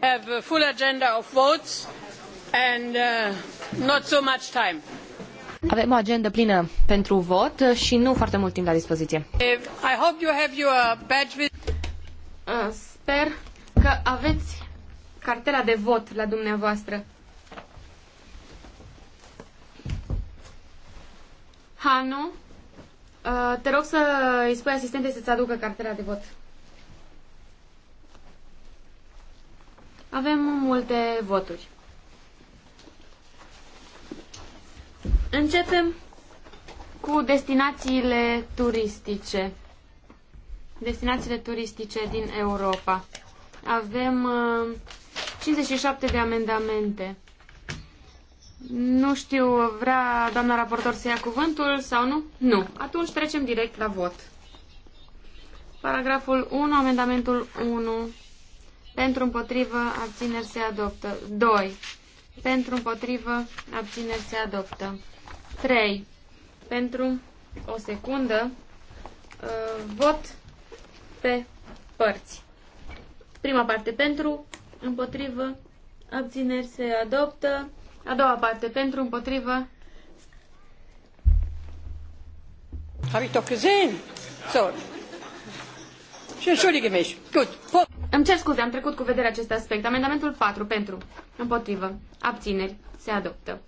have a full agenda of votes and uh, not so much time. Avem o agendă plină pentru vot și nu foarte mult timp la dispoziție. Eh, I hope you have your badge with... sper că aveți cartela de vot la dumneavoastră. Hanu, uh, te rog să îi spui asistentei să-ți aducă cartela de vot. Avem multe voturi. Începem cu destinațiile turistice. Destinațiile turistice din Europa. Avem uh, 57 de amendamente. Nu știu, vrea doamna raportor să ia cuvântul sau nu? Nu. Atunci trecem direct la vot. Paragraful 1, amendamentul 1 pentru împotrivă, abțineri se adoptă. 2. Pentru împotrivă, abțineri se adoptă. 3. Pentru o secundă, uh, vot pe părți. Prima parte pentru, împotrivă, abțineri se adoptă. A doua parte pentru, împotrivă. Habe ich doch gesehen. So, și entschuldige mich. Gut. Îmi cer scuze, am trecut cu vederea acest aspect. Amendamentul 4 pentru. Împotrivă. Abțineri. Se adoptă.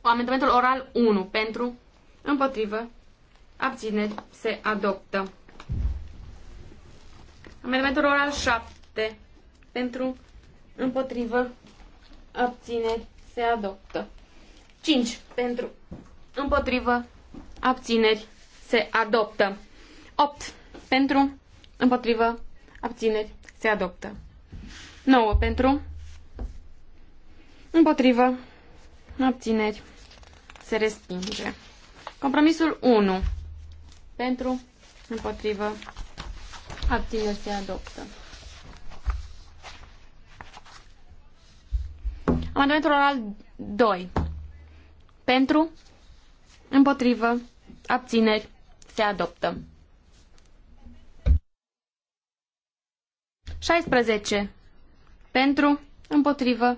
Amendamentul oral 1 pentru. Împotrivă. Abțineri. Se adoptă. Amendamentul oral 7 pentru. Împotrivă. Abțineri. Se adoptă. 5 pentru. Împotrivă. Abțineri. Se adoptă. 8 pentru Împotrivă. Abțineri. Se adoptă. 9 pentru. Împotrivă. Abțineri. Se respinge. Compromisul 1. Pentru. Împotrivă. Abțineri. Se adoptă. Amendamentul oral 2. Pentru. Împotrivă. Abțineri. Se adoptă. 16. Pentru, împotrivă,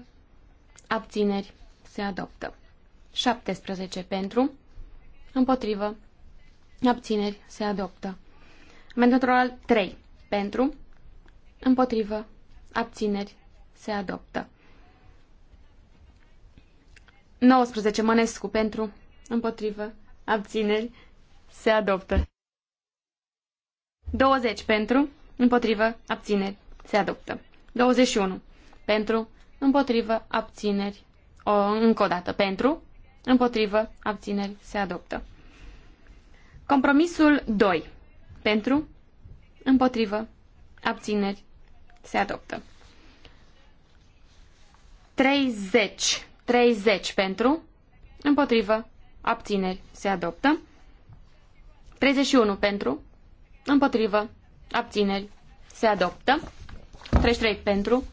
abțineri, se adoptă. 17. Pentru, împotrivă, abțineri, se adoptă. Amendamentul al 3. Pentru, împotrivă, abțineri, se adoptă. 19. Mănescu pentru, împotrivă, abțineri, se adoptă. 20 pentru, împotrivă, abțineri, se adoptă. 21. Pentru, împotrivă, abțineri. O, încă o dată. Pentru, împotrivă, abțineri. Se adoptă. Compromisul 2. Pentru, împotrivă, abțineri. Se adoptă. 30. 30 pentru, împotrivă, abțineri. Se adoptă. 31 pentru, împotrivă, abțineri. Se adoptă. 33 pentru,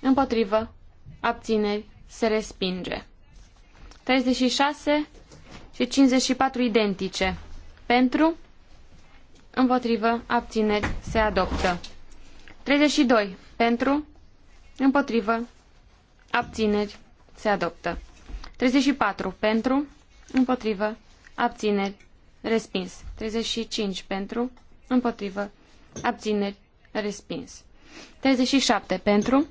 împotrivă, abțineri, se respinge. 36 și 54 identice. Pentru, împotrivă, abțineri, se adoptă. 32 pentru, împotrivă, abțineri, se adoptă. 34 pentru, împotrivă, abțineri, respins. 35 pentru, împotrivă, abțineri, respins. 37 pentru,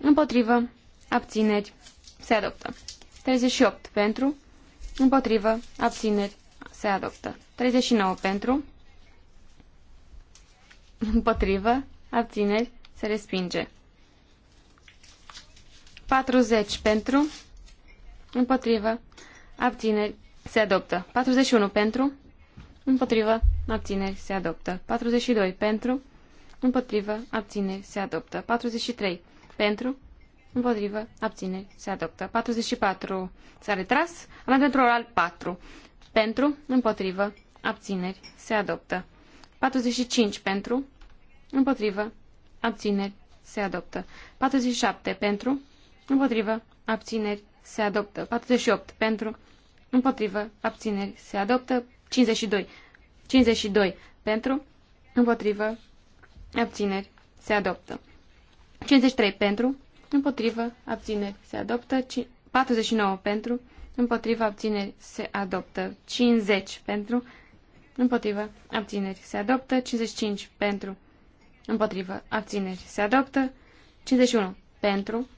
împotrivă, abțineri, se adoptă. 38 pentru, împotrivă, abțineri, se adoptă. 39 pentru, împotrivă, abțineri, se respinge. 40 pentru, împotrivă, abțineri, se adoptă. 41 pentru, împotrivă, abțineri, se adoptă. 42 pentru, Împotrivă, abține se adoptă. 43. Pentru, împotrivă, abține se adoptă. 44. S-a retras. Amendamentul oral 4. Pentru, împotrivă, abțineri, se adoptă. 45. Pentru, împotrivă, abțineri, se adoptă. 47. Pentru, împotrivă, abțineri, se adoptă. 48. Pentru, împotrivă, abțineri, se adoptă. 52. 52. Pentru, împotrivă, abțineri, se adoptă. 53 pentru, împotrivă, abțineri, se adoptă. 49 pentru, împotrivă, abțineri, se adoptă. 50 pentru, împotrivă, abțineri, se adoptă. 55 pentru, împotrivă, abțineri, se adoptă. 51 pentru,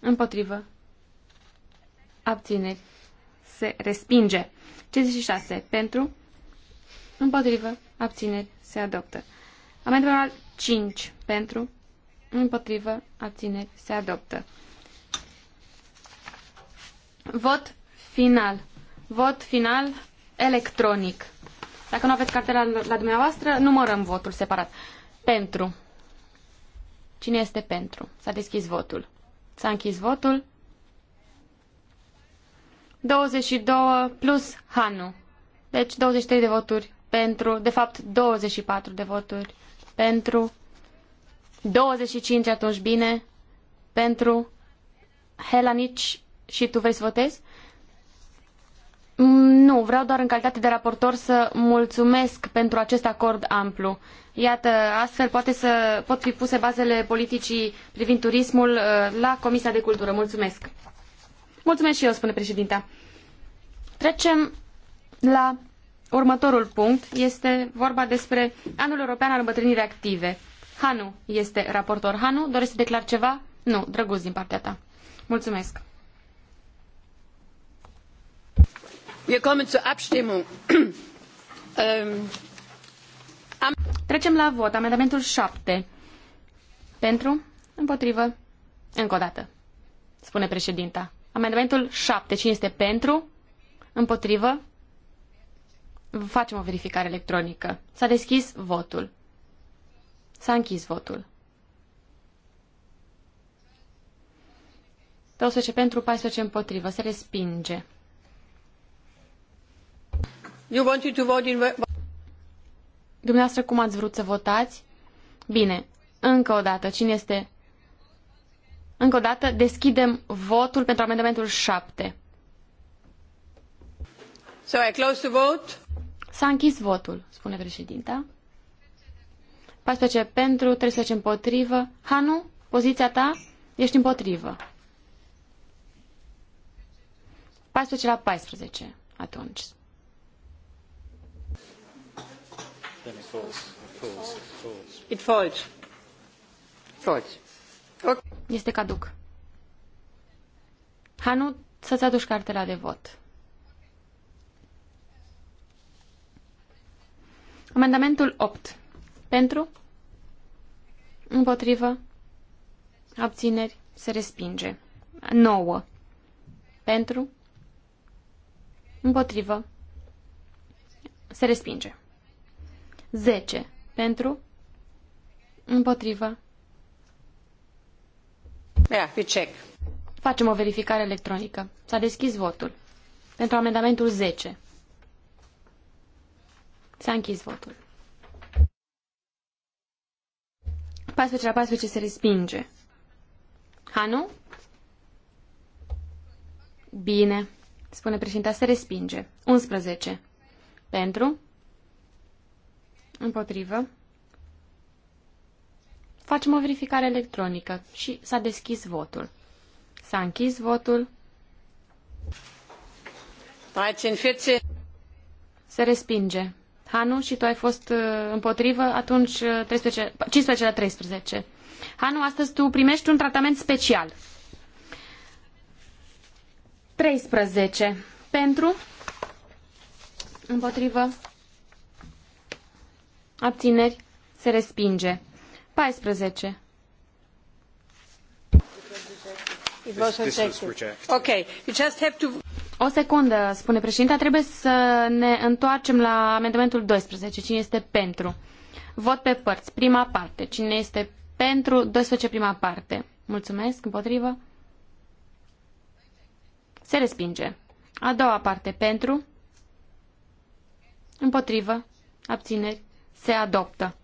împotrivă, abțineri, se respinge. 56 pentru, împotrivă, abțineri, se adoptă. Amendamentul 5 pentru, împotrivă, abțineri, se adoptă. Vot final. Vot final electronic. Dacă nu aveți cartela la dumneavoastră, numărăm votul separat. Pentru. Cine este pentru? S-a deschis votul. S-a închis votul. 22 plus Hanu. Deci 23 de voturi pentru, de fapt 24 de voturi pentru, 25 atunci bine, pentru, Helanici și tu vrei să votezi? Mm, nu, vreau doar în calitate de raportor să mulțumesc pentru acest acord amplu. Iată, astfel poate să pot fi puse bazele politicii privind turismul uh, la Comisia de Cultură. Mulțumesc. Mulțumesc și eu, spune președinta. Trecem la Următorul punct este vorba despre Anul European al Îmbătrânirii Active. Hanu este raportor. Hanu, dorești să declar ceva? Nu, drăguț din partea ta. Mulțumesc. Wir kommen zur Abstimmung. Ähm, Trecem la vot. Amendamentul 7. Pentru? Împotrivă? Încă o dată. Spune președinta. Amendamentul 7. Cine este pentru? Împotrivă? Facem o verificare electronică. S-a deschis votul. S-a închis votul. 12 pentru, 14 împotrivă. Se respinge. You wanted to vote in... Dumneavoastră, cum ați vrut să votați? Bine, încă o dată, cine este? Încă o dată, deschidem votul pentru amendamentul 7. So I close the vote. S-a închis votul, spune președinta. 14 pentru, 13 împotrivă. Hanu, poziția ta? Ești împotrivă. 14 la 14, atunci. It falls. Falls. Okay. Este caduc. Hanu, să-ți aduci cartela de vot. Amendamentul 8. Pentru? Împotrivă? Abțineri? Se respinge. 9. Pentru? Împotrivă? Se respinge. 10. Pentru? Împotrivă? Yeah, we check. Facem o verificare electronică. S-a deschis votul. Pentru amendamentul 10. S-a închis votul. 14 la 14 se respinge. Hanu? Bine, spune președinta, se respinge. 11. Pentru? Împotrivă. Facem o verificare electronică și s-a deschis votul. S-a închis votul. Se respinge. Hanu, și tu ai fost uh, împotrivă, atunci 13, uh, 15 la 13. Hanu, astăzi tu primești un tratament special. 13. Pentru? Împotrivă? Abțineri? Se respinge. 14. It was rejected. Okay, you just have to... O secundă, spune președinta, trebuie să ne întoarcem la amendamentul 12. Cine este pentru? Vot pe părți. Prima parte. Cine este pentru? 12 prima parte. Mulțumesc. Împotrivă? Se respinge. A doua parte. Pentru? Împotrivă? Abțineri? Se adoptă.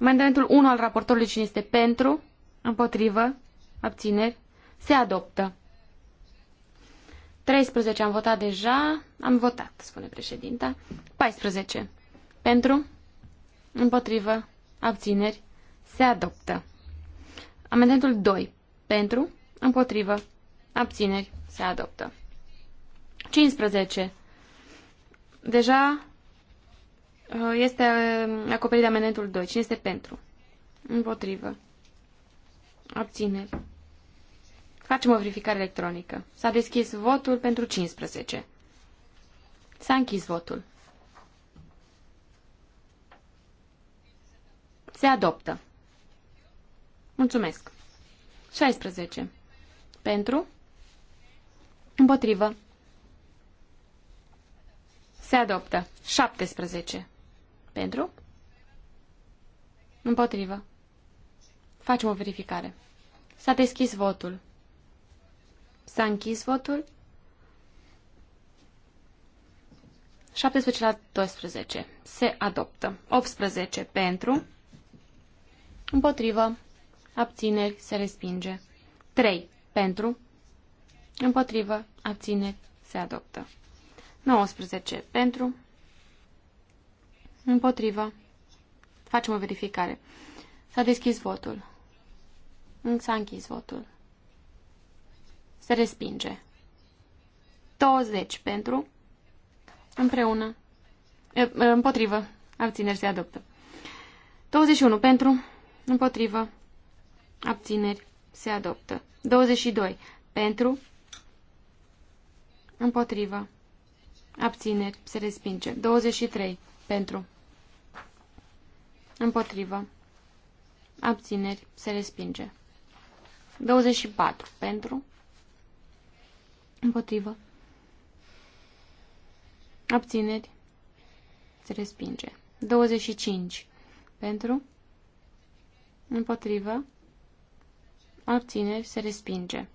Amendamentul 1 al raportorului cine este pentru, împotrivă, abțineri, se adoptă. 13 am votat deja. Am votat, spune președinta. 14. Pentru? Împotrivă? Abțineri? Se adoptă. Amendamentul 2. Pentru? Împotrivă? Abțineri? Se adoptă. 15. Deja uh, este uh, acoperit de amendamentul 2. Cine este pentru? Împotrivă. Abțineri. Facem o verificare electronică. S-a deschis votul pentru 15. S-a închis votul. Se adoptă. Mulțumesc. 16. Pentru? Împotrivă. Se adoptă. 17. Pentru? Împotrivă. Facem o verificare. S-a deschis votul. S-a închis votul. 17 la 12. Se adoptă. 18 pentru. Împotrivă. Abțineri. Se respinge. 3 pentru. Împotrivă. Abțineri. Se adoptă. 19 pentru. Împotrivă. Facem o verificare. S-a deschis votul. S-a închis votul. Se respinge. 20 pentru. Împreună. Împotrivă. Abțineri se adoptă. 21 pentru. Împotrivă. Abțineri se adoptă. 22 pentru. Împotrivă. Abțineri se respinge. 23 pentru. Împotrivă. Abțineri se respinge. 24 pentru. Împotrivă. Abțineri. Se respinge. 25. Pentru. Împotrivă. Abțineri. Se respinge.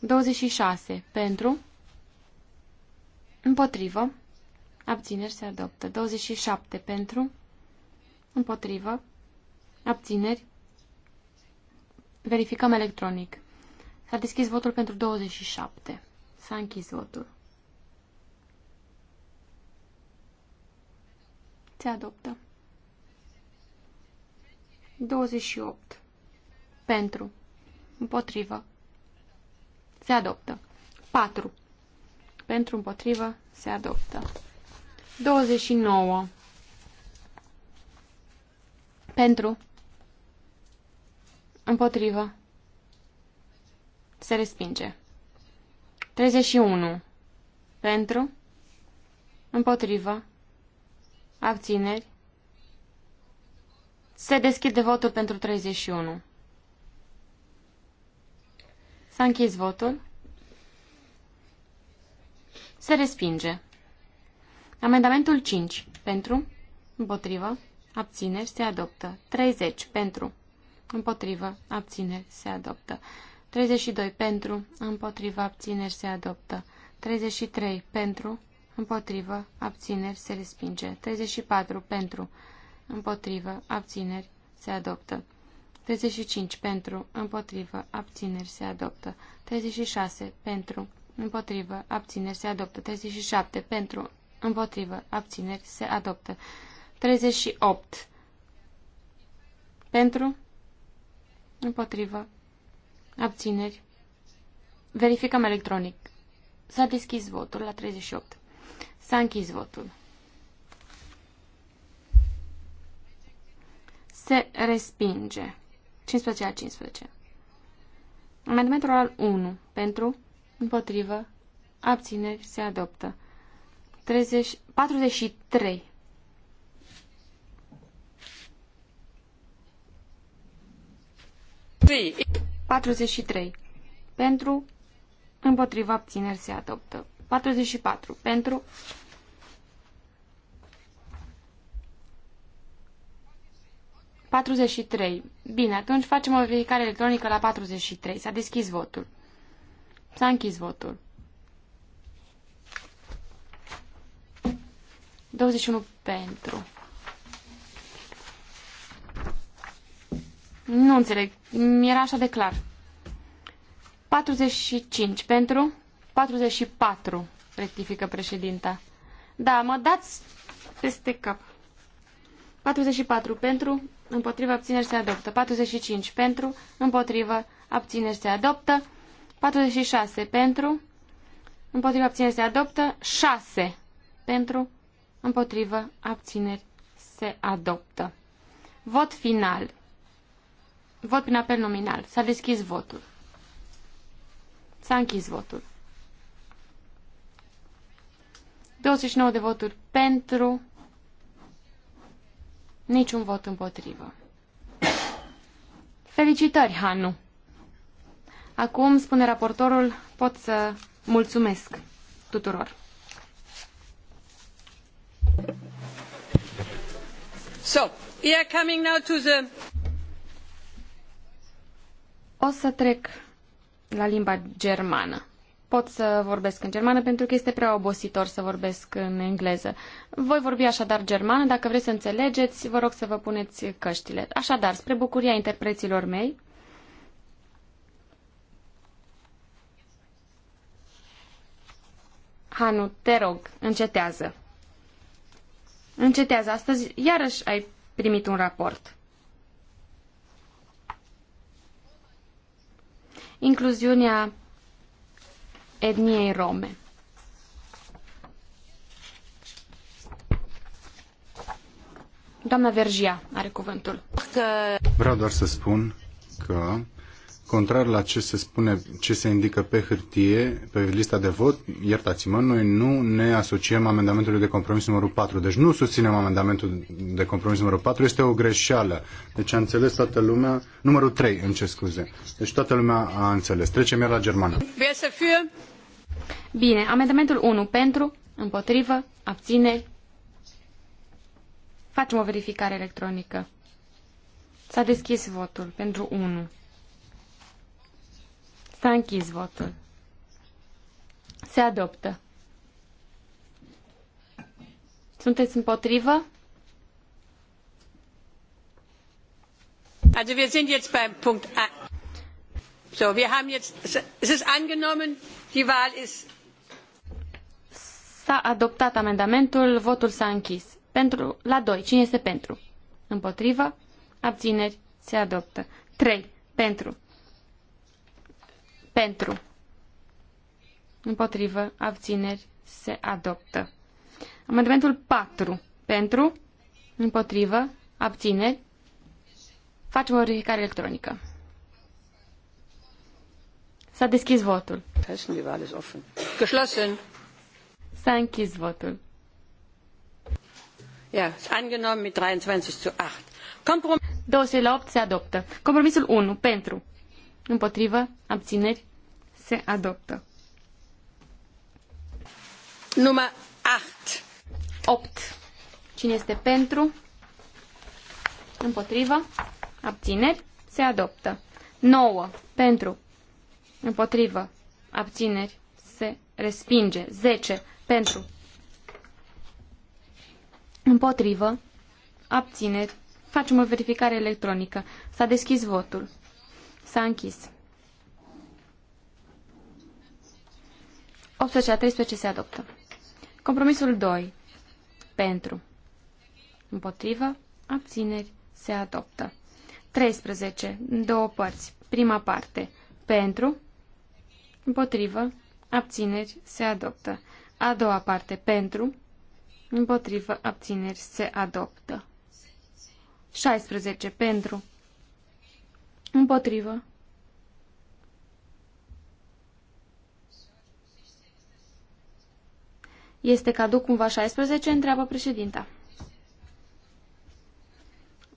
26. Pentru. Împotrivă. Abțineri. Se adoptă. 27. Pentru. Împotrivă. Abțineri. Verificăm electronic. S-a deschis votul pentru 27. S-a închis votul. Se adoptă. 28. Pentru. Împotrivă. Se adoptă. 4. Pentru împotrivă se adoptă. 29. Pentru. Împotrivă. Se respinge. 31. Pentru. Împotrivă. Abțineri. Se deschide votul pentru 31. S-a închis votul. Se respinge. Amendamentul 5. Pentru. Împotrivă. Abțineri. Se adoptă. 30. Pentru. Împotrivă. Abțineri. Se adoptă. 32. Pentru. Împotriva. Abțineri. Se adoptă. 33. Pentru. Împotrivă. Abțineri. Se respinge. 34. Pentru. Împotrivă. Abțineri. Se adoptă. 35. Pentru. Împotrivă. Abțineri. Se adoptă. 36. Pentru. Împotrivă. Abțineri. Se adoptă. 37. Pentru. Împotrivă. Abțineri. Se adoptă. 38. Pentru. Împotrivă. Abțineri. Verificăm electronic. S-a deschis votul la 38. S-a închis votul. Se respinge. 15 la 15. Amendamentul al 1. Pentru, împotrivă, abțineri, se adoptă. 30, 43. 43. Pentru, împotriva abțineri se adoptă. 44. Pentru, patruzeci Bine, atunci facem o verificare electronică la 43. S-a deschis votul. S-a închis votul. 21 pentru. Nu înțeleg. Mi-era așa de clar. 45 pentru? 44, rectifică președinta. Da, mă dați peste cap. 44 pentru, împotrivă, abțineri se adoptă. 45 pentru, împotrivă, abțineri se adoptă. 46 pentru, împotrivă, abțineri se adoptă. 6 pentru, împotrivă, abțineri se adoptă. Vot final. Vot prin apel nominal. S-a deschis votul. S-a închis votul. 29 de voturi pentru, niciun vot împotrivă. Felicitări, Hanu! Acum, spune raportorul, pot să mulțumesc tuturor. So, we are coming now to the o să trec la limba germană. Pot să vorbesc în germană pentru că este prea obositor să vorbesc în engleză. Voi vorbi așadar germană. Dacă vreți să înțelegeți, vă rog să vă puneți căștile. Așadar, spre bucuria interpreților mei, Hanu, te rog, încetează. Încetează. Astăzi iarăși ai primit un raport. incluziunea etniei rome. Doamna Vergia are cuvântul. Vreau doar să spun că contrar la ce se spune, ce se indică pe hârtie, pe lista de vot, iertați-mă, noi nu ne asociem amendamentului de compromis numărul 4. Deci nu susținem amendamentul de compromis numărul 4, este o greșeală. Deci a înțeles toată lumea, numărul 3, îmi ce scuze. Deci toată lumea a înțeles. Trecem iar la germană. Bine, amendamentul 1 pentru, împotrivă, abțineri. Facem o verificare electronică. S-a deschis votul pentru 1. S-a închis votul. Se adoptă. Sunteți împotrivă? Also wir sind jetzt beim Punkt A. So, wir haben jetzt, es ist angenommen, die Wahl ist. S-a adoptat amendamentul, votul s-a închis. Pentru, la 2, cine este pentru? Împotrivă? Abțineri? Se adoptă. 3. Pentru. Pentru. Împotrivă. Abțineri. Se adoptă. Amendamentul 4. Pentru. Împotrivă. Abțineri. Facem o verificare electronică. S-a deschis votul. Geschlossen. S-a închis votul. Ja, angenommen mit 23 zu 8. Comprom 28 se adoptă. Compromisul 1 pentru Împotrivă. Abțineri. Se adoptă. Număr 8. 8. Cine este pentru? Împotrivă. Abțineri. Se adoptă. 9. Pentru. Împotrivă. Abțineri. Se respinge. 10. Pentru. Împotrivă. Abțineri. Facem o verificare electronică. S-a deschis votul. S-a închis. 18 13 se adoptă. Compromisul 2. Pentru. Împotrivă. Abțineri. Se adoptă. 13. Două părți. Prima parte. Pentru. Împotrivă. Abțineri. Se adoptă. A doua parte. Pentru. Împotrivă. Abțineri. Se adoptă. 16. Pentru. Împotrivă. Este caduc cumva 16? Întreabă președinta.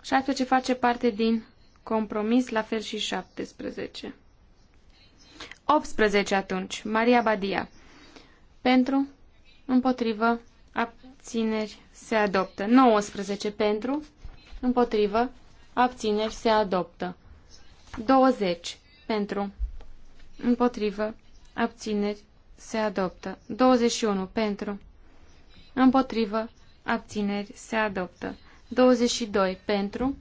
16 face parte din compromis, la fel și 17. 18 atunci. Maria Badia. Pentru, împotrivă, abțineri, se adoptă. 19 pentru, împotrivă, abțineri, se adoptă. 20 pentru, împotrivă, abțineri, se adoptă. 21 pentru, împotrivă, abțineri, se adoptă. 22 pentru,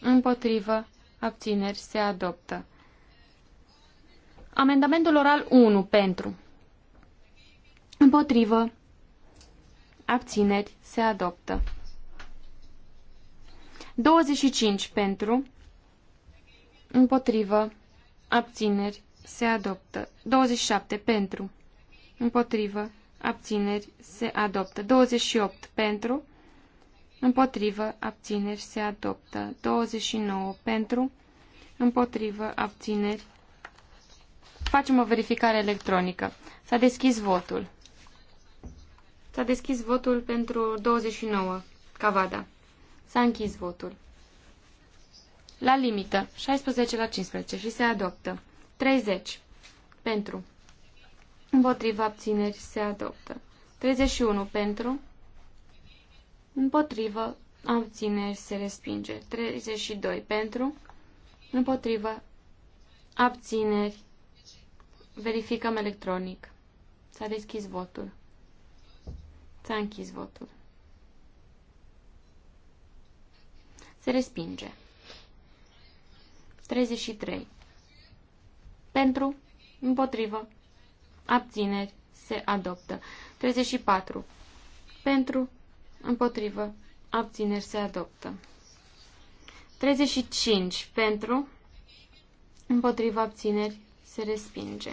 împotrivă, abțineri, se adoptă. Amendamentul oral 1 pentru, împotrivă, abțineri, se adoptă. 25 pentru, Împotrivă. Abțineri. Se adoptă. 27. Pentru. Împotrivă. Abțineri. Se adoptă. 28. Pentru. Împotrivă. Abțineri. Se adoptă. 29. Pentru. Împotrivă. Abțineri. Facem o verificare electronică. S-a deschis votul. S-a deschis votul pentru 29. Cavada. S-a închis votul. La limită. 16 la 15 și se adoptă. 30. Pentru. Împotriva abțineri se adoptă. 31. Pentru. Împotrivă abțineri se respinge. 32. Pentru. Împotrivă abțineri. Verificăm electronic. S-a deschis votul. S-a închis votul. Se respinge. 33. Pentru, împotrivă, abțineri, se adoptă. 34. Pentru, împotrivă, abțineri, se adoptă. 35. Pentru, împotrivă, abțineri, se respinge.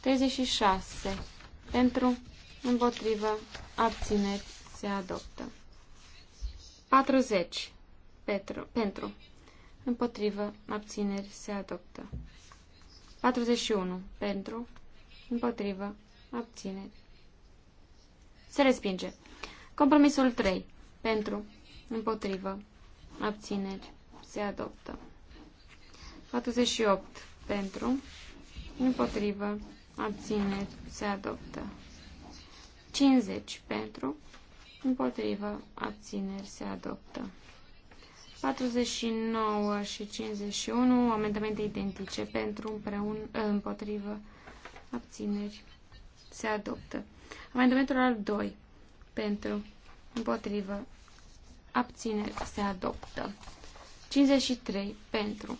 36. Pentru, împotrivă, abțineri, se adoptă. 40. Petru, pentru. Împotrivă. Abțineri. Se adoptă. 41. Pentru. Împotrivă. Abțineri. Se respinge. Compromisul 3. Pentru. Împotrivă. Abțineri. Se adoptă. 48. Pentru. Împotrivă. Abțineri. Se adoptă. 50. Pentru. Împotrivă. Abțineri. Se adoptă. 49 și 51, amendamente identice pentru împreună, împotrivă abțineri. Se adoptă. Amendamentul al 2 pentru împotrivă abțineri se adoptă. 53 pentru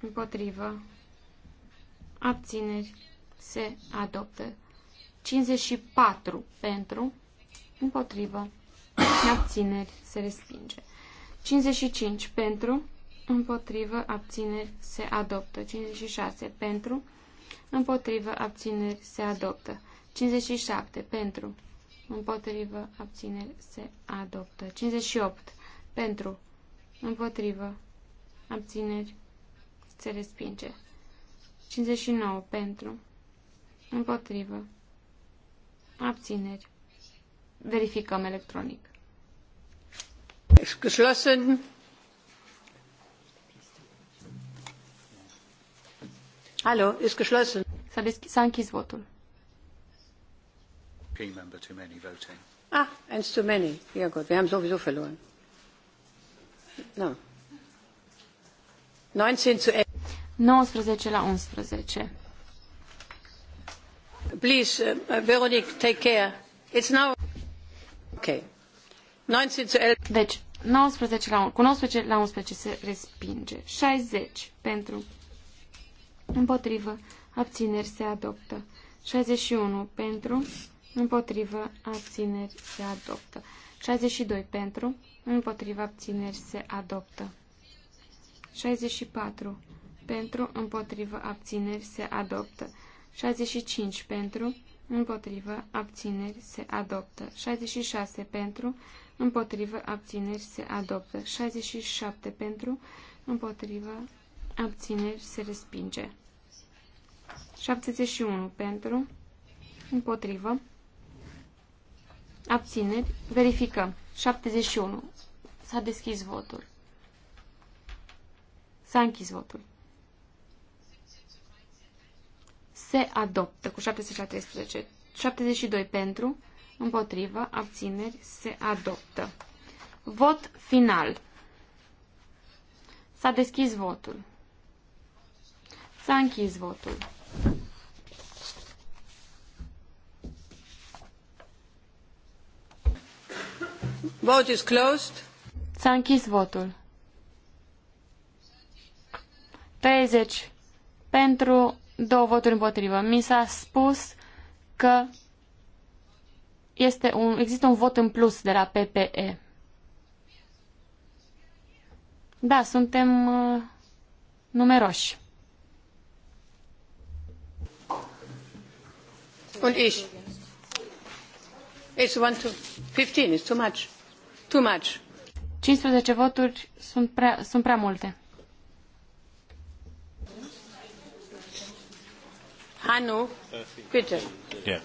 împotrivă abțineri se adoptă. 54 pentru împotrivă abțineri se respinge. 55 pentru, împotrivă, abțineri, se adoptă. 56 pentru, împotrivă, abțineri, se adoptă. 57 pentru, împotrivă, abțineri, se adoptă. 58 pentru, împotrivă, abțineri, se respinge. 59 pentru, împotrivă, abțineri. Verificăm electronic ist geschlossen. Hallo, ist geschlossen. S-a închis votul. Member too many voting. Ah, eins too many. Ja gut, wir haben sowieso verloren. No. 19 zu 11. 19 la 11. Please, uh, Veronique, take care. It's now... Okay. 19 zu 11. Deci, 19 la, cu 19 la 11 se respinge. 60 pentru împotrivă abțineri se adoptă. 61 pentru împotrivă abțineri se adoptă. 62 pentru împotrivă abțineri se adoptă. 64 pentru împotrivă abțineri se adoptă. 65 pentru împotrivă abțineri se adoptă. 66 pentru împotrivă, abțineri, se adoptă. 67 pentru, împotrivă, abțineri, se respinge. 71 pentru, împotrivă, abțineri, verificăm. 71. S-a deschis votul. S-a închis votul. Se adoptă cu 713. 72 pentru, împotrivă, abțineri, se adoptă. Vot final. S-a deschis votul. S-a închis votul. Vote is closed. S-a închis votul. 30 pentru, două voturi împotrivă. Mi s-a spus că este un, există un vot în plus de la PPE. Da, suntem uh, numeroși. Und ich. It's one to 15, it's too much. Too much. 15 voturi sunt prea, sunt prea multe. Hanu, bitte. Yeah.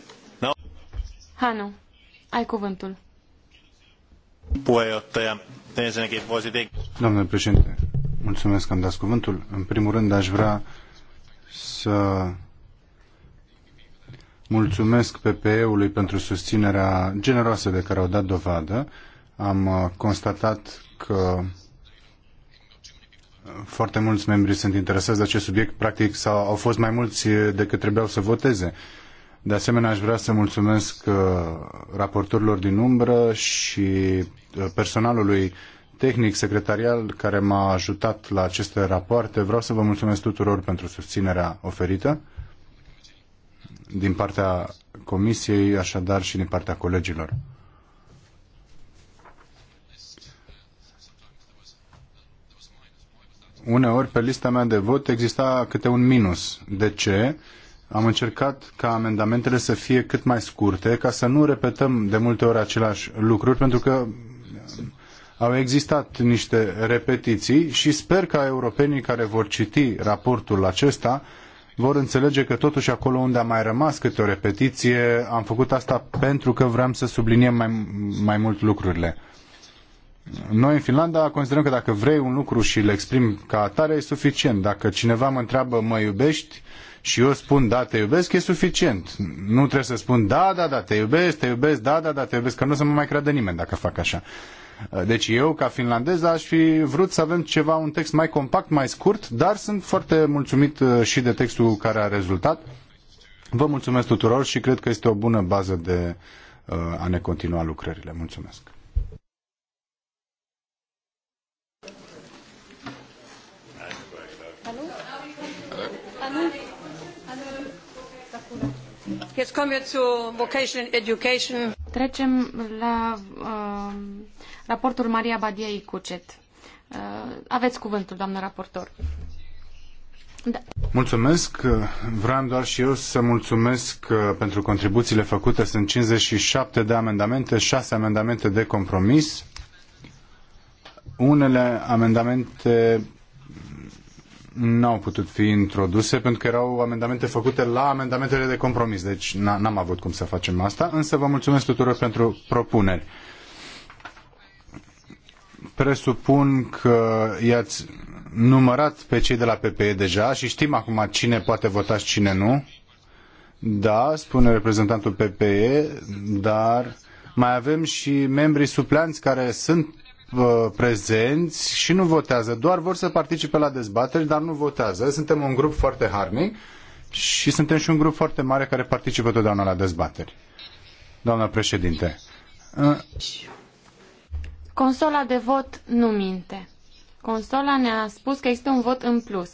Hanu, ai cuvântul. Domnule președinte, mulțumesc că am dat cuvântul. În primul rând aș vrea să mulțumesc PPE-ului pentru susținerea generoasă de care au dat dovadă. Am uh, constatat că foarte mulți membri sunt interesați de acest subiect. Practic, sau au fost mai mulți decât trebuiau să voteze. Uh, de asemenea, aș vrea să mulțumesc uh, raportorilor din umbră și uh, personalului tehnic secretarial care m-a ajutat la aceste rapoarte. Vreau să vă mulțumesc tuturor pentru susținerea oferită din partea comisiei, așadar și din partea colegilor. Uneori pe lista mea de vot exista câte un minus. De ce? Am încercat ca amendamentele să fie cât mai scurte, ca să nu repetăm de multe ori aceleași lucruri, pentru că uh, au existat niște repetiții și sper ca europenii care vor citi raportul acesta vor înțelege că totuși acolo unde a mai rămas câte o repetiție, am făcut asta pentru că vrem să subliniem mai, mai mult lucrurile. Noi în Finlanda considerăm că dacă vrei un lucru și îl exprimi ca atare, e suficient. Dacă cineva mă întreabă mă iubești, și eu spun da, te iubesc, e suficient. Nu trebuie să spun da, da, da, te iubesc, te iubesc, da, da, da, te iubesc, că nu o să mă mai creadă nimeni dacă fac așa. Deci eu, ca finlandez, aș fi vrut să avem ceva, un text mai compact, mai scurt, dar sunt foarte mulțumit uh, și de textul care a rezultat. Vă mulțumesc tuturor și cred că este o bună bază de uh, a ne continua lucrările. Mulțumesc! Jetzt kommen wir zu Vocational Education. Trecem la uh, raportul Maria Badiei Cucet. Uh, aveți cuvântul, doamnă raportor. Da. Mulțumesc. Vreau doar și eu să mulțumesc uh, pentru contribuțiile făcute. Sunt 57 de amendamente, 6 amendamente de compromis. Unele amendamente n-au putut fi introduse pentru că erau amendamente făcute la amendamentele de compromis. Deci n-am avut cum să facem asta, însă vă mulțumesc tuturor pentru propuneri. Presupun că i-ați numărat pe cei de la PPE deja și știm acum cine poate vota și cine nu. Da, spune reprezentantul PPE, dar mai avem și membrii supleanți care sunt prezenți și nu votează. Doar vor să participe la dezbateri, dar nu votează. Suntem un grup foarte harnic și suntem și un grup foarte mare care participă totdeauna la dezbateri. Doamna președinte. Uh, Consola de vot nu minte. Consola ne-a spus că există un vot în plus.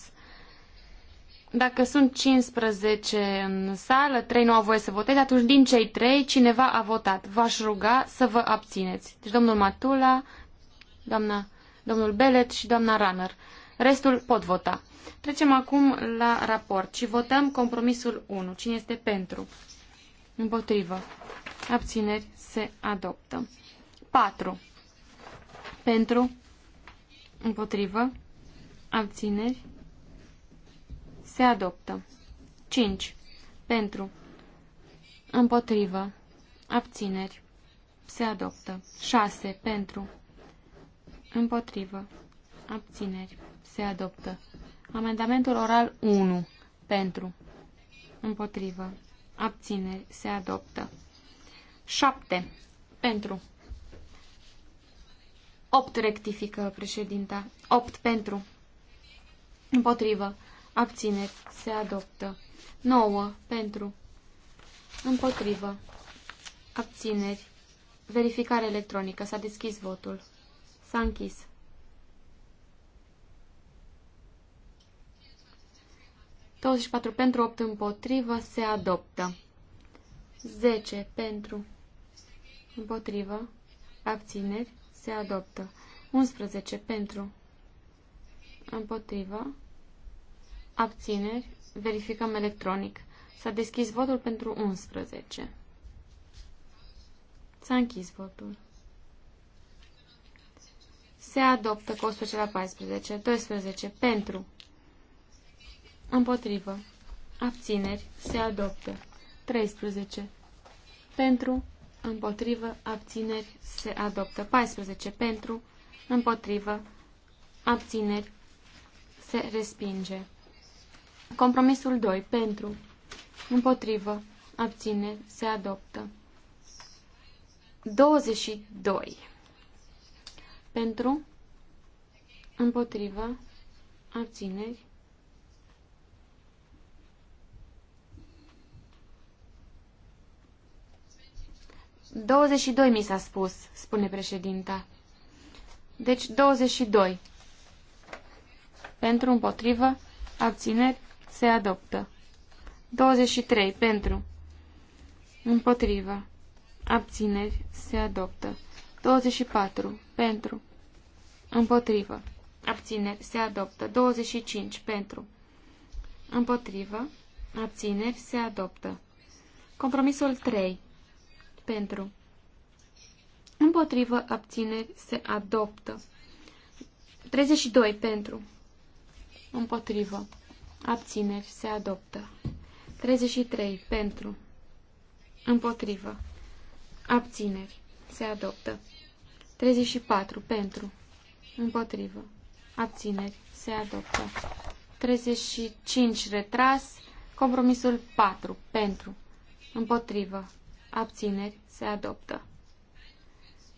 Dacă sunt 15 în sală, 3 nu au voie să voteze, atunci din cei 3 cineva a votat. V-aș ruga să vă abțineți. Deci domnul Matula, doamna, domnul Belet și doamna Runner. Restul pot vota. Trecem acum la raport și votăm compromisul 1. Cine este pentru? Împotrivă. Abțineri se adoptă. 4. Pentru. Împotrivă. Abțineri se adoptă. 5. Pentru. Împotrivă. Abțineri. Se adoptă. 6. Pentru. Împotrivă. Abțineri. Se adoptă. Amendamentul oral 1. Pentru. Împotrivă. Abțineri. Se adoptă. 7. Pentru. 8 rectifică președinta. 8 pentru. Împotrivă. Abțineri. Se adoptă. 9 pentru. Împotrivă. Abțineri. Verificare electronică. S-a deschis votul. S-a închis. patru pentru, 8 împotrivă, se adoptă. 10 pentru, împotrivă, abțineri, se adoptă. 11 pentru, împotrivă, abțineri, verificăm electronic. S-a deschis votul pentru 11. S-a închis votul. Se adoptă cu 11 la 14. 12. Pentru. Împotrivă. Abțineri. Se adoptă. 13. Pentru. Împotrivă. Abțineri. Se adoptă. 14. Pentru. Împotrivă. Abțineri. Se respinge. Compromisul 2. Pentru. Împotrivă. Abțineri. Se adoptă. 22. Pentru, împotriva abțineri. Douăzeci și doi mi s-a spus, spune președinta. Deci 22. Pentru, împotrivă, abțineri, se adoptă. 23. Pentru, împotrivă, abțineri, se adoptă. 24 pentru, împotrivă, abțineri, se adoptă. 25 pentru, împotrivă, abțineri, se adoptă. Compromisul 3 pentru, împotrivă, abțineri, se adoptă. 32 pentru, împotrivă, abțineri, se adoptă. 33 pentru, împotrivă, abțineri, se adoptă. 34. Pentru. Împotrivă. Abțineri. Se adoptă. 35. Retras. Compromisul 4. Pentru. Împotrivă. Abțineri. Se adoptă.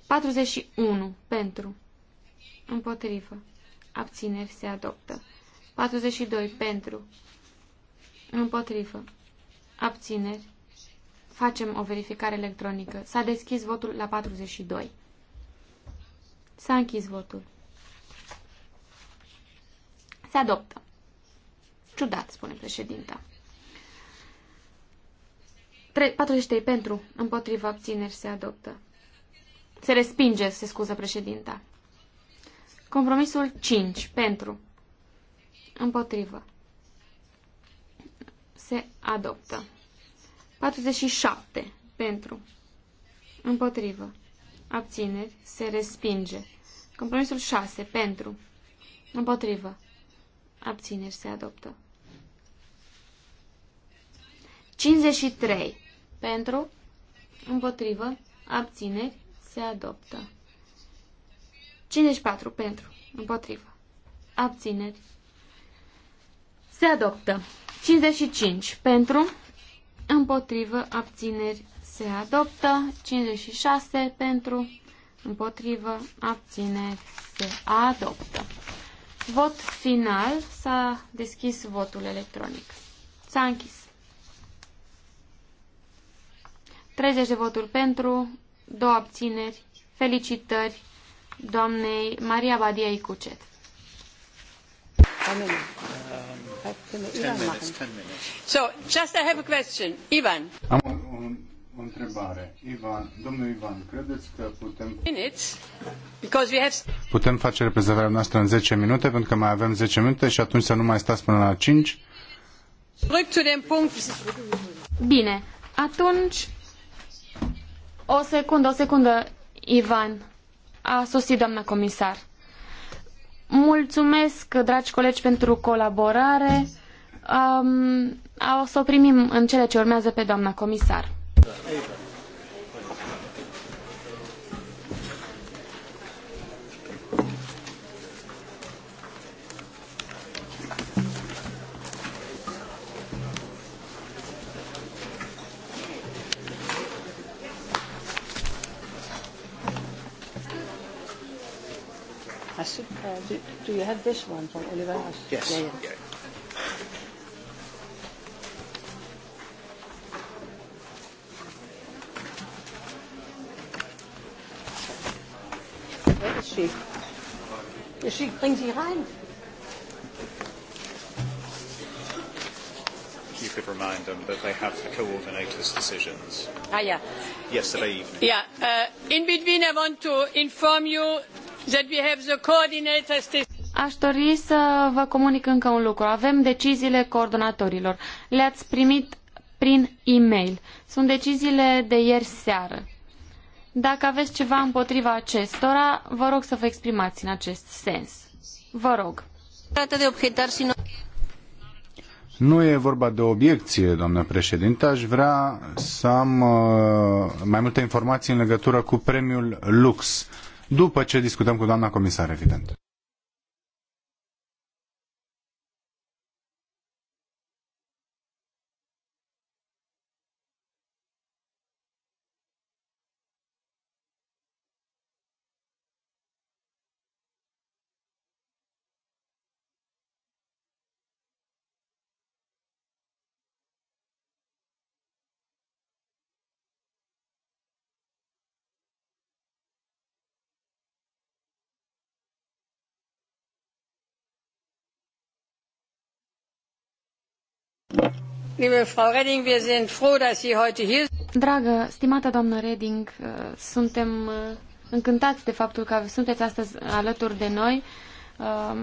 41. Pentru. Împotrivă. Abțineri. Se adoptă. 42. Pentru. Împotrivă. Abțineri. Facem o verificare electronică. S-a deschis votul la 42. S-a închis votul. Se adoptă. Ciudat, spune președinta. 43 pentru, împotriva abțineri se adoptă. Se respinge, se scuză președinta. Compromisul 5 pentru, împotrivă, se adoptă. 47 pentru, împotrivă, abțineri, se respinge. Compromisul 6, pentru, împotrivă, abțineri, se adoptă. 53, pentru, împotrivă, abțineri, se adoptă. 54, pentru, împotrivă, abțineri, se adoptă. 55, pentru, împotrivă, abțineri, se adoptă, 56 pentru, împotrivă, abțineri, se adoptă. Vot final, s-a deschis votul electronic. S-a închis. 30 de voturi pentru, două abțineri, felicitări doamnei Maria Badia Icucet. minutes. So, just I have a question. Ivan. Am o întrebare. Ivan, domnul Ivan, credeți că putem... Putem face reprezentarea noastră în 10 minute, pentru că mai avem 10 minute și atunci să nu mai stați până la 5? Bine, atunci... O secundă, o secundă, Ivan. A sosit doamna comisar. Mulțumesc, dragi colegi, pentru colaborare. Um, o să o primim în cele ce urmează pe doamna comisar. Uh, do you have this one from Oliver Yes. Yeah, yeah. yeah. Schick. Herr Schick, bringen Sie rein. You could remind them that they have the coordinators' decisions. Ah, yeah. Yesterday evening. Yeah. Uh, in between, I want to inform you that we have the coordinators' decisions. Aș dori să vă comunic încă un lucru. Avem deciziile coordonatorilor. Le-ați primit prin e-mail. Sunt deciziile de ieri seară. Dacă aveți ceva împotriva acestora, vă rog să vă exprimați în acest sens. Vă rog. Nu e vorba de obiecție, doamnă președinte. Aș vrea să am uh, mai multe informații în legătură cu premiul Lux, după ce discutăm cu doamna comisar, evident. Dragă, stimată doamnă Reding, uh, suntem uh, încântați de faptul că sunteți astăzi alături de noi. Uh,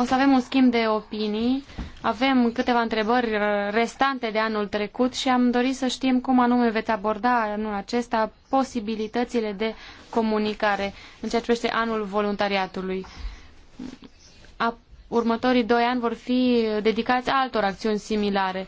o să avem un schimb de opinii. Avem câteva întrebări restante de anul trecut și am dorit să știm cum anume veți aborda anul acesta posibilitățile de comunicare în ceea ce privește anul voluntariatului. Următorii doi ani vor fi dedicați altor acțiuni similare.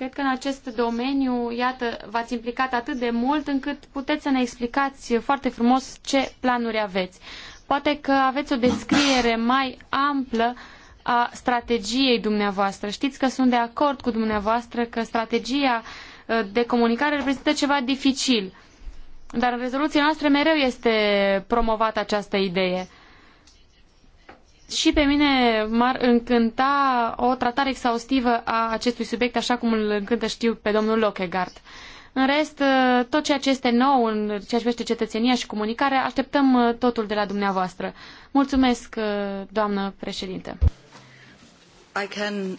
Cred că în acest domeniu, iată, v-ați implicat atât de mult încât puteți să ne explicați foarte frumos ce planuri aveți. Poate că aveți o descriere mai amplă a strategiei dumneavoastră. Știți că sunt de acord cu dumneavoastră că strategia uh, de comunicare reprezintă ceva dificil. Dar în rezoluția noastră mereu este promovată această idee și pe mine m-ar încânta o tratare exhaustivă a acestui subiect, așa cum îl încântă știu pe domnul Lockegaard. În rest, tot ceea ce este nou în ceea ce privește cetățenia și comunicare, așteptăm uh, totul de la dumneavoastră. Mulțumesc, uh, doamnă președinte. I can...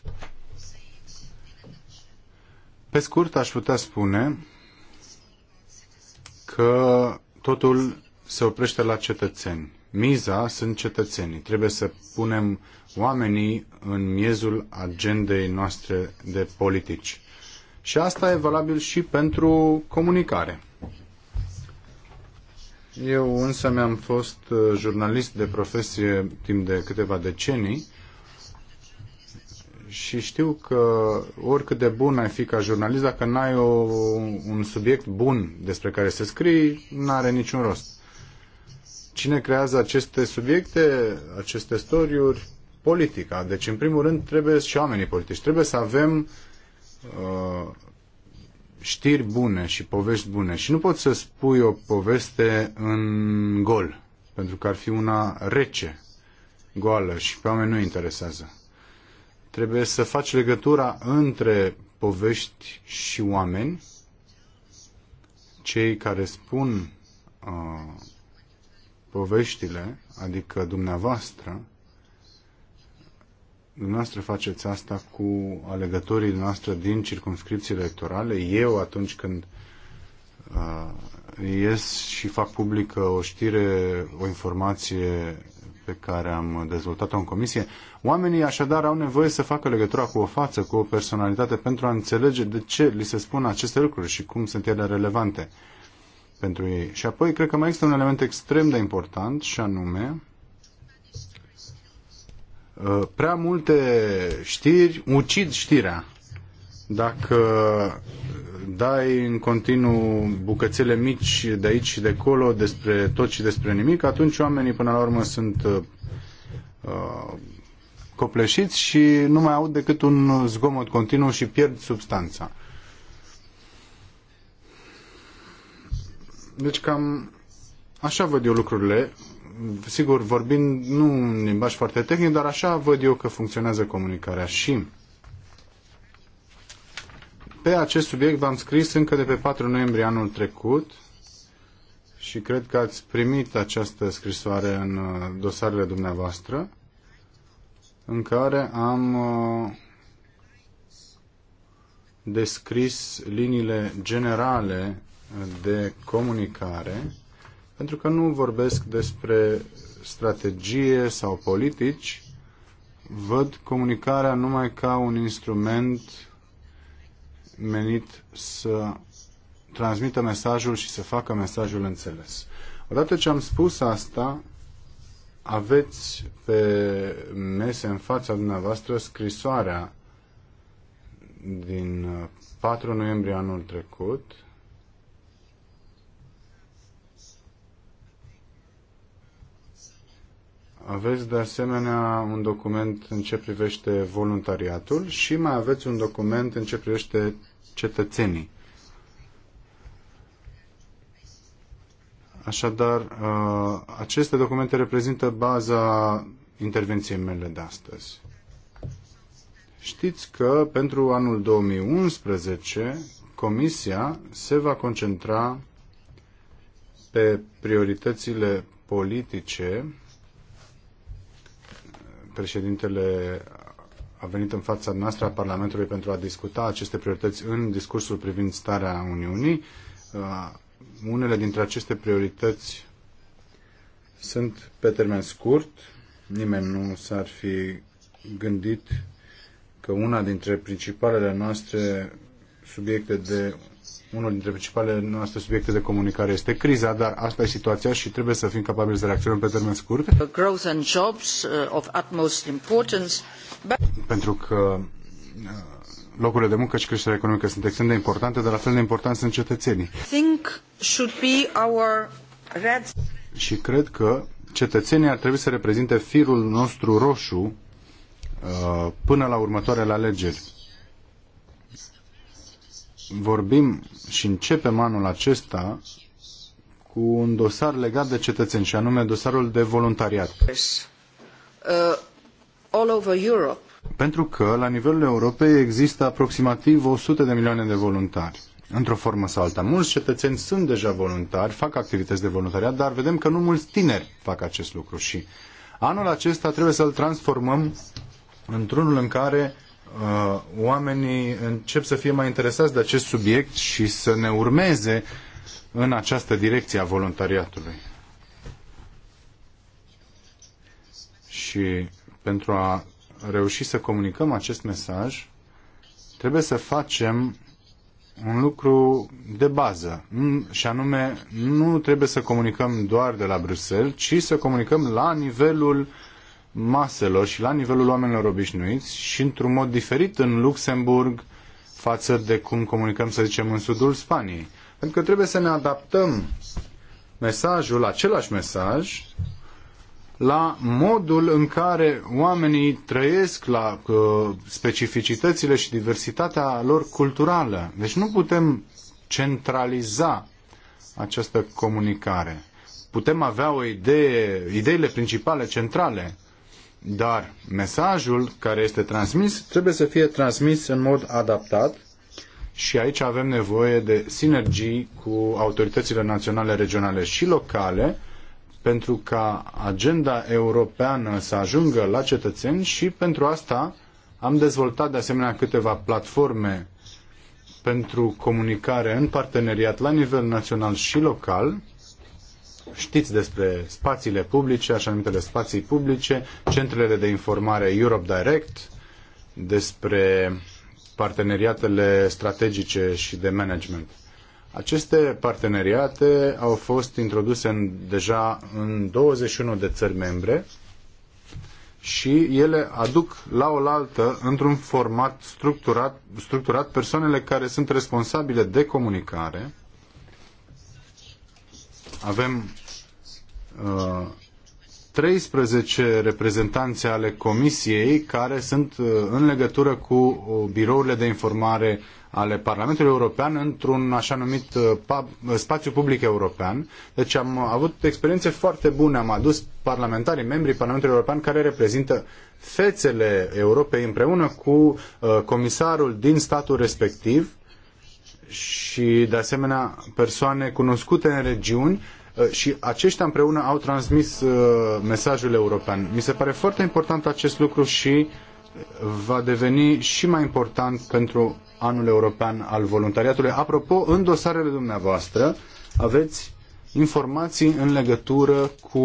Pe scurt, aș putea spune că totul se oprește la cetățeni miza sunt cetățenii. Trebuie să punem oamenii în miezul agendei noastre de politici. Și asta e valabil și pentru comunicare. Eu însă mi-am fost uh, jurnalist de profesie timp de câteva decenii și știu că oricât de bun ai fi ca jurnalist, dacă n-ai o, un subiect bun despre care să scrii, n-are niciun rost cine creează aceste subiecte, aceste storiuri? Politica. Deci, în primul rând, trebuie și oamenii politici. Trebuie să avem uh, știri bune și povești bune. Și nu poți să spui o poveste în gol, pentru că ar fi una rece, goală și pe oameni nu interesează. Trebuie să faci legătura între povești și oameni, cei care spun uh, poveștile, adică dumneavoastră, dumneavoastră faceți asta cu alegătorii noastre din circunscripții electorale. Eu, atunci când uh, ies și fac publică o știre, o informație pe care am dezvoltat-o în comisie, oamenii așadar au nevoie să facă legătura cu o față, cu o personalitate, pentru a înțelege de ce li se spun aceste lucruri și cum sunt ele relevante. Uh, pentru ei. Și apoi, cred că mai există un element extrem de important, și anume, uh, prea multe știri ucid știrea. Dacă dai în continuu bucățele mici de aici și de acolo despre tot și despre nimic, atunci oamenii până la urmă sunt uh, copleșiți și nu mai aud decât un zgomot continuu și pierd substanța. Deci cam așa văd eu lucrurile. Sigur, vorbind nu în limbaj foarte tehnic, dar așa văd eu că funcționează comunicarea. Și pe acest subiect v-am scris încă de pe 4 noiembrie anul trecut și cred că ați primit această scrisoare în uh, dosarele dumneavoastră în care am uh, descris liniile generale de comunicare, pentru că nu vorbesc despre strategie sau politici, văd comunicarea numai ca un instrument menit să transmită mesajul și să facă mesajul înțeles. Odată ce am spus asta, aveți pe mese în fața dumneavoastră scrisoarea din 4 noiembrie anul trecut, Aveți de asemenea un document în ce privește voluntariatul și mai aveți un document în ce privește cetățenii. Așadar, uh, aceste documente reprezintă baza intervenției mele de astăzi. Știți că pentru anul 2011 Comisia se va concentra pe prioritățile politice președintele a venit în fața noastră a Parlamentului pentru a discuta aceste priorități în discursul privind starea Uniunii. Uh, unele dintre aceste priorități sunt pe termen scurt. Nimeni nu s-ar fi gândit că una dintre principalele noastre subiecte de unul dintre principalele noastre subiecte de comunicare este criza, dar asta e situația și trebuie să fim capabili să reacționăm pe termen scurt. Growth and jobs uh, of utmost importance. Pentru că uh, locurile de muncă și creșterea economică sunt extrem de importante, dar la fel de important sunt cetățenii. Think should be our red... Și cred că cetățenii ar trebui să reprezinte firul nostru roșu uh, până la următoarele alegeri vorbim și începem anul acesta cu un dosar legat de cetățeni și anume dosarul de voluntariat. Uh, Pentru că la nivelul Europei există aproximativ 100 de milioane de voluntari. Într-o formă sau alta. Mulți cetățeni sunt deja voluntari, fac activități de voluntariat, dar vedem că nu mulți tineri fac acest lucru și anul acesta trebuie să-l transformăm într-unul în care Uh, oamenii încep să fie mai interesați de acest subiect și să ne urmeze în această direcție a voluntariatului. Și pentru a reuși să comunicăm acest mesaj, trebuie să facem un lucru de bază, și anume nu trebuie să comunicăm doar de la Bruxelles, ci să comunicăm la nivelul maselor și la nivelul oamenilor obișnuiți și într-un mod diferit în Luxemburg față de cum comunicăm, să zicem, în sudul Spaniei. Pentru că trebuie să ne adaptăm mesajul, același mesaj, la modul în care oamenii trăiesc, la uh, specificitățile și diversitatea lor culturală. Deci nu putem centraliza această comunicare. Putem avea o idee, ideile principale, centrale, dar mesajul care este transmis trebuie să fie transmis în mod adaptat și aici avem nevoie de sinergii cu autoritățile naționale, regionale și locale pentru ca agenda europeană să ajungă la cetățeni și pentru asta am dezvoltat de asemenea câteva platforme pentru comunicare în parteneriat la nivel național și local Știți despre spațiile publice, așa numitele spații publice, centrele de informare Europe Direct, despre parteneriatele strategice și de management. Aceste parteneriate au fost introduse în, deja în 21 de țări membre și ele aduc la oaltă, într-un format structurat, structurat, persoanele care sunt responsabile de comunicare avem uh, 13 reprezentanți ale Comisiei care sunt uh, în legătură cu uh, birourile de informare ale Parlamentului European într-un așa numit uh, uh, spațiu public european. Deci am avut experiențe foarte bune. Am adus parlamentarii, membrii Parlamentului European care reprezintă fețele Europei împreună cu uh, comisarul din statul respectiv și de asemenea persoane cunoscute în regiuni uh, și aceștia împreună au transmis uh, mesajul european. Mi se pare foarte important acest lucru și va deveni și mai important pentru anul european al voluntariatului. Apropo, în dosarele dumneavoastră aveți informații în legătură cu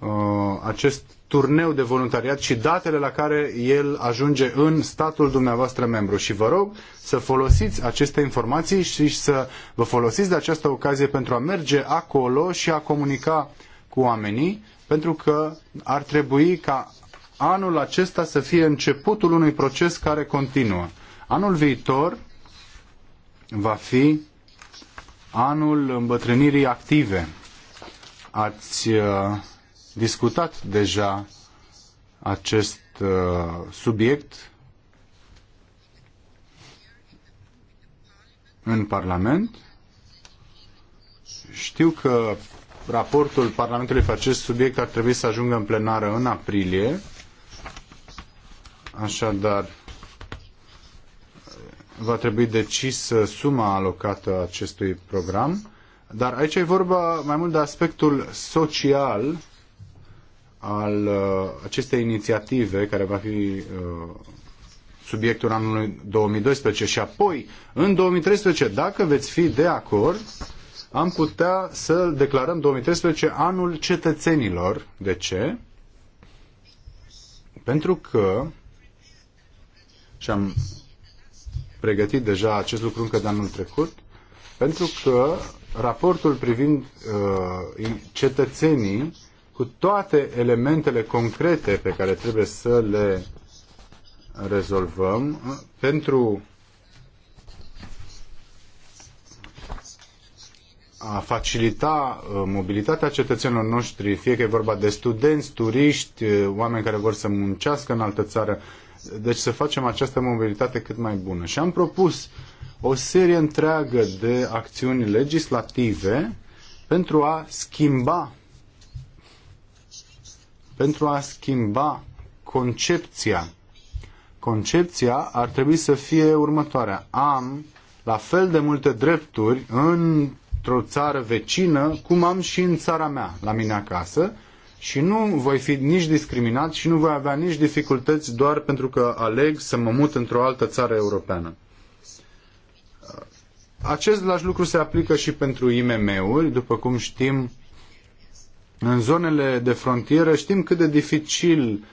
uh, acest turneu de voluntariat și datele la care el ajunge în statul dumneavoastră membru. Și vă rog să folosiți aceste informații și să vă folosiți de această ocazie pentru a merge acolo și a comunica cu oamenii, pentru că ar trebui ca anul acesta să fie începutul unui proces care continuă. Anul viitor va fi anul îmbătrânirii active. Ați uh, discutat deja acest uh, subiect în Parlament. Știu că raportul Parlamentului pe acest subiect ar trebui să ajungă în plenară în aprilie. Așadar, va trebui decis suma alocată acestui program. Dar aici e vorba mai mult de aspectul social al uh, acestei inițiative care va fi uh, subiectul anului 2012 și apoi în 2013, dacă veți fi de acord, am putea să declarăm 2013 anul cetățenilor. De ce? Pentru că și am pregătit deja acest lucru încă de anul trecut, pentru că raportul privind uh, cetățenii cu toate elementele concrete pe care trebuie să le rezolvăm pentru a facilita uh, mobilitatea cetățenilor noștri, fie că e vorba de studenți, turiști, uh, oameni care vor să muncească în altă țară. Deci să facem această mobilitate cât mai bună. Și am propus o serie întreagă de acțiuni legislative pentru a schimba pentru a schimba concepția. Concepția ar trebui să fie următoarea. Am la fel de multe drepturi într-o țară vecină cum am și în țara mea, la mine acasă, și nu voi fi nici discriminat și nu voi avea nici dificultăți doar pentru că aleg să mă mut într-o altă țară europeană. Acest lași lucru se aplică și pentru IMM-uri. După cum știm, în zonele de frontieră știm cât de dificil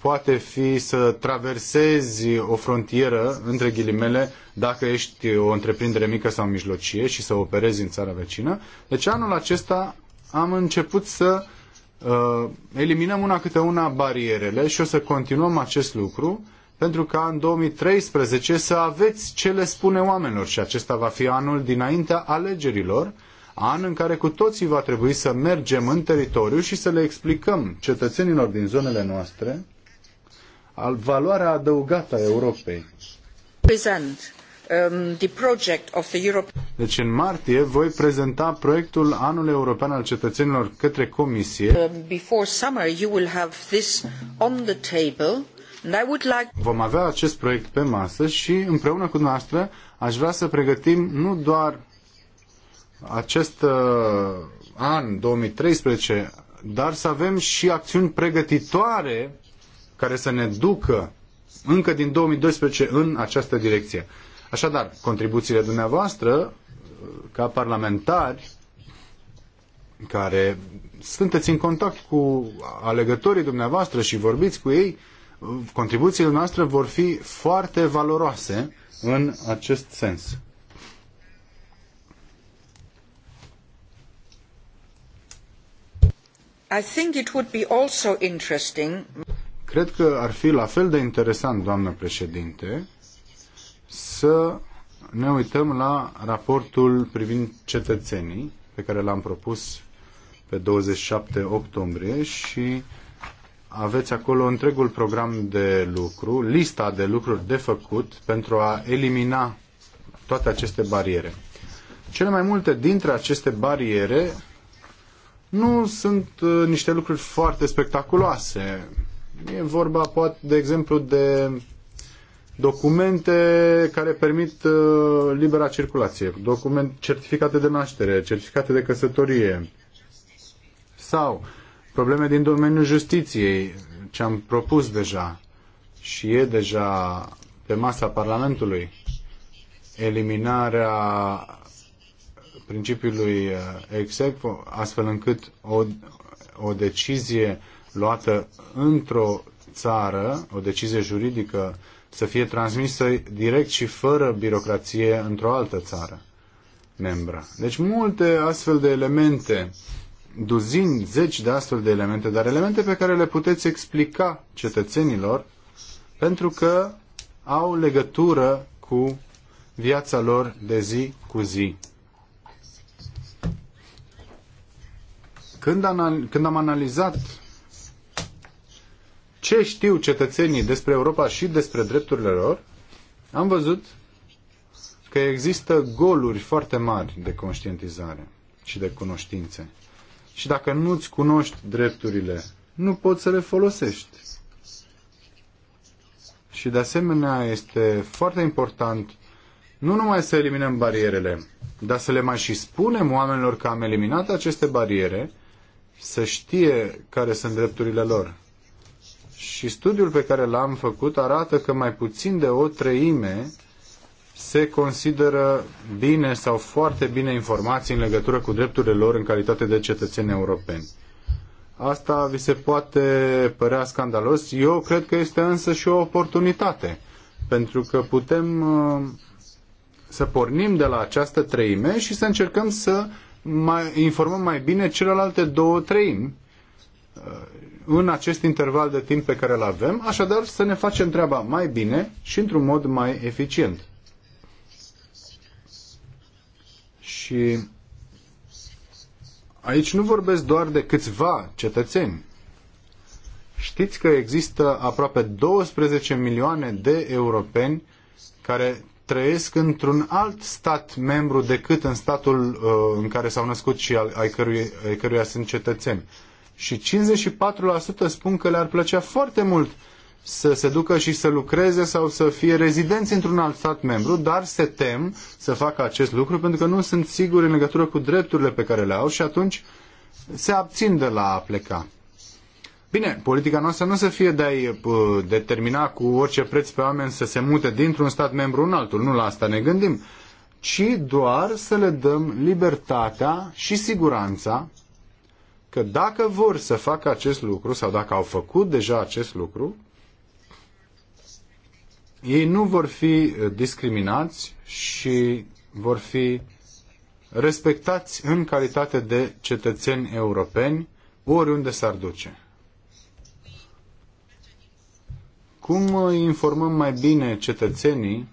poate fi să traversezi o frontieră, între ghilimele, dacă ești o întreprindere mică sau mijlocie și să operezi în țara vecină. Deci anul acesta am început să uh, eliminăm una câte una barierele și o să continuăm acest lucru pentru ca în 2013 să aveți ce le spune oamenilor și acesta va fi anul dinaintea alegerilor an în care cu toții va trebui să mergem în teritoriu și să le explicăm cetățenilor din zonele noastre al valoarea adăugată a Europei. Um, deci în martie voi prezenta proiectul Anul European al Cetățenilor către Comisie. Um, Vom avea acest proiect pe masă și împreună cu noastră aș vrea să pregătim nu doar acest uh, an 2013, dar să avem și acțiuni pregătitoare care să ne ducă încă din 2012 în această direcție. Așadar, contribuțiile dumneavoastră uh, ca parlamentari care sunteți în contact cu alegătorii dumneavoastră și vorbiți cu ei, contribuțiile noastre vor fi foarte valoroase în acest sens. Cred că ar fi la fel de interesant, doamnă președinte, să ne uităm la raportul privind cetățenii pe care l-am propus pe 27 octombrie și aveți acolo întregul program de lucru, lista de lucruri de făcut pentru a elimina toate aceste bariere. Cele mai multe dintre aceste bariere nu sunt uh, niște lucruri foarte spectaculoase. E vorba, poate, de exemplu, de documente care permit uh, libera circulație, document, certificate de naștere, certificate de căsătorie sau probleme din domeniul justiției, ce am propus deja și e deja pe masa Parlamentului, eliminarea principiului eh, exec, astfel încât o, o decizie luată într-o țară, o decizie juridică, să fie transmisă direct și fără birocrație într-o altă țară membră. Deci multe astfel de elemente, duzini, zeci de astfel de elemente, dar elemente pe care le puteți explica cetățenilor pentru că au legătură cu viața lor de zi cu zi. Când, anal- când am analizat ce știu cetățenii despre Europa și despre drepturile lor, am văzut că există goluri foarte mari de conștientizare și de cunoștințe. Și dacă nu-ți cunoști drepturile, nu poți să le folosești. Și de asemenea este foarte important nu numai să eliminăm barierele, dar să le mai și spunem oamenilor că am eliminat aceste bariere să știe care sunt drepturile lor. Și studiul pe care l-am făcut arată că mai puțin de o treime se consideră bine sau foarte bine informații în legătură cu drepturile lor în calitate de cetățeni europeni. Asta vi se poate părea scandalos. Eu cred că este însă și o oportunitate, pentru că putem uh, să pornim de la această treime și să încercăm să mai, informăm mai bine celelalte două treimi uh, în acest interval de timp pe care îl avem, așadar să ne facem treaba mai bine și într-un mod mai eficient. Și aici nu vorbesc doar de câțiva cetățeni. Știți că există aproape 12 milioane de europeni care trăiesc într-un alt stat membru decât în statul uh, în care s-au născut și al, ai, căruia, ai căruia sunt cetățeni. Și 54% spun că le-ar plăcea foarte mult să se ducă și să lucreze sau să fie rezidenți într-un alt stat membru, dar se tem să facă acest lucru pentru că nu sunt siguri în legătură cu drepturile pe care le au și atunci se abțin de la a pleca. Bine, politica noastră nu să fie de a uh, determina cu orice preț pe oameni să se mute dintr-un stat membru în altul. Nu la asta ne gândim, ci doar să le dăm libertatea și siguranța că dacă vor să facă acest lucru sau dacă au făcut deja acest lucru, ei nu vor fi uh, discriminați și vor fi respectați în calitate de cetățeni europeni oriunde s-ar duce. Cum uh, informăm mai bine cetățenii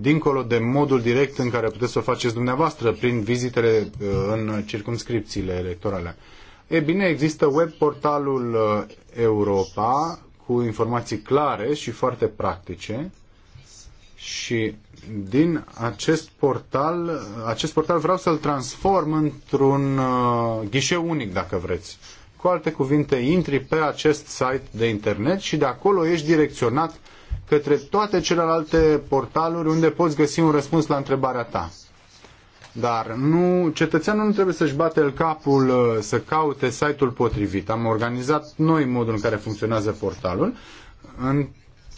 dincolo de modul direct în care puteți să o faceți dumneavoastră prin vizitele uh, în circumscripțiile electorale. E bine, există web portalul uh, Europa cu informații clare și foarte practice și din acest portal, acest portal vreau să-l transform într-un uh, ghișeu unic, dacă vreți. Cu alte cuvinte, intri pe acest site de internet și de acolo ești direcționat către toate celelalte portaluri unde poți găsi un răspuns la întrebarea ta. Dar nu, cetățeanul nu trebuie să-și bate el capul uh, să caute site-ul potrivit. Am organizat noi modul în care funcționează portalul. În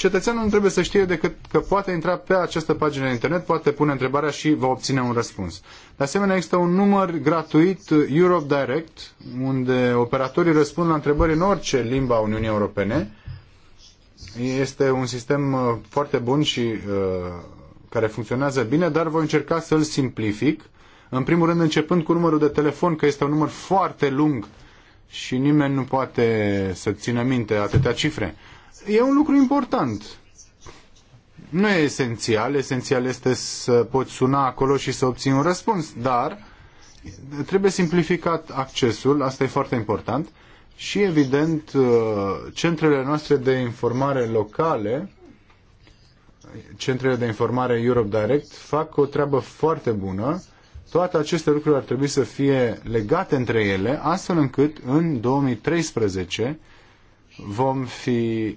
cetățeanul nu trebuie să știe decât că poate intra pe această pagină de internet, poate pune întrebarea și va obține un răspuns. De asemenea, există un număr gratuit Europe Direct, unde operatorii răspund la întrebări în orice limba Uniunii Europene. Este un sistem uh, foarte bun și uh, care funcționează bine, dar voi încerca să-l simplific. În primul rând, începând cu numărul de telefon, că este un număr foarte lung și nimeni nu poate să țină minte atâtea cifre e un lucru important. Nu e esențial, esențial este să poți suna acolo și să obții un răspuns, dar trebuie simplificat accesul, asta e foarte important, și evident uh, centrele noastre de informare locale, centrele de informare Europe Direct, fac o treabă foarte bună. Toate aceste lucruri ar trebui să fie legate între ele, astfel încât în 2013 vom fi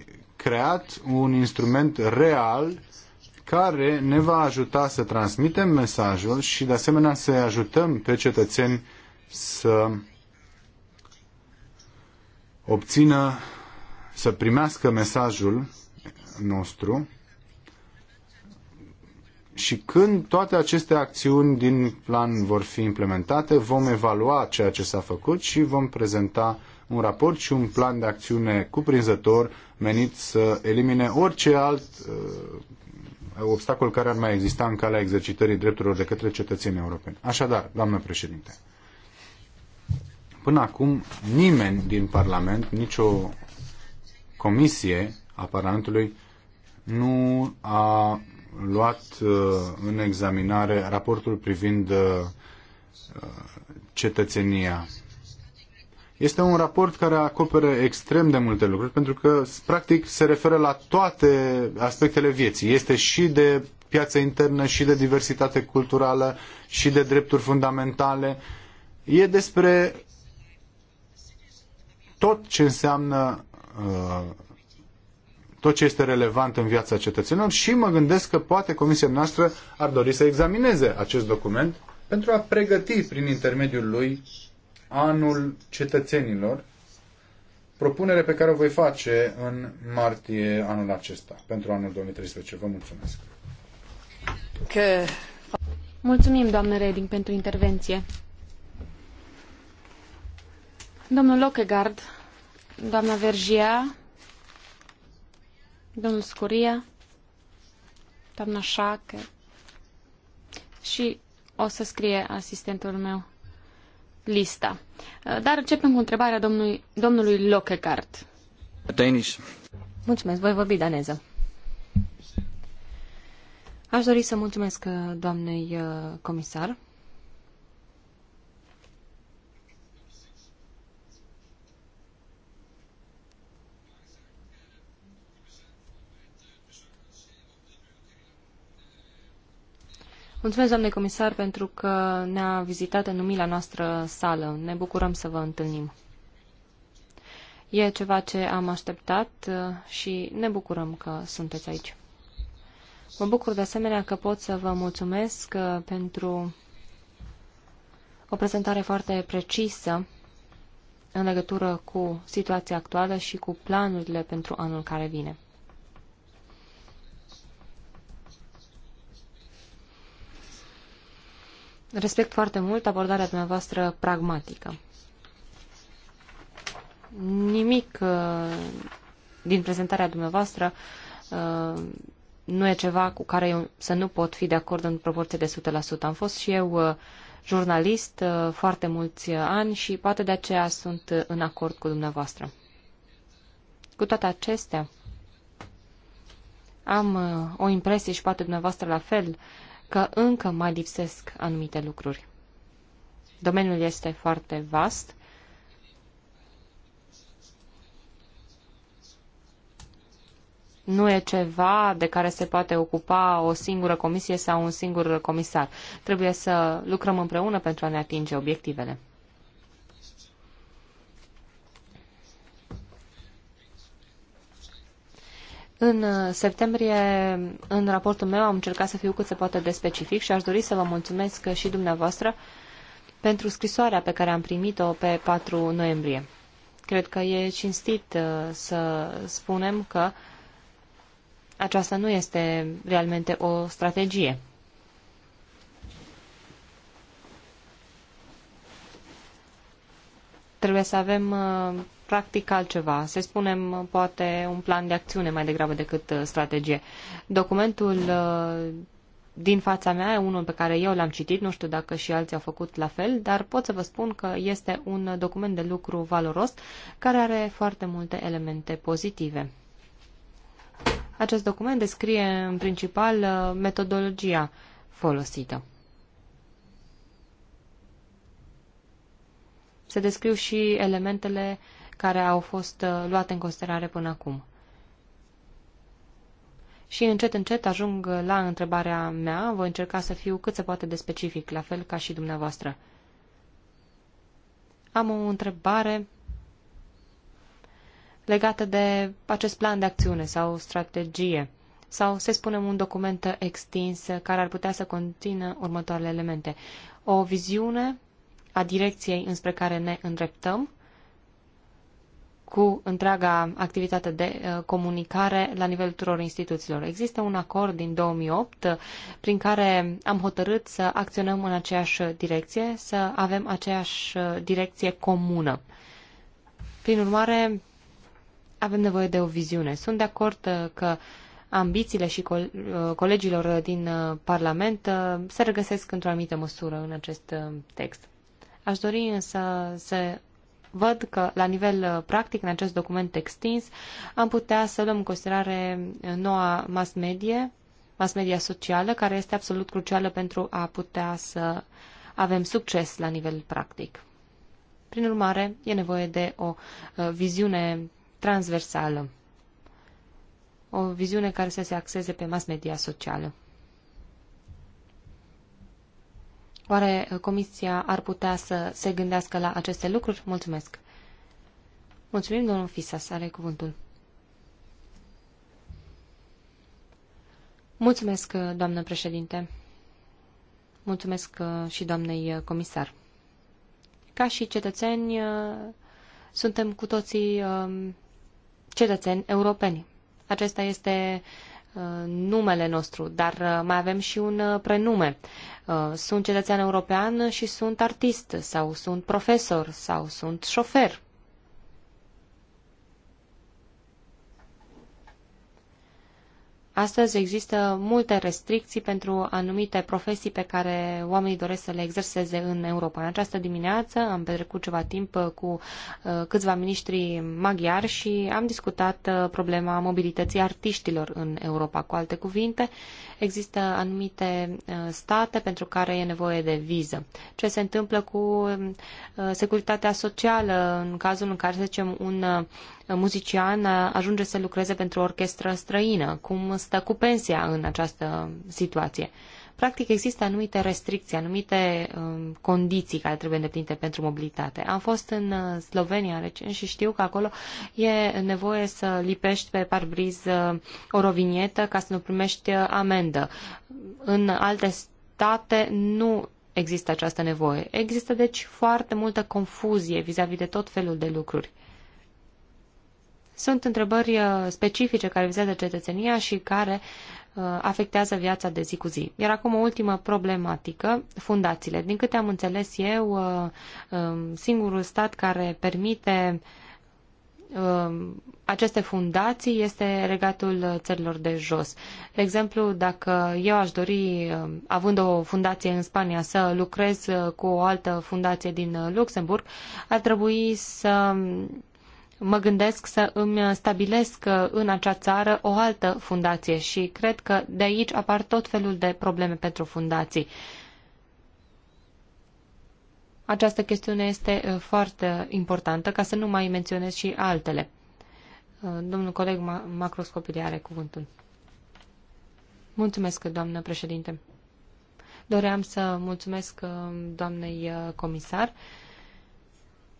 creat un instrument real care ne va ajuta să transmitem mesajul și de asemenea să ajutăm pe cetățeni să obțină, să primească mesajul nostru și când toate aceste acțiuni din plan vor fi implementate, vom evalua ceea ce s-a făcut și vom prezenta un raport și un plan de acțiune cuprinzător menit să elimine orice alt uh, obstacol care ar mai exista în calea exercitării drepturilor de către cetățenii europeni. Așadar, doamnă președinte, până acum nimeni din Parlament, nicio comisie a Parlamentului nu a luat uh, în examinare raportul privind uh, cetățenia este un raport care acoperă extrem de multe lucruri, pentru că, practic, se referă la toate aspectele vieții. Este și de piață internă, și de diversitate culturală, și de drepturi fundamentale. E despre tot ce înseamnă uh, tot ce este relevant în viața cetățenilor și mă gândesc că poate comisia noastră ar dori să examineze acest document pentru a pregăti prin intermediul lui anul cetățenilor, propunere pe care o voi face în martie anul acesta, pentru anul 2013. Vă mulțumesc. Că... Mulțumim, doamnă Reding, pentru intervenție. Domnul Lockegard, doamna Vergia, domnul Scuria, doamna Șacă și o să scrie asistentul meu lista. Dar începem cu întrebarea domnului, domnului Lockegaard. Danish. Mulțumesc, voi vorbi daneză. Aș dori să mulțumesc doamnei uh, comisar Mulțumesc, doamne comisar, pentru că ne-a vizitat în umila noastră sală. Ne bucurăm să vă întâlnim. E ceva ce am așteptat uh, și ne bucurăm că sunteți aici. Mă bucur de asemenea că pot să vă mulțumesc uh, pentru o prezentare foarte precisă în legătură cu situația actuală și cu planurile pentru anul care vine. Respect foarte mult abordarea dumneavoastră pragmatică. Nimic uh, din prezentarea dumneavoastră uh, nu e ceva cu care eu să nu pot fi de acord în proporție de 100%. Am fost și eu uh, jurnalist foarte mulți ani și poate de aceea sunt în acord cu dumneavoastră. Cu toate acestea, am o impresie și poate dumneavoastră la fel că încă mai lipsesc anumite lucruri. Domeniul este foarte vast. Nu e ceva de care se poate ocupa o singură comisie sau un singur comisar. Trebuie să lucrăm împreună pentru a ne atinge obiectivele. În uh, septembrie, în raportul meu, am încercat să fiu cât se poate de specific și aș dori să vă mulțumesc și dumneavoastră pentru scrisoarea pe care am primit-o pe 4 noiembrie. Cred că e cinstit uh, să spunem că aceasta nu este realmente o strategie. Trebuie să avem uh, practic altceva, să spunem poate un plan de acțiune mai degrabă decât uh, strategie. Documentul uh, din fața mea e unul pe care eu l-am citit, nu știu dacă și alții au făcut la fel, dar pot să vă spun că este un document de lucru valoros care are foarte multe elemente pozitive. Acest document descrie în principal uh, metodologia folosită. Se descriu și elementele uh, care au fost uh, luate în considerare până acum. Și încet, încet ajung la întrebarea mea, voi încerca să fiu cât se poate de specific, la fel ca și dumneavoastră. Am o întrebare legată de acest plan de acțiune sau strategie, sau, să spunem, un document extins care ar putea să conțină următoarele elemente. O viziune a direcției înspre care ne îndreptăm, cu întreaga activitate de uh, comunicare la nivelul tuturor instituțiilor. Există un acord din 2008 uh, prin care am hotărât să acționăm în aceeași direcție, să avem aceeași uh, direcție comună. Prin urmare, avem nevoie de o viziune. Sunt de acord că ambițiile și colegilor din Parlament se regăsesc într-o anumită măsură în acest text. Aș dori însă să văd că la nivel uh, practic, în acest document extins, am putea să luăm în considerare uh, noua mass media, mass media socială, care este absolut crucială pentru a putea să avem succes la nivel practic. Prin urmare, e nevoie de o uh, viziune transversală, o viziune care să se axeze pe mass media socială. Oare Comisia ar putea să se gândească la aceste lucruri? Mulțumesc. Mulțumim, domnul Fisas. Are cuvântul. Mulțumesc, doamnă președinte. Mulțumesc și doamnei comisar. Ca și cetățeni, suntem cu toții um, cetățeni europeni. Acesta este uh, Uh, numele nostru, dar uh, mai avem și un uh, prenume. Sunt cetățean european și sunt artist, sau sunt profesor, sau sunt șofer. Astăzi există multe restricții pentru anumite profesii pe care oamenii doresc să le exerseze în Europa. În această dimineață am petrecut ceva timp cu uh, câțiva miniștri maghiari și am discutat uh, problema mobilității artiștilor în Europa. Cu alte cuvinte, Există anumite uh, state pentru care e nevoie de viză. Ce se întâmplă cu uh, securitatea socială în cazul în care, să zicem, un uh, muzician ajunge să lucreze pentru o orchestră străină? Cum stă cu pensia în această situație? Practic există anumite restricții, anumite um, condiții care trebuie îndeplinite pentru mobilitate. Am fost în uh, Slovenia recent și știu că acolo e nevoie să lipești pe parbriz uh, o rovinietă ca să nu primești uh, amendă. În alte state nu există această nevoie. Există deci foarte multă confuzie vis-a-vis -vis de tot felul de lucruri. Sunt întrebări specifice care vizează cetățenia și care Uh, afectează viața de zi cu zi. Iar acum o ultimă problematică, fundațiile. Din câte am înțeles eu, uh, um, singurul stat care permite um, aceste fundații este regatul țărilor de jos. De exemplu, dacă eu aș dori, um, având o fundație în Spania, să lucrez uh, cu o altă fundație din Luxemburg, ar trebui să mă gândesc să îmi stabilesc uh, în acea țară o altă fundație și cred că de aici apar tot felul de probleme pentru fundații. Această chestiune este uh, foarte importantă, ca să nu mai menționez și altele. Uh, domnul coleg macroscopii are cuvântul. Mulțumesc, doamnă președinte. Doream să mulțumesc doamnei comisar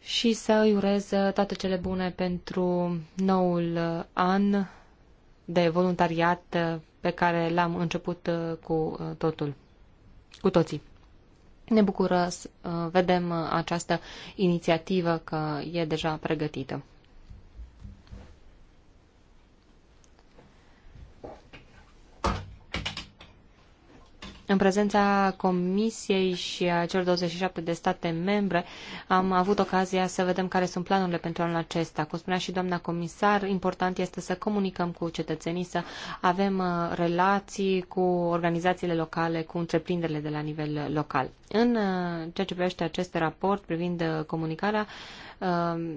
și să îi urez uh, toate cele bune pentru noul uh, an de voluntariat uh, pe care l-am început cu totul, cu toții. Ne bucură să vedem această inițiativă că e deja pregătită. În prezența Comisiei și a celor 27 de state membre, am avut ocazia să vedem care sunt planurile pentru anul acesta. Cum spunea și doamna comisar, important este să comunicăm cu cetățenii, să avem uh, relații cu organizațiile locale, cu întreprinderile de la nivel local. În uh, ceea ce privește acest raport privind uh, comunicarea,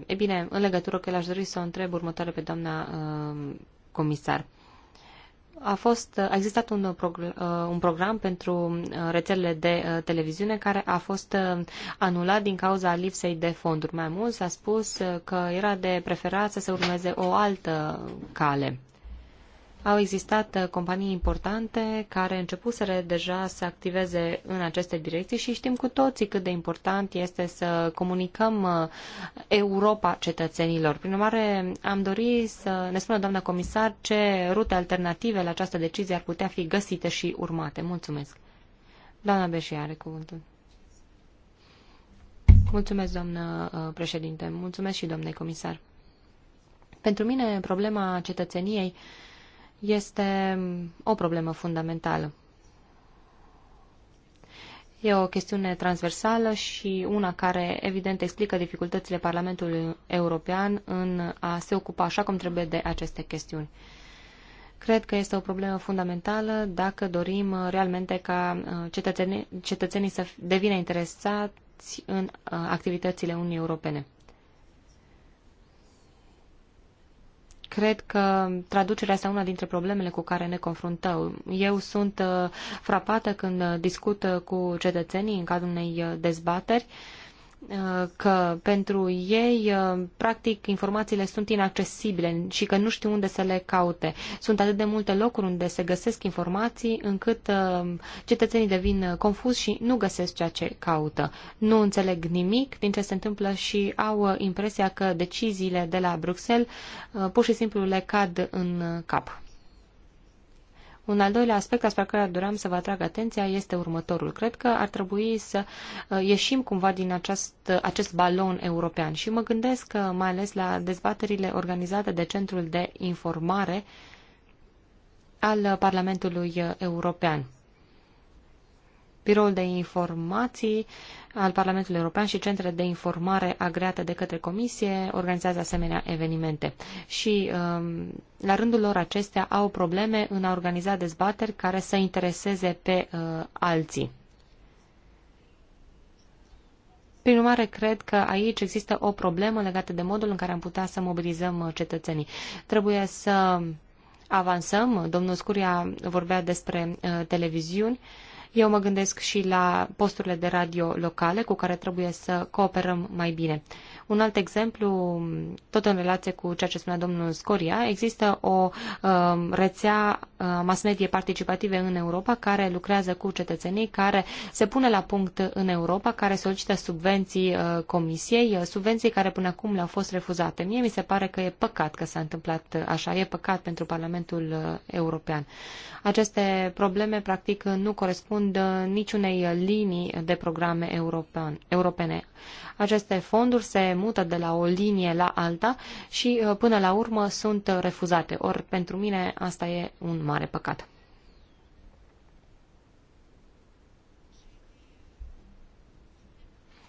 e bine, în legătură cu el aș dori să o întreb următoare pe doamna comisar a, fost, a existat un, uh, uh, un program pentru uh, rețelele de televiziune care a fost anulat din cauza lipsei de fonduri. Mai mult s-a spus că era de preferat să se urmeze o altă cale au existat uh, companii importante care începuseră deja să activeze în aceste direcții și știm cu toții cât de important este să comunicăm uh, Europa cetățenilor. Prin urmare, am dorit să ne spună, doamna comisar, ce rute alternative la această decizie ar putea fi găsite și urmate. Mulțumesc. Doamna Beșie are cuvântul. Mulțumesc, doamnă uh, președinte. Mulțumesc și doamnei comisar. Pentru mine, problema cetățeniei uh, este o problemă fundamentală. E o chestiune transversală și una care, evident, explică dificultățile Parlamentului European în a se ocupa așa cum trebuie de aceste chestiuni. Cred că este o problemă fundamentală dacă dorim uh, realmente ca uh, cetățenii, cetățenii să devină interesați în uh, activitățile Uniunii Europene. cred că traducerea este una dintre problemele cu care ne confruntăm. Eu sunt uh, frapată când uh, discut uh, cu cetățenii în cadrul unei dezbateri că pentru ei, uh, practic, informațiile sunt inaccesibile și că nu știu unde să le caute. Sunt atât de multe locuri unde se găsesc informații încât uh, cetățenii devin uh, confuzi și nu găsesc ceea ce caută. Nu înțeleg nimic din ce se întâmplă și au impresia că deciziile de la Bruxelles pur și simplu le cad în cap. Un al doilea aspect asupra care doream să vă atrag atenția este următorul. Cred că ar trebui să uh, ieșim cumva din acest, uh, acest balon european și mă gândesc mai ales la dezbaterile organizate de Centrul de Informare al Parlamentului European. Biroul de Informații al Parlamentului European și centrele de informare agreate de către Comisie organizează asemenea evenimente. Și um, la rândul lor acestea au probleme în a organiza dezbateri care să intereseze pe uh, alții. Prin urmare, cred că aici există o problemă legată de modul în care am putea să mobilizăm uh, cetățenii. Trebuie să avansăm. Domnul Scuria vorbea despre uh, televiziuni. Uh, eu mă gândesc și la posturile de radio locale cu care trebuie să cooperăm mai bine. Un alt exemplu, tot în relație cu ceea ce spunea domnul Scoria, există o uh, rețea uh, mass media participative în Europa care lucrează cu cetățenii, care se pune la punct în Europa, care solicită subvenții uh, comisiei, uh, subvenții care până acum le-au fost refuzate. Mie mi se pare că e păcat că s-a întâmplat așa, e păcat pentru Parlamentul uh, European. Aceste probleme, practic, nu corespund corespund uh, niciunei linii de programe europene. Aceste fonduri se mută de la o linie la alta și uh, până la urmă sunt refuzate. Ori pentru mine asta e un mare păcat.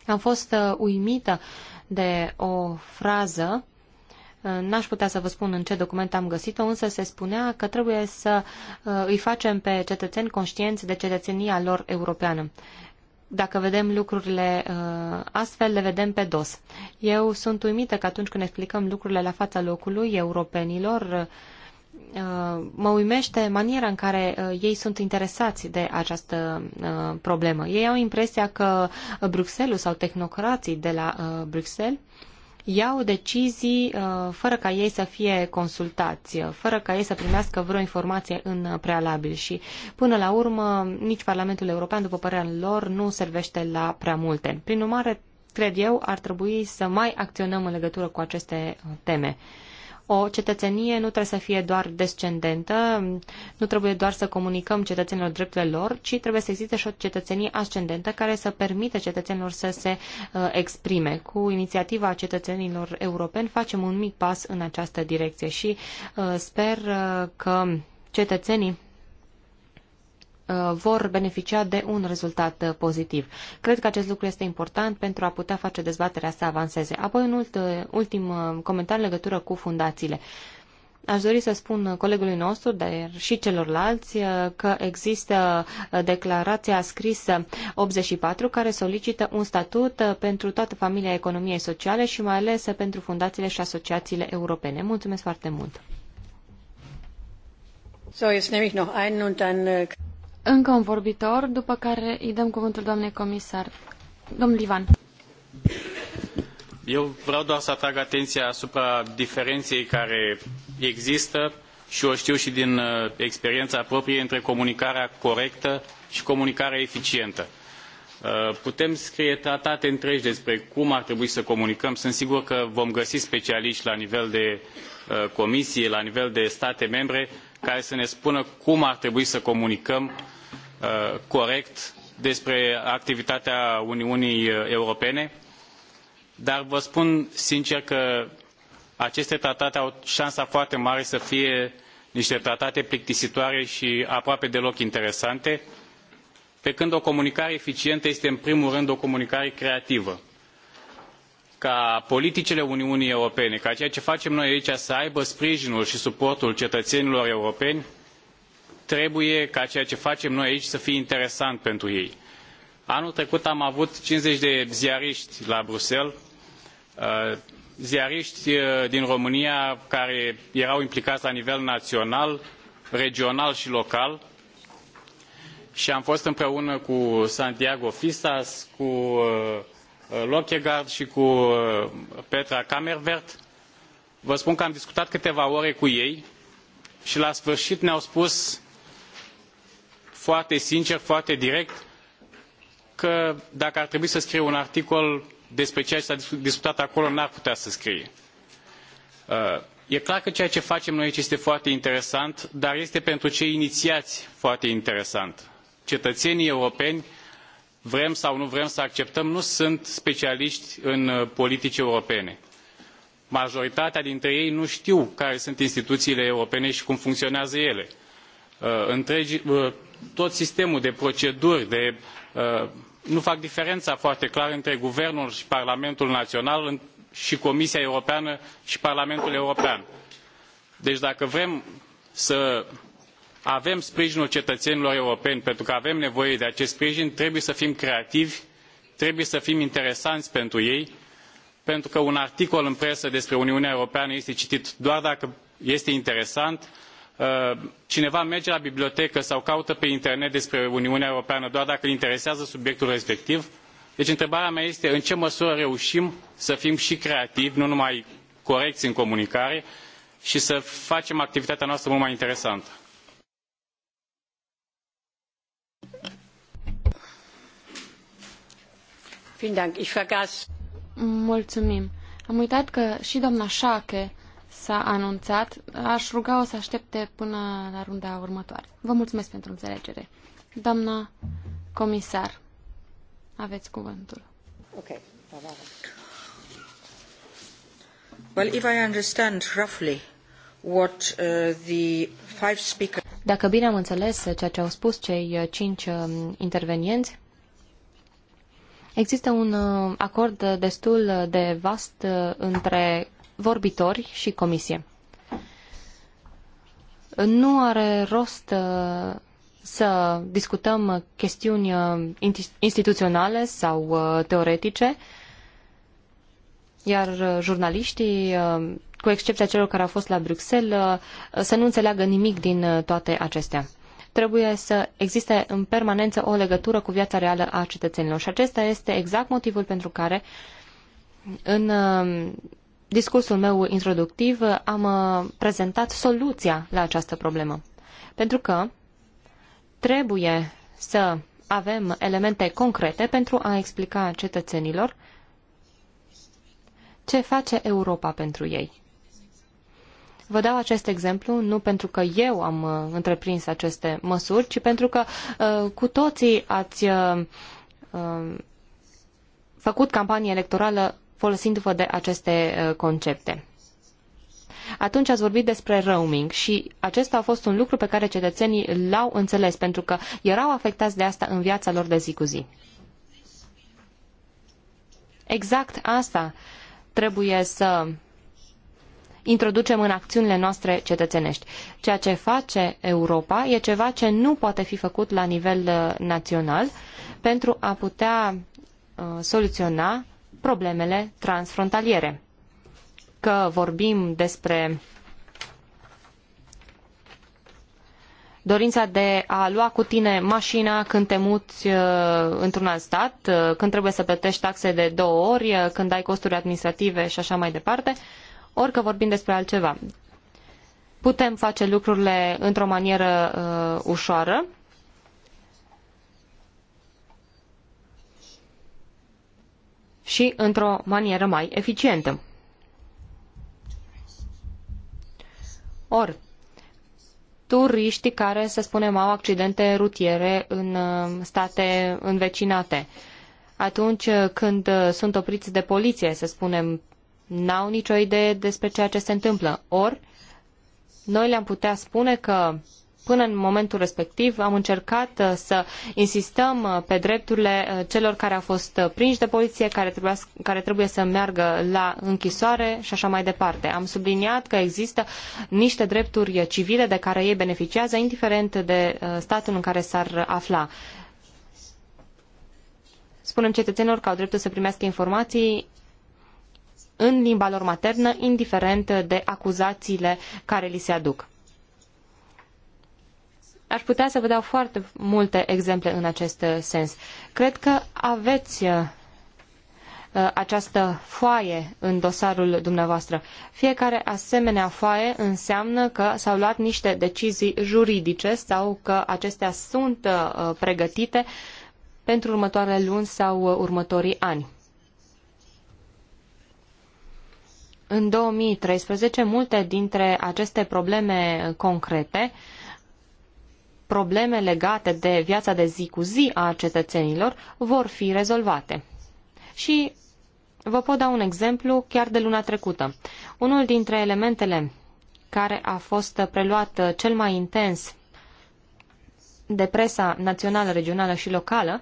Am fost uh, uimită de o frază Uh, n-aș putea să vă spun în ce document am găsit-o, însă se spunea că trebuie să uh, îi facem pe cetățeni conștienți de cetățenia lor europeană. Dacă vedem lucrurile uh, astfel, le vedem pe dos. Eu sunt uimită că atunci când explicăm lucrurile la fața locului europenilor, mă uimește maniera în care ei sunt interesați de această problemă. Ei au impresia că Bruxelles sau tehnocrații de la Bruxelles iau decizii uh, fără ca ei să fie consultați, uh, fără ca ei să primească vreo informație în prealabil și până la urmă nici Parlamentul European, după părerea lor, nu servește la prea multe. Prin urmare, cred eu, ar trebui să mai acționăm în legătură cu aceste uh, teme. O cetățenie nu trebuie să fie doar descendentă, nu trebuie doar să comunicăm cetățenilor drepturile lor, ci trebuie să existe și o cetățenie ascendentă care să permită cetățenilor să se uh, exprime. Cu inițiativa cetățenilor europeni facem un mic pas în această direcție și uh, sper uh, că cetățenii Uh, vor beneficia de un rezultat uh, pozitiv. Cred că acest lucru este important pentru a putea face dezbaterea să avanseze. Apoi, un uh, ultim comentariu în legătură cu fundațiile. Aș dori să spun colegului nostru, dar și celorlalți, că există declarația scrisă 84 care solicită un statut pentru toată familia economiei sociale și mai ales pentru fundațiile și asociațiile europene. Mulțumesc foarte mult! So, jetzt nehme ich noch einen und dann... Încă un vorbitor, după care îi dăm cuvântul doamnei comisar. Domnul Ivan. Eu vreau doar să atrag atenția asupra diferenței care există și o știu și din uh, experiența proprie între comunicarea corectă și comunicarea eficientă. Uh, putem scrie tratate întregi despre cum ar trebui să comunicăm. Sunt sigur că vom găsi specialiști la nivel de uh, comisie, la nivel de state membre, care să ne spună cum ar trebui să comunicăm Uh, corect despre activitatea Uniunii uh, Europene, dar vă spun sincer că aceste tratate au șansa foarte mare să fie niște tratate plictisitoare și aproape deloc interesante, pe când o comunicare eficientă este în primul rând o comunicare creativă. Ca politicile Uniunii Europene, ca ceea ce facem noi aici să aibă sprijinul și suportul cetățenilor europeni, trebuie ca ceea ce facem noi aici să fie interesant pentru ei. Anul trecut am avut 50 de ziariști la Bruxelles, uh, ziariști uh, din România care erau implicați la nivel național, regional și local și am fost împreună cu Santiago Fisas, cu uh, Lockegard și cu Petra Camervert. Vă spun că am discutat câteva ore cu ei și la sfârșit ne-au spus foarte sincer, foarte direct, că dacă ar trebui să scrie un articol despre ceea ce s-a discutat acolo, n-ar putea să scrie. Uh, e clar că ceea ce facem noi aici este foarte interesant, dar este pentru cei inițiați foarte interesant. Cetățenii europeni, vrem sau nu vrem să acceptăm, nu sunt specialiști în uh, politici europene. Majoritatea dintre ei nu știu care sunt instituțiile europene și cum funcționează ele. Uh, întregi, tot sistemul de proceduri, de, uh, nu fac diferența foarte clar între Guvernul și Parlamentul Național și Comisia Europeană și Parlamentul European. Deci dacă vrem să avem sprijinul cetățenilor europeni, pentru că avem nevoie de acest sprijin, trebuie să fim creativi, trebuie să fim interesanți pentru ei, pentru că un articol în presă despre Uniunea Europeană este citit doar dacă este interesant, Uh, cineva merge la bibliotecă sau caută pe internet despre uniunea europeană doar dacă îl interesează subiectul respectiv deci întrebarea mea este în ce măsură reuim să fim i creativi nu numai corei în comunicare i să facem activitatea noastră mult mai interesantă. Mulțumim. Am uitat că și doamna Șache s-a anunțat. Aș ruga-o să aștepte până la runda următoare. Vă mulțumesc pentru înțelegere. Doamna comisar, aveți cuvântul. Ok. Well, if I understand roughly what uh, the five speakers... Dacă bine am înțeles ceea ce au spus cei uh, cinci uh, intervenienți, există un uh, acord destul de vast între vorbitori și comisie. Nu are rost uh, să discutăm chestiuni uh, instituționale sau uh, teoretice, iar jurnaliștii, cu excepția celor care au fost la Bruxelles, să nu înțeleagă nimic din toate acestea. Trebuie să existe în permanență o legătură cu viața reală a cetățenilor și acesta este exact motivul pentru care în discursul meu introductiv am uh, prezentat soluția la această problemă. Pentru că trebuie să avem elemente concrete pentru a explica cetățenilor ce face Europa pentru ei. Vă dau acest exemplu nu pentru că eu am uh, întreprins aceste măsuri, ci pentru că uh, cu toții ați uh, uh făcut campanie electorală folosindu-vă de aceste uh, concepte. Atunci ați vorbit despre roaming și acesta a fost un lucru pe care cetățenii l-au înțeles pentru că erau afectați de asta în viața lor de zi cu zi. Exact asta trebuie să introducem în acțiunile noastre cetățenești. Ceea ce face Europa e ceva ce nu poate fi făcut la nivel uh, național pentru a putea uh, soluționa problemele transfrontaliere. Că vorbim despre dorința de a lua cu tine mașina când te muți uh, într-un alt stat, uh, când trebuie să plătești taxe de două ori, uh, când ai costuri administrative și așa mai departe, ori că vorbim despre altceva. Putem face lucrurile într-o manieră uh, ușoară, și într-o manieră mai eficientă. Or, turiștii care, să spunem, au accidente rutiere în uh, state învecinate, atunci când uh, sunt opriți de poliție, să spunem, n-au nicio idee despre ceea ce se întâmplă. Or, noi le-am putea spune că Până în momentul respectiv am încercat uh, să insistăm uh, pe drepturile uh, celor care au fost prinși de poliție, care, trebuia, care trebuie să meargă la închisoare și așa mai departe. Am subliniat că există niște drepturi civile de care ei beneficiază, indiferent de statul în care s-ar afla. Spunem cetățenilor că au dreptul să primească informații în limba lor maternă, indiferent de acuzațiile care li se aduc. Aș putea să vă dau foarte multe exemple în acest uh, sens. Cred că aveți uh, uh, această foaie în dosarul dumneavoastră. Fiecare asemenea foaie înseamnă că s-au luat niște decizii juridice sau că acestea sunt pregătite pentru următoarele luni sau următorii ani. În 2013, multe dintre aceste probleme concrete uh, probleme legate de viața de zi cu zi a cetățenilor vor fi rezolvate. Și vă pot da un exemplu chiar de luna trecută. Unul dintre elementele care a fost preluat cel mai intens de presa națională, regională și locală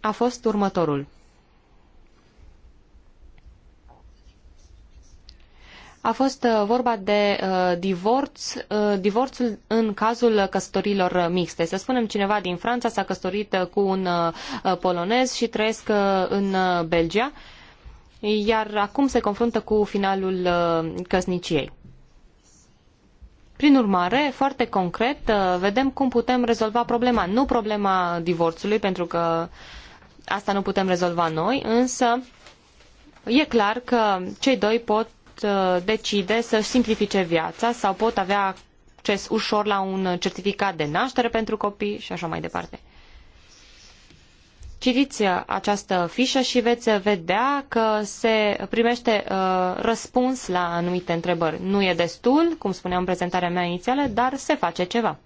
a fost următorul – a fost uh, vorba de uh, divorț, uh, divorțul în cazul căsătorilor mixte. Să spunem, cineva din Franța s-a căsătorit uh, cu un uh, uh, polonez și trăiesc uh, în Belgia, iar acum se confruntă cu finalul uh, căsniciei. Prin urmare, foarte concret, vedem cum putem rezolva problema. Nu problema divorțului, pentru că asta nu putem rezolva noi, însă e clar că cei doi pot Uh, decide să-și simplifice viața sau pot avea acces ușor la un certificat de naștere pentru copii și așa mai departe. Citiți uh, această fișă și veți vedea că se primește uh, răspuns la anumite întrebări. Nu e destul, cum spuneam în prezentarea mea inițială, dar se face ceva.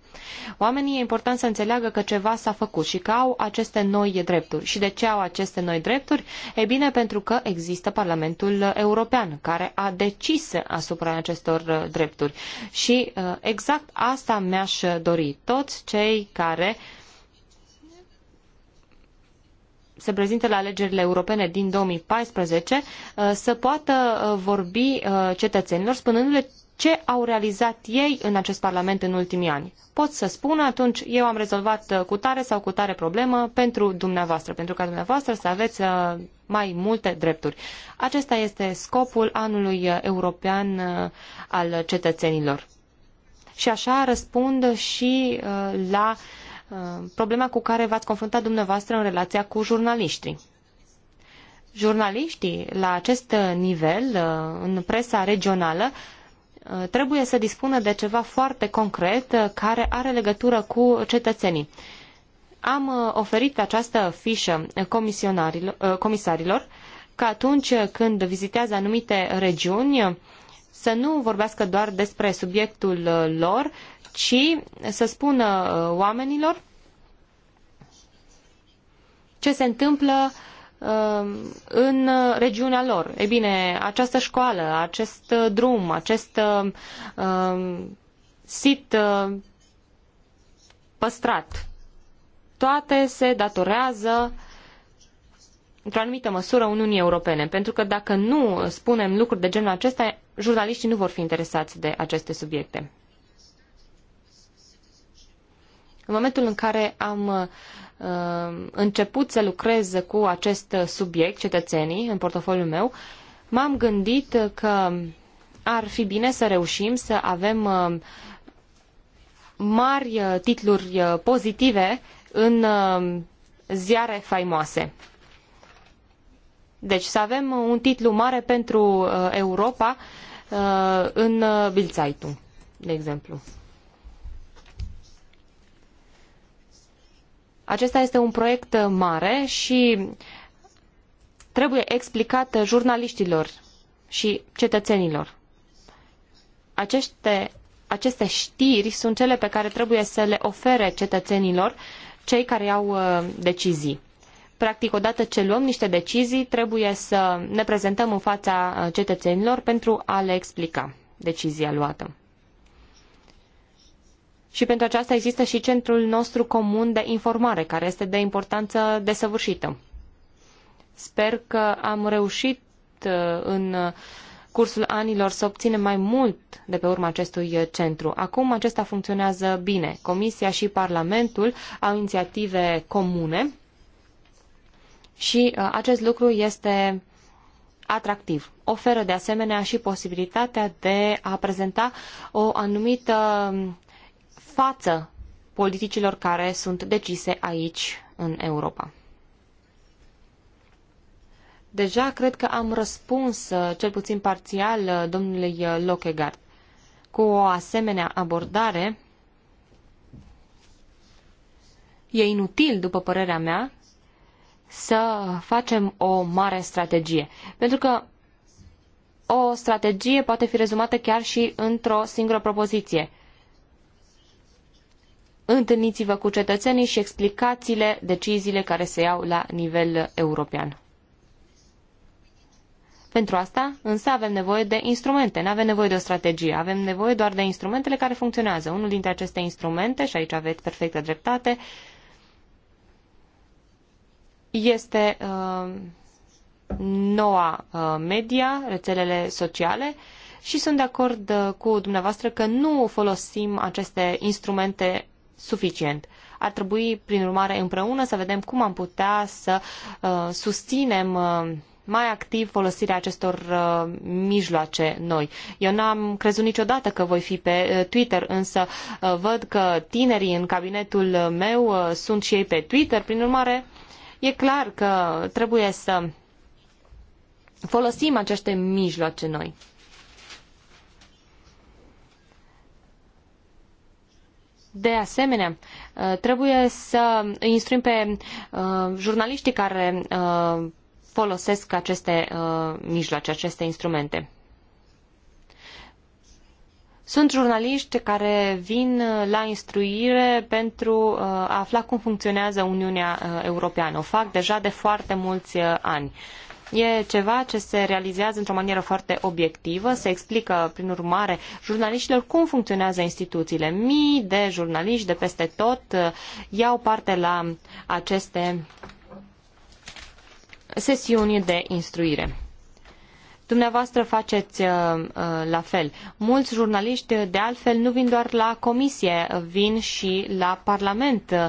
Oamenii e important să înțeleagă că ceva s-a făcut și că au aceste noi drepturi. Și de ce au aceste noi drepturi? E bine, pentru că există Parlamentul European care a decis asupra acestor uh, drepturi. Și uh, exact asta mi-aș dori. Toți cei care uh, se prezinte la alegerile europene din 2014 uh, să poată uh, vorbi uh, cetățenilor spunându-le ce au realizat ei în acest Parlament în ultimii ani. Pot să spun atunci, eu am rezolvat cu tare sau cu tare problemă pentru dumneavoastră, pentru ca dumneavoastră să aveți mai multe drepturi. Acesta este scopul anului european al cetățenilor. Și așa răspund și la uh, Uh, problema cu care v-ați confruntat dumneavoastră în relația cu jurnaliștii. Jurnaliștii la acest nivel, uh, în presa regională, uh, trebuie să dispună de ceva foarte concret care are legătură cu cetățenii. Am oferit această fișă comisarilor că atunci când vizitează anumite regiuni să nu vorbească doar despre subiectul lor, ci să spună uh, oamenilor ce se întâmplă uh, în regiunea lor. E bine, această școală, acest uh, drum, acest sit păstrat, toate se datorează într-o anumită măsură Uniunii Europene, pentru că dacă nu spunem lucruri de genul acesta, jurnaliștii nu vor fi interesați de aceste subiecte. În momentul în care am uh, început să lucrez cu acest subiect, cetățenii, în portofoliul meu, m-am gândit că ar fi bine să reușim să avem uh, mari uh, titluri uh, pozitive în uh, ziare faimoase. Deci să avem un titlu mare pentru uh, Europa în Bild de exemplu. Acesta este un proiect mare și trebuie explicat jurnaliștilor și cetățenilor. Aceste, aceste știri sunt cele pe care trebuie să le ofere cetățenilor cei care iau uh, decizii. Practic, odată ce luăm niște decizii, trebuie să ne prezentăm în fața uh, cetățenilor pentru a le explica decizia luată și pentru aceasta există și centrul nostru comun de informare, care este de importanță desăvârșită. Sper că am reușit uh, în cursul anilor să obținem mai mult de pe urma acestui centru. Acum acesta funcționează bine. Comisia și Parlamentul au inițiative comune și uh, acest lucru este atractiv. Oferă de asemenea și posibilitatea de a prezenta o anumită față politicilor care sunt decise aici, în Europa. Deja cred că am răspuns, cel puțin parțial, domnului Lockegaard. Cu o asemenea abordare, e inutil, după părerea mea, să facem o mare strategie. Pentru că o strategie poate fi rezumată chiar și într-o singură propoziție – întâlniți-vă cu cetățenii și explicați-le deciziile care se iau la nivel european. Pentru asta, însă, avem nevoie de instrumente, nu avem nevoie de o strategie, avem nevoie doar de instrumentele care funcționează. Unul dintre aceste instrumente, și aici aveți perfectă dreptate, este uh, noua uh, media, rețelele sociale și sunt de acord uh, cu dumneavoastră că nu folosim aceste instrumente suficient. Ar trebui, prin urmare, împreună să vedem cum am putea să uh, susținem uh, mai activ folosirea acestor uh, mijloace noi. Eu n-am crezut niciodată că voi fi pe uh, Twitter, însă uh, văd că tinerii în cabinetul meu uh, sunt și ei pe Twitter, prin urmare e clar că trebuie să folosim aceste mijloace noi. De asemenea, uh, trebuie să instruim pe uh, jurnaliștii care uh, folosesc aceste mijloace, aceste instrumente. Sunt jurnaliști care vin la instruire pentru a afla cum funcționează Uniunea Europeană. O fac deja de foarte mulți ani. E ceva ce se realizează într-o manieră foarte obiectivă, se explică, prin urmare, jurnaliștilor cum funcționează instituțiile. Mii de jurnaliști de peste tot uh, iau parte la aceste sesiuni de instruire. Dumneavoastră faceți uh, uh, la fel. Mulți jurnaliști, de altfel, nu vin doar la comisie, vin și la Parlament. Uh,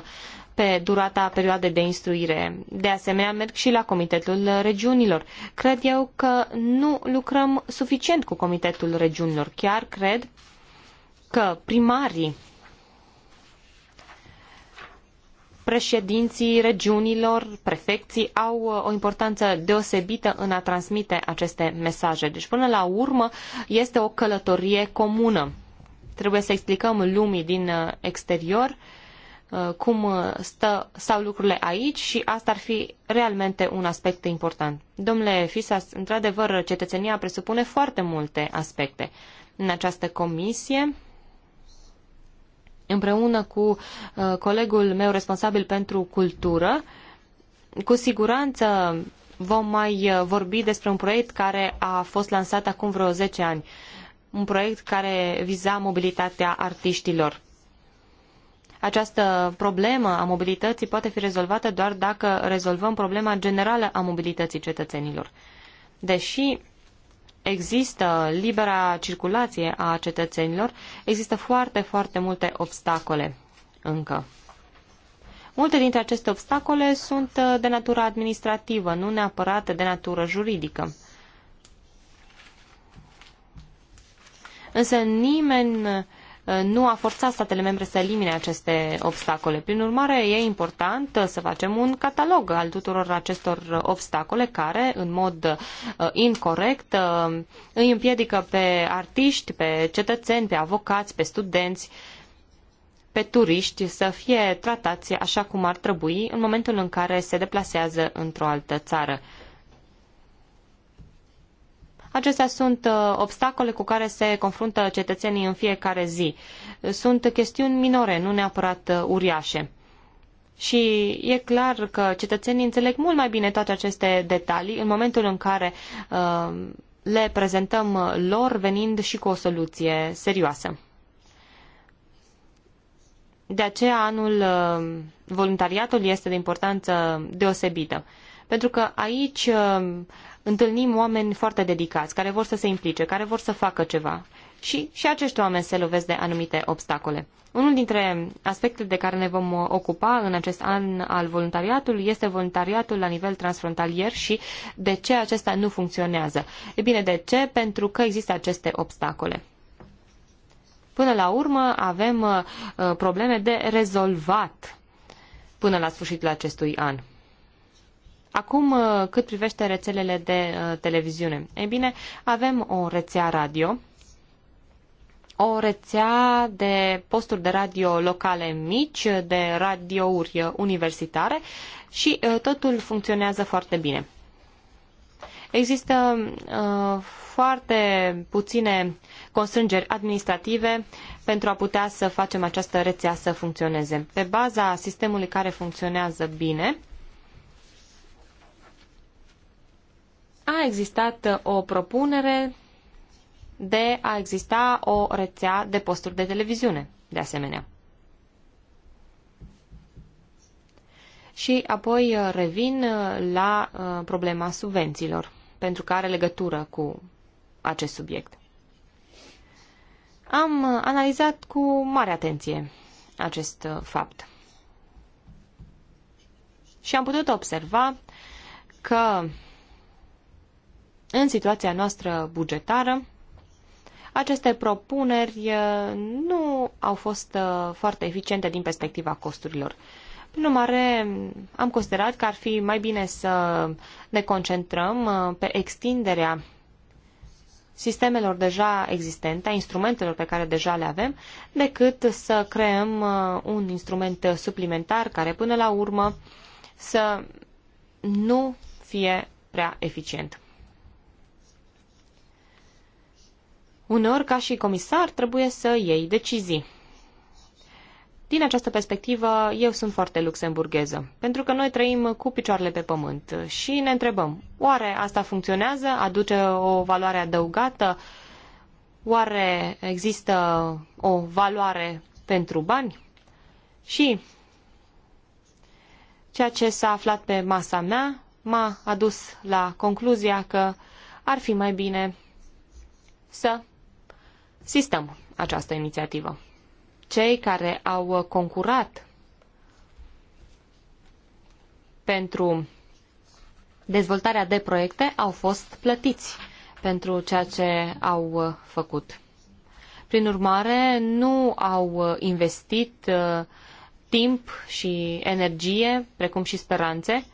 pe durata perioadei de instruire. De asemenea, merg și la Comitetul Regiunilor. Cred eu că nu lucrăm suficient cu Comitetul Regiunilor. Chiar cred că primarii președinții regiunilor, prefecții au uh, o importanță deosebită în a transmite aceste mesaje. Deci, până la urmă, este o călătorie comună. Trebuie să explicăm lumii din uh, exterior uh, Uh, cum uh, stă, stau lucrurile aici și asta ar fi realmente un aspect important. Domnule Fisas, într-adevăr, cetățenia presupune foarte multe aspecte. În această comisie, împreună cu uh, colegul meu responsabil pentru cultură, cu siguranță vom mai vorbi despre un proiect care a fost lansat acum vreo 10 ani, un proiect care viza mobilitatea artiștilor. Această problemă a mobilității poate fi rezolvată doar dacă rezolvăm problema generală a mobilității cetățenilor. Deși există libera circulație a cetățenilor, există foarte, foarte multe obstacole încă. Multe dintre aceste obstacole sunt uh, de natură administrativă, nu neapărat de natură juridică. Însă nimeni Uh, nu a forțat statele membre să elimine aceste obstacole. Prin urmare, e important uh, să facem un catalog al tuturor acestor obstacole care, în mod uh, incorrect, îi împiedică pe artiști, pe cetățeni, pe avocați, pe studenți, pe turiști să fie tratați așa cum ar trebui în momentul în care se deplasează într-o altă țară. Acestea sunt uh, obstacole cu care se confruntă cetățenii în fiecare zi. Sunt chestiuni minore, nu neapărat uh, uriașe. Și e clar că cetățenii înțeleg mult mai bine toate aceste detalii în momentul în care uh, le prezentăm uh, lor venind și cu o soluție serioasă. De aceea anul voluntariatul este de importanță deosebită. Pentru că aici uh, întâlnim oameni foarte dedicați, care vor să se implice, care vor să facă ceva. Și, și acești oameni se lovesc de anumite obstacole. Unul dintre aspectele de care ne vom ocupa în acest an al voluntariatului este voluntariatul la nivel transfrontalier și de ce acesta nu funcționează. E bine, de ce? Pentru că există aceste obstacole. Până la urmă avem uh, probleme de rezolvat până la sfârșitul acestui an. Acum, uh, cât privește rețelele de uh, televiziune. Ei bine, avem o rețea radio, o rețea de posturi de radio locale mici, de radiouri uh, universitare și totul funcționează foarte bine. Există uh, foarte puține constrângeri administrative pentru a putea să facem această rețea să funcționeze. Pe baza sistemului care funcționează bine, a existat uh, o propunere de a exista o rețea de posturi de televiziune, de asemenea. Și apoi uh, revin uh, la problema subvențiilor, pentru că are legătură cu acest subiect. Am analizat cu mare atenție acest fapt. Și am putut observa că în situația noastră bugetară, aceste propuneri uh, nu au fost uh, foarte eficiente din perspectiva costurilor. Prin urmare, am considerat că ar fi mai bine să ne concentrăm uh, pe extinderea sistemelor deja existente, a instrumentelor pe care deja le avem, decât să creăm un instrument suplimentar care până la urmă să nu fie prea eficient. Uneori, ca și comisar, trebuie să iei decizii. Din această perspectivă, eu sunt foarte luxemburgheză, pentru că noi trăim cu picioarele pe pământ și ne întrebăm, oare asta funcționează, aduce o valoare adăugată, oare există o valoare pentru bani? Și ceea ce s-a aflat pe masa mea m-a adus la concluzia că ar fi mai bine să sistăm această inițiativă. Cei care au concurat pentru dezvoltarea de proiecte au fost plătiți pentru ceea ce au făcut. Prin urmare, nu au investit uh, timp și energie, precum și speranțe,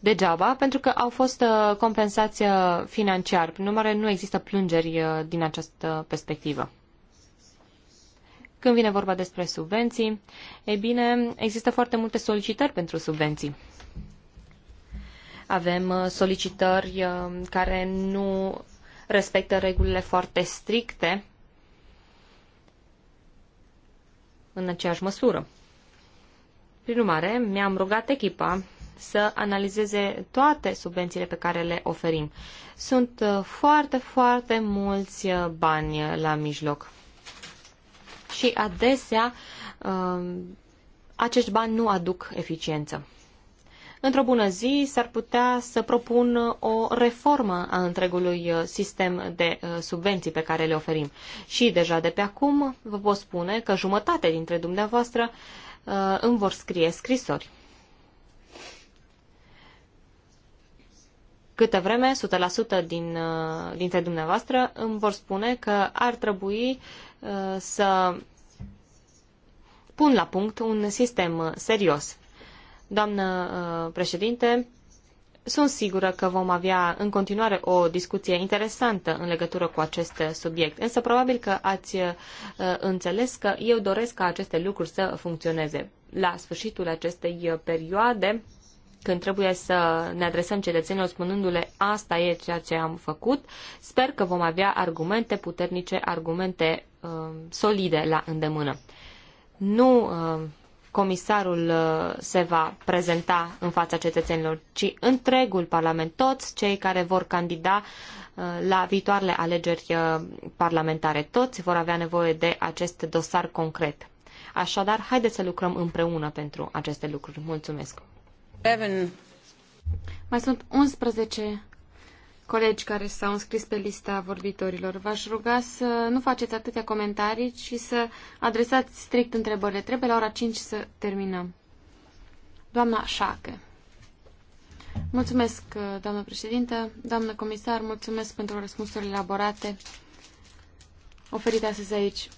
degeaba, pentru că au fost uh, compensați uh, financiar. Prin urmare, nu există plângeri uh, din această perspectivă. Când vine vorba despre subvenții, e bine, există foarte multe solicitări pentru subvenții. Avem solicitări care nu respectă regulile foarte stricte în aceeași măsură. Prin urmare, mi-am rugat echipa să analizeze toate subvențiile pe care le oferim. Sunt uh, foarte, foarte mulți uh, bani uh, la mijloc. Și adesea um, acești bani nu aduc eficiență. Într-o bună zi s-ar putea să propun o reformă a întregului sistem de subvenții pe care le oferim. Și deja de pe acum vă pot spune că jumătate dintre dumneavoastră îmi vor scrie scrisori. Câtă vreme, 100% din, uh, dintre dumneavoastră îmi vor spune că ar trebui uh, să pun la punct un sistem uh, serios. Doamnă președinte, sunt sigură că vom avea în continuare o discuție interesantă în legătură cu acest subiect, însă probabil că ați înțeles că eu doresc ca aceste lucruri să funcționeze. La sfârșitul acestei perioade, când trebuie să ne adresăm cetățenilor spunându-le asta e ceea ce am făcut, sper că vom avea argumente puternice, argumente uh, solide la îndemână. Nu uh, comisarul uh, se va prezenta în fața cetățenilor, ci întregul Parlament, toți cei care vor candida uh, la viitoarele alegeri uh, parlamentare, toți vor avea nevoie de acest dosar concret. Așadar, haideți să lucrăm împreună pentru aceste lucruri. Mulțumesc! Mai sunt 11 colegi care s-au înscris pe lista vorbitorilor. V-aș ruga să nu faceți atâtea comentarii, ci să adresați strict întrebările. Trebuie la ora 5 să terminăm. Doamna Șacă. Mulțumesc, doamnă președintă. Doamnă comisar, mulțumesc pentru răspunsurile elaborate oferite astăzi aici.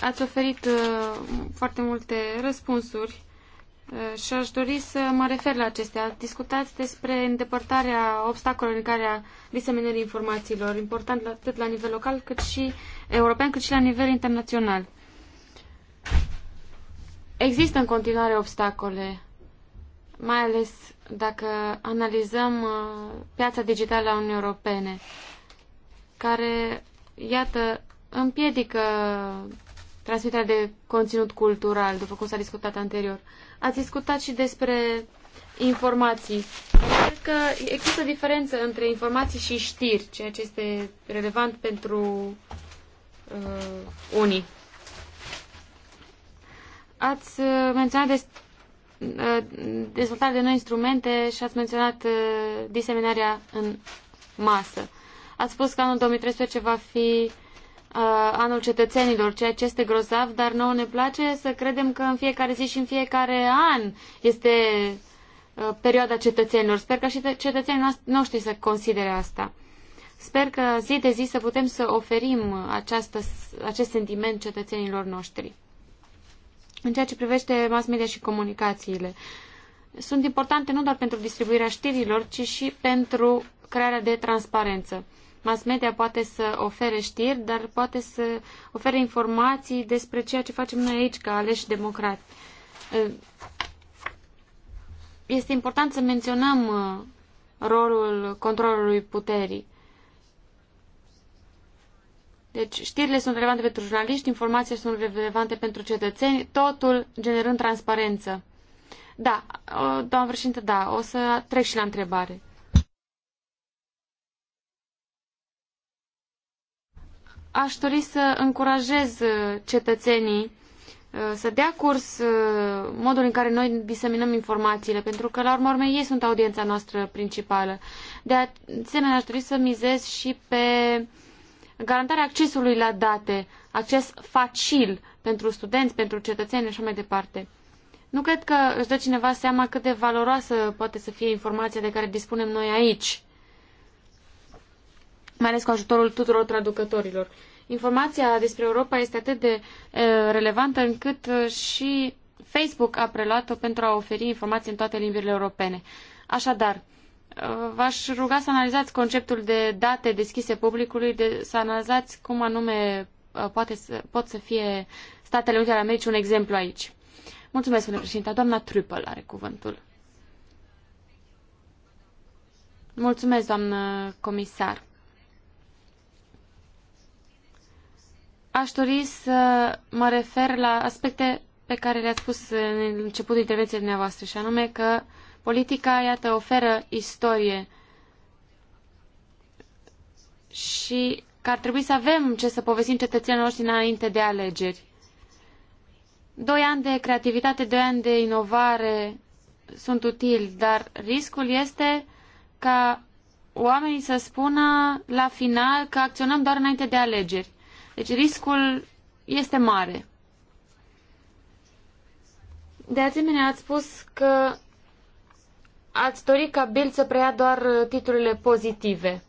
Ați oferit uh, foarte multe răspunsuri Eh, și aș dori să mă refer la acestea. Discutați despre îndepărtarea obstacolelor în care diseminării informațiilor, important atât la nivel local cât și european, cât și la nivel internațional. Există în continuare obstacole, mai ales dacă analizăm eh, piața digitală a Uniunii Europene, care, iată, împiedică transmiterea de conținut cultural, după cum s-a discutat anterior. Ați discutat și despre informații. Cred că există diferență între informații și știri, ceea ce este relevant pentru uh, unii. Ați uh, menționat des, uh, dezvoltarea de noi instrumente și ați menționat uh, diseminarea în masă. Ați spus că anul 2013 va fi anul cetățenilor, ceea ce este grozav, dar nouă ne place să credem că în fiecare zi și în fiecare an este perioada cetățenilor. Sper că și cetățenii noștri să considere asta. Sper că zi de zi să putem să oferim această, acest sentiment cetățenilor noștri. În ceea ce privește mass media și comunicațiile, sunt importante nu doar pentru distribuirea știrilor, ci și pentru crearea de transparență. Mass media poate să ofere știri, dar poate să ofere informații despre ceea ce facem noi aici ca aleși democrați. Este important să menționăm rolul controlului puterii. Deci știrile sunt relevante pentru jurnaliști, informațiile sunt relevante pentru cetățeni, totul generând transparență. Da, doamnă președinte, da, o să trec și la întrebare. aș dori să încurajez uh, cetățenii uh, să dea curs uh, modul în care noi diseminăm informațiile, pentru că, la urmă, urmei, ei sunt audiența noastră principală. De asemenea, aș dori să mizez și pe garantarea accesului la date, acces facil pentru studenți, pentru cetățeni și așa mai departe. Nu cred că își dă cineva seama cât de valoroasă poate să fie informația de care dispunem noi aici mai ales cu ajutorul tuturor traducătorilor. Informația despre Europa este atât de relevantă încât și Facebook a preluat-o pentru a oferi informații în toate limbile europene. Așadar, v-aș ruga să analizați conceptul de date deschise publicului, de, să analizați cum anume poate să, pot să fie Statele Unite ale Americii un exemplu aici. Mulțumesc, domnule președinte. Doamna Trupel are cuvântul. Mulțumesc, doamnă comisar. Aș dori să mă refer la aspecte pe care le-ați spus în începutul intervenției dumneavoastră, și anume că politica, iată, oferă istorie și că ar trebui să avem ce să povestim cetățenilor noștri înainte de alegeri. Doi ani de creativitate, doi ani de inovare sunt utili, dar riscul este ca oamenii să spună la final că acționăm doar înainte de alegeri. Deci riscul este mare. De asemenea, ați spus că ați dori ca Bill să preia doar uh, titlurile pozitive.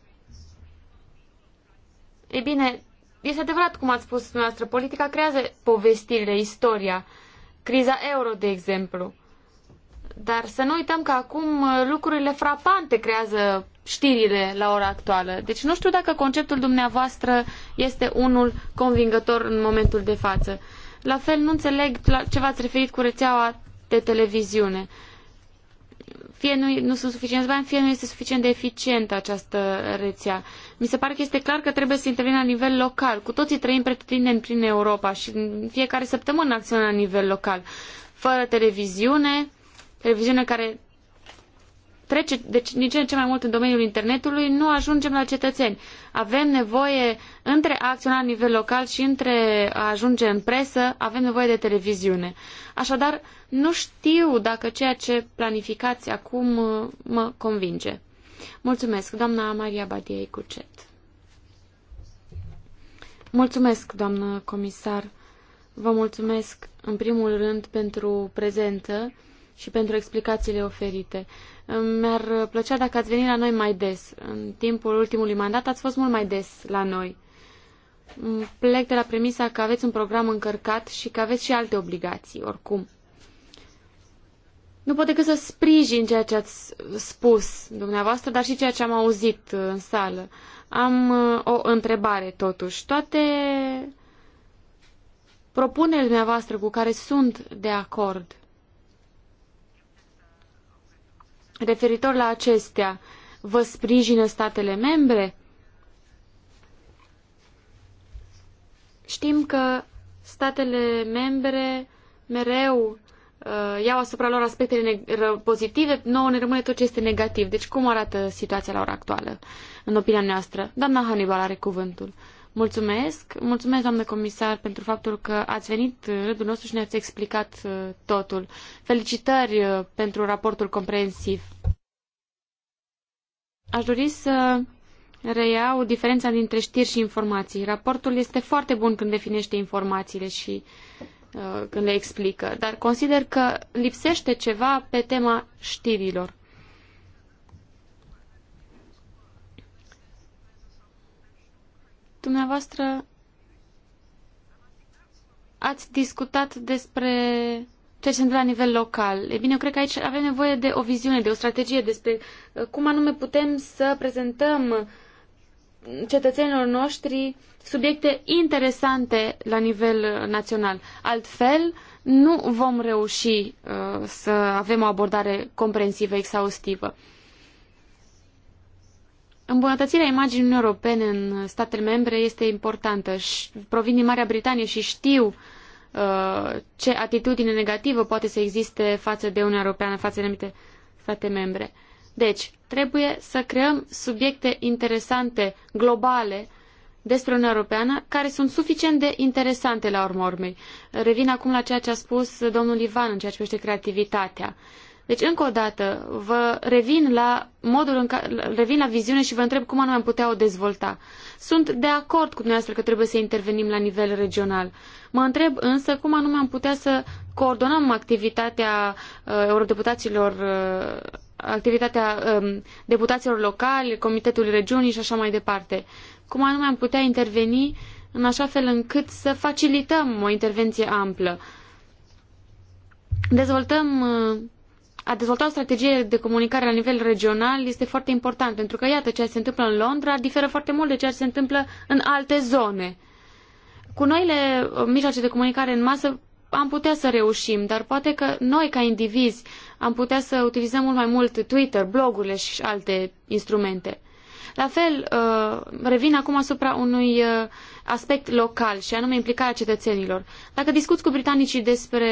Ei bine, este adevărat cum ați spus dumneavoastră, politica creează povestirile, istoria, criza euro, de exemplu. Dar să nu uităm că acum uh, lucrurile frapante creează știrile la ora actuală. Deci nu știu dacă conceptul dumneavoastră este unul convingător în momentul de față. La fel, nu înțeleg la ce v-ați referit cu rețeaua de televiziune. Fie nu, nu sunt suficienți bani, fie nu este suficient de eficientă această rețea. Mi se pare că este clar că trebuie să intervină la nivel local. Cu toții trăim pretutindeni prin Europa și în fiecare săptămână acționăm la nivel local. Fără televiziune, televiziune care trece deci, din ce în ce mai mult în domeniul internetului, nu ajungem la cetățeni. Avem nevoie, între a acționa la nivel local și între a ajunge în presă, avem nevoie de televiziune. Așadar, nu știu dacă ceea ce planificați acum uh, mă convinge. Mulțumesc, doamna Maria Badiei Cucet. Mulțumesc, doamnă comisar. Vă mulțumesc, în primul rând, pentru prezentă și pentru explicațiile oferite. Mi-ar plăcea dacă ați venit la noi mai des. În timpul ultimului mandat ați fost mult mai des la noi. Plec de la premisa că aveți un program încărcat și că aveți și alte obligații, oricum. Nu pot decât să sprijin ceea ce ați spus dumneavoastră, dar și ceea ce am auzit în sală. Am uh, o întrebare, totuși. Toate propunerile dumneavoastră cu care sunt de acord referitor la acestea, vă sprijină statele membre? Știm că statele membre mereu uh, iau asupra lor aspectele pozitive, nouă ne rămâne tot ce este negativ. Deci cum arată situația la ora actuală, în opinia noastră? Doamna Hannibal are cuvântul. Uh, Mulțumesc. Mulțumesc, doamnă comisar, pentru faptul că ați venit în rândul nostru și ne-ați explicat uh, totul. Felicitări uh, pentru raportul comprensiv. Aș dori să reiau diferența dintre știri și informații. Raportul este foarte bun când definește informațiile și uh, când le explică, dar consider că lipsește ceva pe tema știrilor. Dumneavoastră ați discutat despre ce se întâmplă la nivel local. E bine, eu cred că aici avem nevoie de o viziune, de o strategie despre uh, cum anume putem să prezentăm cetățenilor noștri subiecte interesante la nivel uh, național. Altfel, nu vom reuși uh, să avem o abordare comprensivă, exhaustivă. Îmbunătățirea imaginii europene în statele membre este importantă. Provin din Marea Britanie și știu uh, ce atitudine negativă poate să existe față de Uniunea Europeană, față de anumite state membre. Deci, trebuie să creăm subiecte interesante, globale, despre Uniunea Europeană, care sunt suficient de interesante la urma urmei. Revin acum la ceea ce a spus domnul Ivan în ceea ce privește creativitatea. Uh, deci, încă o dată, vă revin la modul în care, revin la viziune și vă întreb cum anume am putea o dezvolta. Sunt de acord cu dumneavoastră că trebuie să intervenim la nivel regional. Mă întreb însă cum anume am putea să coordonăm activitatea uh, eurodeputaților uh, activitatea um, deputaților locali, Comitetul Regiunii și așa mai departe. Cum anume am putea interveni în așa fel încât să facilităm o intervenție amplă. Dezvoltăm uh, a dezvolta o strategie de comunicare la nivel regional este foarte important, pentru că, iată, ceea ce se întâmplă în Londra diferă foarte mult de ceea ce se întâmplă în alte zone. Cu noile uh, mijloace de comunicare în masă am putea să reușim, dar poate că noi, ca indivizi, am putea să utilizăm mult mai mult Twitter, blogurile și alte instrumente. La fel, uh, revin acum asupra unui uh, aspect local și anume implicarea cetățenilor. Dacă discuți cu britanicii despre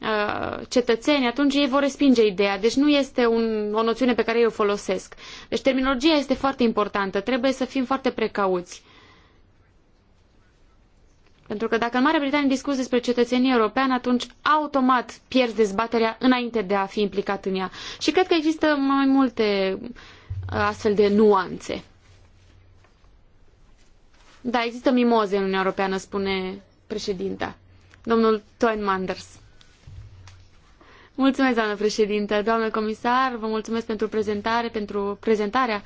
Uh, cetățeni, atunci ei vor respinge ideea. Deci nu este un, o noțiune pe care eu o folosesc. Deci terminologia este foarte importantă. Trebuie să fim foarte precauți. Pentru că dacă în Marea Britanie discuți despre cetățenie europeană, atunci automat pierzi dezbaterea înainte de a fi implicat în ea. Și cred că există mai multe uh, astfel de nuanțe. Da, există mimoze în Uniunea Europeană, spune președinta. Domnul Toyn Manders. Mulțumesc, doamnă președinte, doamnă comisar, vă mulțumesc pentru prezentare, pentru prezentarea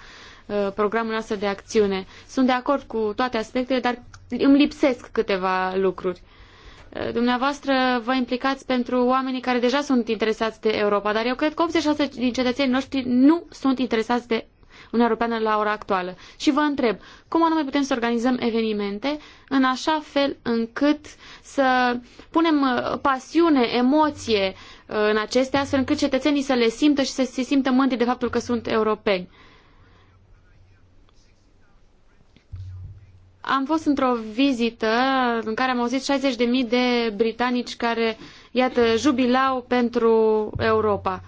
uh, programul nostru de acțiune. Sunt de acord cu toate aspectele, dar îmi lipsesc câteva lucruri. Uh, dumneavoastră vă implicați pentru oamenii care deja sunt interesați de Europa, dar eu cred că 86 din cetățenii noștri nu sunt interesați de Uniunea Europeană la ora actuală. Și vă întreb, cum anume putem să organizăm evenimente în așa fel încât să punem uh, pasiune, emoție, în acestea, astfel încât cetățenii să le simtă și să se simtă mândri de faptul că sunt europeni. Am fost într-o vizită în care am auzit 60.000 de britanici care, iată, jubilau pentru Europa.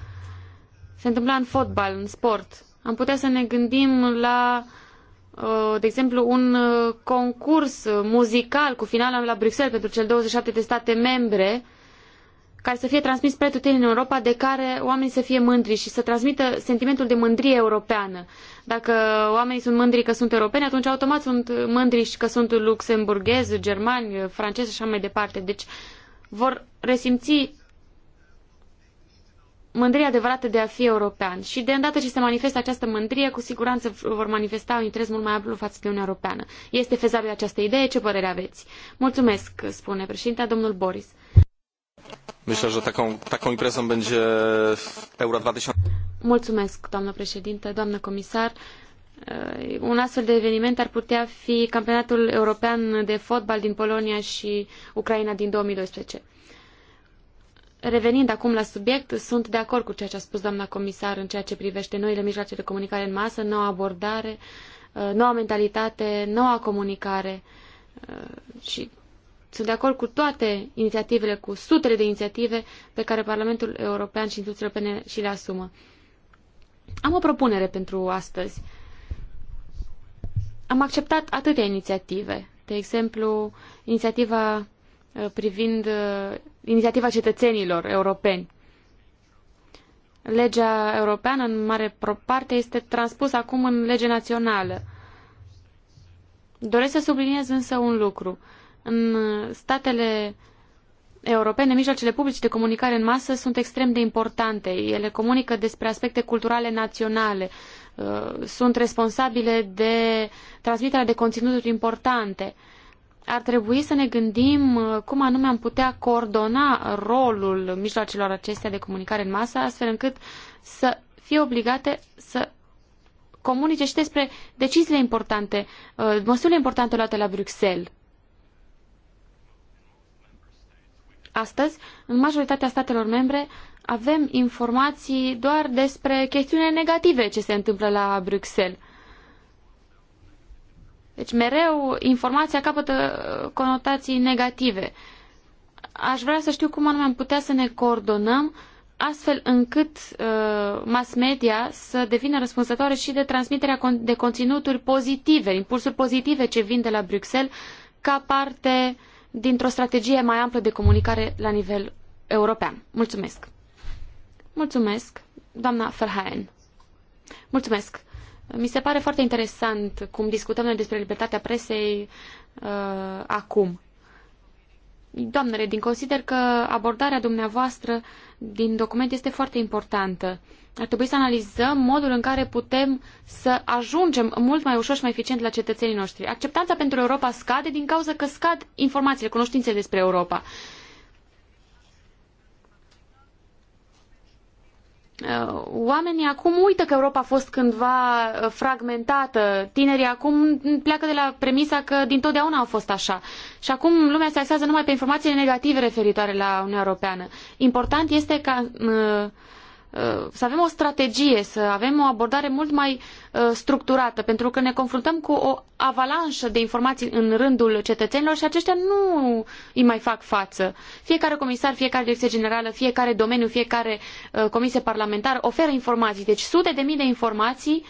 Se întâmpla în fotbal, în sport. Am putea să ne gândim la uh, de exemplu, un uh, concurs muzical cu finala la Bruxelles pentru cele 27 de state membre care să fie transmis pretutindeni în Europa, de care oamenii să fie mândri și să transmită sentimentul de mândrie europeană. Dacă oamenii sunt mândri că sunt europeni, atunci automat sunt mândri și că sunt luxemburghezi, germani, francezi și așa mai departe. Deci vor resimți mândria adevărată de a fi european. Și de îndată ce se manifestă această mândrie, cu siguranță vor manifesta un interes mult mai amplu față de Uniunea Europeană. Este fezabilă această idee? Ce părere aveți? Mulțumesc, spune președinta, domnul Boris. Myślę, że taką, taką imprezą będzie Euro 2000. Mulțumesc, doamnă președinte, doamnă comisar. Un astfel de eveniment ar putea fi campionatul european de fotbal din Polonia și Ucraina din 2012. Revenind acum la subiect, sunt de acord cu ceea ce a spus doamna comisar în ceea ce privește noile mijloace de comunicare în masă, noua abordare, noua mentalitate, noua comunicare și sunt de acord cu toate inițiativele, cu sutele de inițiative pe care Parlamentul European și instituțiile europene și le asumă. Am o propunere pentru astăzi. Am acceptat atâtea inițiative. De exemplu, inițiativa uh, privind uh, inițiativa cetățenilor europeni. Legea europeană, în mare parte, este transpusă acum în lege națională. Doresc să subliniez însă un lucru. În statele europene, mijloacele publice de comunicare în masă sunt extrem de importante. Ele comunică despre aspecte culturale naționale, uh, sunt responsabile de transmiterea de conținuturi importante. Ar trebui să ne gândim uh, cum anume am putea coordona rolul mijloacelor acestea de comunicare în masă, astfel încât să fie obligate să comunice și despre deciziile importante, uh, măsurile importante luate la Bruxelles. Astăzi, în majoritatea statelor membre, avem informații doar despre chestiune negative ce se întâmplă la Bruxelles. Deci mereu informația capătă uh, conotații negative. Aș vrea să știu cum anume am putea să ne coordonăm astfel încât uh, mass media să devină răspunsătoare și de transmiterea de conținuturi pozitive, impulsuri pozitive ce vin de la Bruxelles ca parte uh, dintr-o strategie mai amplă de comunicare la nivel european. Mulțumesc! Mulțumesc, doamna Ferhaen. Mulțumesc! Mi se pare foarte interesant cum discutăm noi despre libertatea presei uh, acum. Doamnă din consider că abordarea dumneavoastră din document este foarte importantă. Ar trebui să analizăm modul în care putem să ajungem mult mai ușor și mai eficient la cetățenii noștri. Acceptanța pentru Europa scade din cauza că scad informațiile, cunoștințele despre Europa. Uh, oamenii acum uită că Europa a fost cândva uh, fragmentată. Tinerii acum pleacă de la premisa că din totdeauna au fost așa. Și acum lumea se axează numai pe informațiile negative referitoare la Uniunea Europeană. Important este ca uh, Uh, să avem o strategie, să avem o abordare mult mai uh, structurată, pentru că ne confruntăm cu o avalanșă de informații în rândul cetățenilor și aceștia nu îi mai fac față. Fiecare comisar, fiecare direcție generală, fiecare domeniu, fiecare uh, comisie parlamentară oferă informații, deci sute de mii de informații,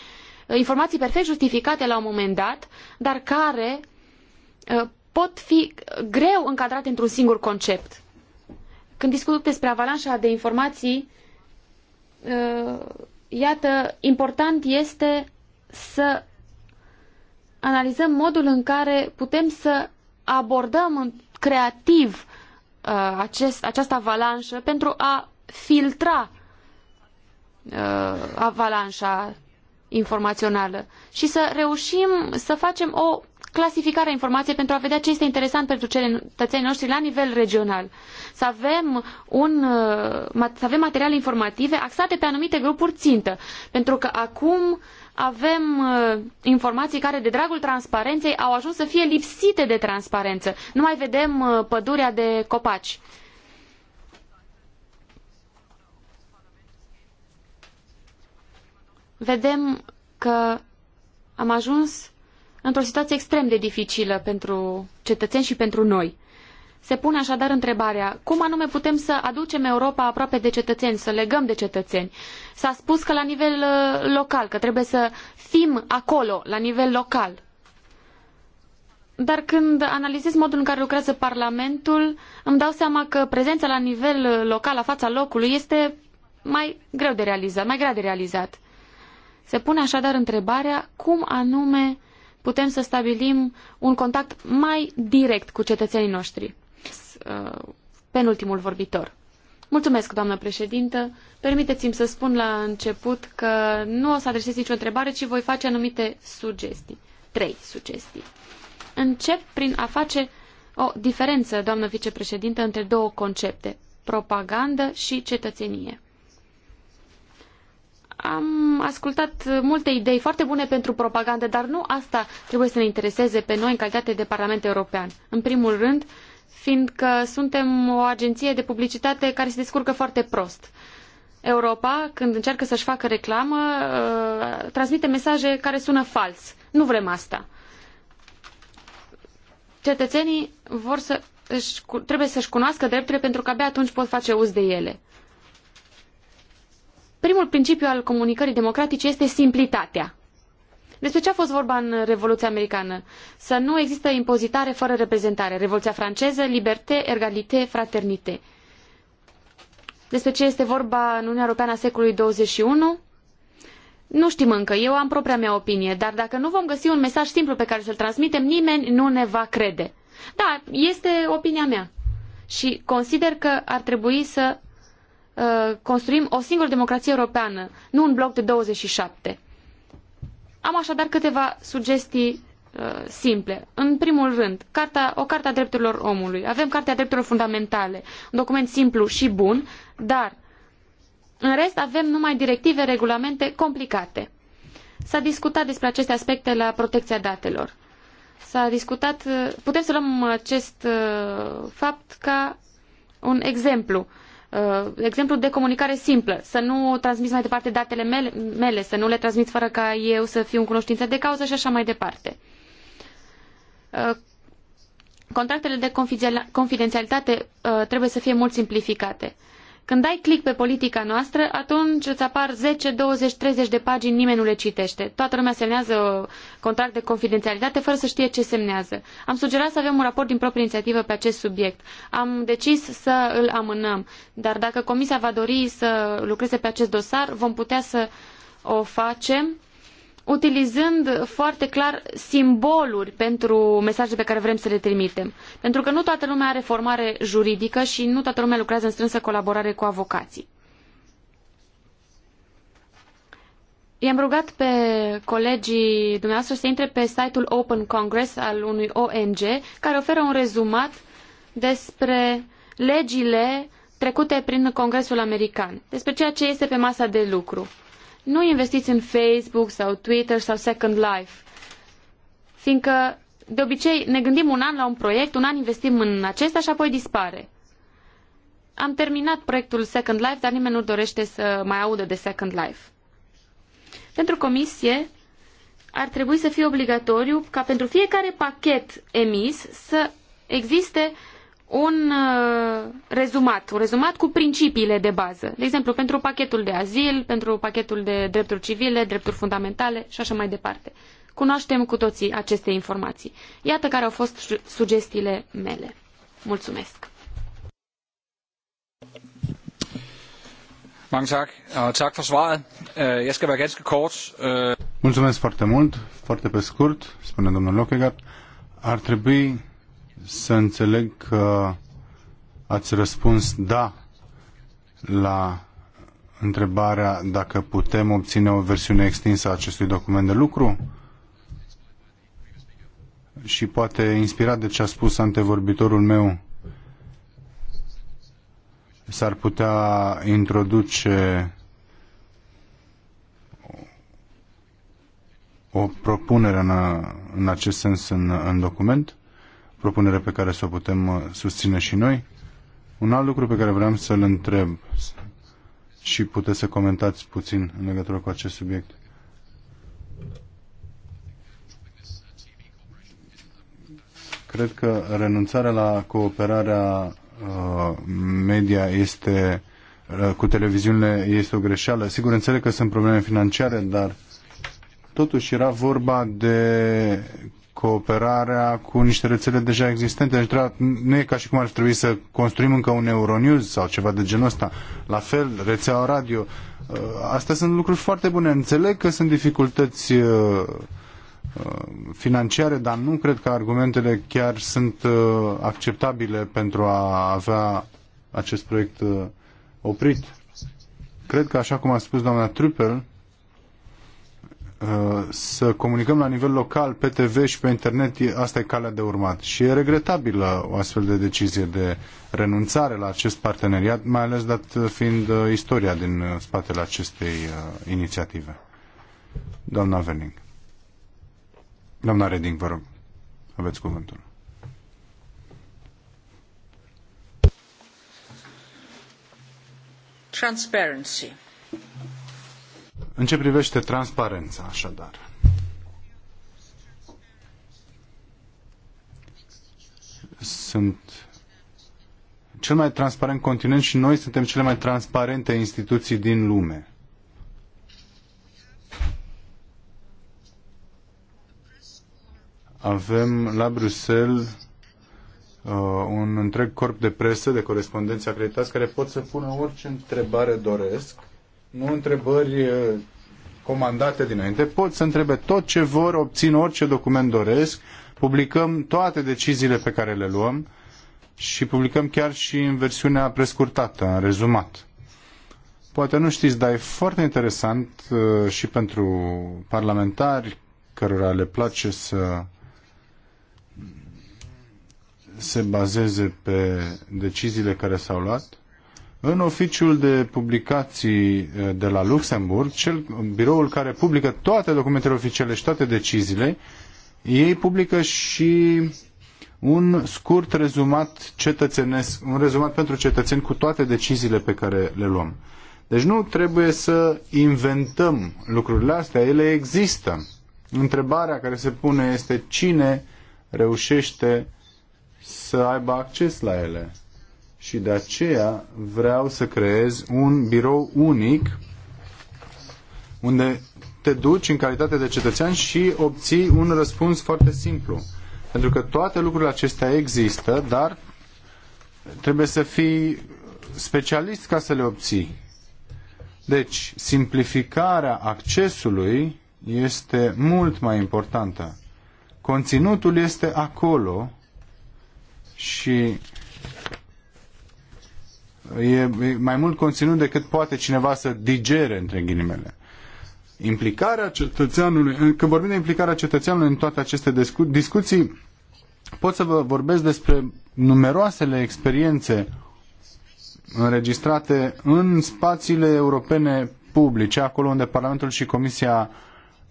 informații perfect justificate la un moment dat, dar care pot fi greu încadrate într-un singur concept. Când discut despre avalanșa de informații, Uh, iată, important este să analizăm modul în care putem să abordăm creativ uh, acest, această avalanșă pentru a filtra uh, avalanșa informațională și să reușim să facem o clasificarea informației pentru a vedea ce este interesant pentru cetățenii noștri la nivel regional. Să avem, un, uh, să avem materiale informative axate pe anumite grupuri țintă, pentru că acum avem uh, informații care, de dragul transparenței, au ajuns să fie lipsite de transparență. Nu mai vedem uh, pădurea de copaci. Vedem că am ajuns într-o situație extrem de dificilă pentru cetățeni și pentru noi. Se pune așadar întrebarea, cum anume putem să aducem Europa aproape de cetățeni, să legăm de cetățeni? S-a spus că la nivel uh, local, că trebuie să fim acolo, la nivel local. Dar când analizez modul în care lucrează Parlamentul, îmi dau seama că prezența la nivel uh, local, la fața locului, este mai greu de realizat, mai greu de realizat. Se pune așadar întrebarea cum anume putem să stabilim un contact mai direct cu cetățenii noștri. Uh, penultimul vorbitor. Mulțumesc, doamnă președintă. Permiteți-mi să spun la început că nu o să adresez nicio întrebare, ci voi face anumite sugestii. Trei sugestii. Încep prin a face o diferență, doamnă vicepreședintă, între două concepte, propagandă și cetățenie. Am ascultat multe idei foarte bune pentru propagandă, dar nu asta trebuie să ne intereseze pe noi în calitate de Parlament European. În primul rând, fiindcă suntem o agenție de publicitate care se descurcă foarte prost. Europa, când încearcă să-și facă reclamă, uh, transmite mesaje care sună fals. Nu vrem asta. Cetățenii vor să își, trebuie să-și cunoască drepturile pentru că abia atunci pot face uz de ele. Primul principiu al comunicării democratice este simplitatea. Despre ce a fost vorba în Revoluția Americană? Să nu există impozitare fără reprezentare. Revoluția franceză, liberté, egalité, fraternité. Despre ce este vorba în Uniunea Europeană a secolului 21? Nu știm încă, eu am propria mea opinie, dar dacă nu vom găsi un mesaj simplu pe care să-l transmitem, nimeni nu ne va crede. Da, este opinia mea. Și consider că ar trebui să Uh, construim o singură democrație europeană, nu un bloc de 27. Am așadar câteva sugestii uh, simple. În primul rând, carta, o carte a drepturilor omului. Avem cartea drepturilor fundamentale, un document simplu și bun, dar în rest avem numai directive, regulamente complicate. S-a discutat despre aceste aspecte la protecția datelor. S-a discutat, uh, putem să luăm acest uh, fapt ca un exemplu de uh, exemplu, de comunicare simplă, să nu transmiți mai departe datele mele, mele, să nu le transmit fără ca eu să fiu în cunoștință de cauză și așa mai departe. Uh, contractele de confidențialitate uh, trebuie să fie mult simplificate. Când dai click pe politica noastră, atunci îți apar 10, 20, 30 de pagini, nimeni nu le citește. Toată lumea semnează contract de confidențialitate fără să știe ce semnează. Am sugerat să avem un raport din proprie inițiativă pe acest subiect. Am decis să îl amânăm, dar dacă Comisia va dori să lucreze pe acest dosar, vom putea să o facem utilizând foarte clar simboluri pentru mesajele pe care vrem să le trimitem. Pentru că nu toată lumea are formare juridică și nu toată lumea lucrează în strânsă colaborare cu avocații. I-am rugat pe colegii dumneavoastră să intre pe site-ul Open Congress al unui ONG care oferă un rezumat despre legile trecute prin Congresul American, despre ceea ce este pe masa de lucru. Nu investiți în Facebook sau Twitter sau Second Life, fiindcă de obicei ne gândim un an la un proiect, un an investim în acesta și apoi dispare. Am terminat proiectul Second Life, dar nimeni nu dorește să mai audă de Second Life. Pentru comisie ar trebui să fie obligatoriu ca pentru fiecare pachet emis să existe un uh, rezumat, un rezumat cu principiile de bază. De exemplu, pentru pachetul de azil, pentru pachetul de drepturi civile, drepturi fundamentale și așa mai departe. Cunoaștem cu toții aceste informații. Iată care au fost sugestiile mele. Mulțumesc! Mange tak, og tak for svaret. Øh, jeg skal være ganske kort. Øh. Mulțumesc foarte mult, foarte pe scurt, spune domnul Lockegaard. Ar trebui să înțeleg că ați răspuns da la întrebarea dacă putem obține o versiune extinsă a acestui document de lucru și poate inspirat de ce a spus antevorbitorul meu s-ar putea introduce o propunere în, în acest sens în, în document? propunere pe care să o putem uh, susține și noi. Un alt lucru pe care vreau să-l întreb și puteți să comentați puțin în legătură cu acest subiect. Cred că renunțarea la cooperarea uh, media este uh, cu televiziunile este o greșeală. Sigur, înțeleg că sunt probleme financiare, dar totuși era vorba de cooperarea cu niște rețele deja existente. Deci da, nu e ca și cum ar trebui să construim încă un Euronews sau ceva de genul ăsta. La fel, rețeaua radio. Uh, astea sunt lucruri foarte bune. Înțeleg că sunt dificultăți uh, uh, financiare, dar nu cred că argumentele chiar sunt acceptabile pentru a avea acest proiect oprit. Cred că, așa cum a spus doamna Trupel. Uh, să comunicăm la nivel local, pe TV și pe internet, asta e calea de urmat. Și e regretabilă o astfel de decizie de renunțare la acest parteneriat, mai ales dat fiind uh, istoria din uh, spatele acestei inițiative. Doamna Venning. Doamna Reding, vă rog, aveți cuvântul. Transparency. În ce privește transparența, așadar. Sunt cel mai transparent continent și noi suntem cele mai transparente instituții din lume. Avem la Bruxelles uh, un întreg corp de presă, de corespondenți acreditați, care pot să pună orice întrebare doresc nu întrebări uh, comandate dinainte. Pot să întrebe tot ce vor, obțin orice document doresc, publicăm toate deciziile pe care le luăm și publicăm chiar și în versiunea prescurtată, în rezumat. Poate nu știți, dar e foarte interesant uh, și pentru parlamentari cărora le place să se bazeze pe deciziile care s-au luat în oficiul de publicații eh, de la Luxemburg, cel, biroul care publică toate documentele oficiale și toate deciziile, ei publică și un scurt rezumat cetățenesc, un rezumat pentru cetățeni cu toate deciziile pe care le luăm. Deci nu trebuie să inventăm lucrurile astea, ele există. Întrebarea care se pune este cine reușește să aibă acces la ele și de aceea vreau să creez un birou unic unde te duci în calitate de cetățean și obții un răspuns foarte simplu. Pentru că toate lucrurile acestea există, dar trebuie să fii specialist ca să le obții. Deci, simplificarea accesului este mult mai importantă. Conținutul este acolo și E mai mult conținut decât poate cineva să digere, între ghilimele. Implicarea cetățeanului, când vorbim de implicarea cetățeanului în toate aceste discu- discuții, pot să vă vorbesc despre numeroasele experiențe înregistrate în spațiile europene publice, acolo unde Parlamentul și Comisia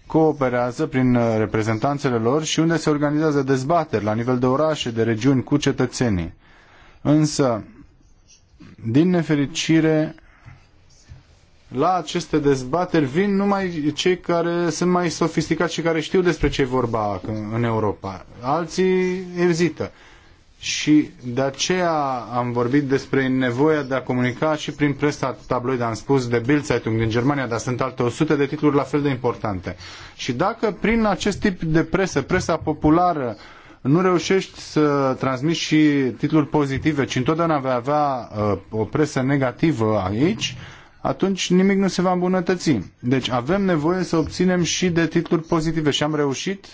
cooperează prin uh, reprezentanțele lor și unde se organizează dezbateri la nivel de orașe, de regiuni cu cetățenii. Însă, din nefericire, la aceste dezbateri vin numai cei care sunt mai sofisticați și care știu despre ce vorba în Europa. Alții ezită. Și de aceea am vorbit despre nevoia de a comunica și prin presa tabloid, am spus, de Zeitung din Germania, dar sunt alte 100 de titluri la fel de importante. Și dacă prin acest tip de presă, presa populară, uh, nu reușești să transmiți și titluri pozitive, ci întotdeauna vei avea uh, o presă negativă aici, atunci nimic nu se va îmbunătăți. Deci avem nevoie să obținem și de titluri pozitive și am reușit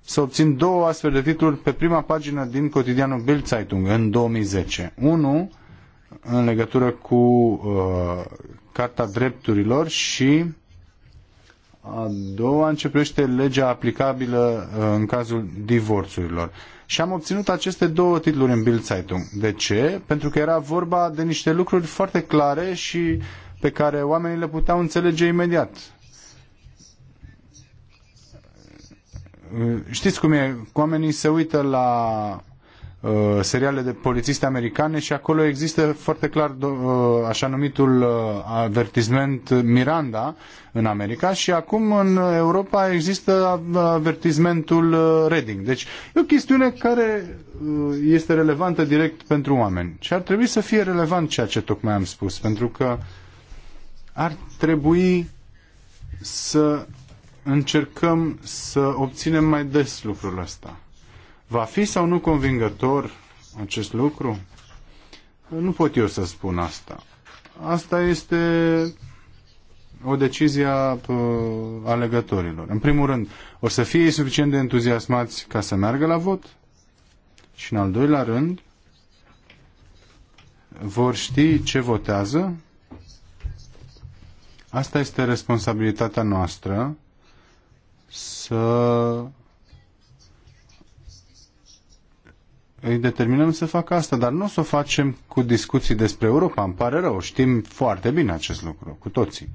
să obțin două astfel de titluri pe prima pagină din cotidianul Bild Zeitung în 2010. Unul în legătură cu uh, Carta Drepturilor și a doua începește legea aplicabilă uh, în cazul divorțurilor. Și am obținut aceste două titluri în Bild Zeitung. De ce? Pentru că era vorba de niște lucruri foarte clare și pe care oamenii le puteau înțelege imediat. Uh, știți cum e? Oamenii se uită la Uh, seriale de polițiste americane și acolo există foarte clar uh, așa numitul uh, avertisment Miranda în America și acum în Europa există avertismentul Reading. Deci e o chestiune care este relevantă direct pentru oameni și ar trebui să fie relevant ceea ce tocmai am spus, pentru că ar trebui să încercăm să obținem mai des lucrul ăsta Va fi sau nu convingător acest lucru? Nu pot eu să spun asta. Asta este o decizie a alegătorilor. În primul rând, o să fie suficient de entuziasmați ca să meargă la vot? Și în al doilea rând, vor ști ce votează? Asta este responsabilitatea noastră să îi determinăm să facă asta, dar nu o să o facem cu discuții despre Europa, îmi pare rău, știm foarte bine acest lucru, cu toții.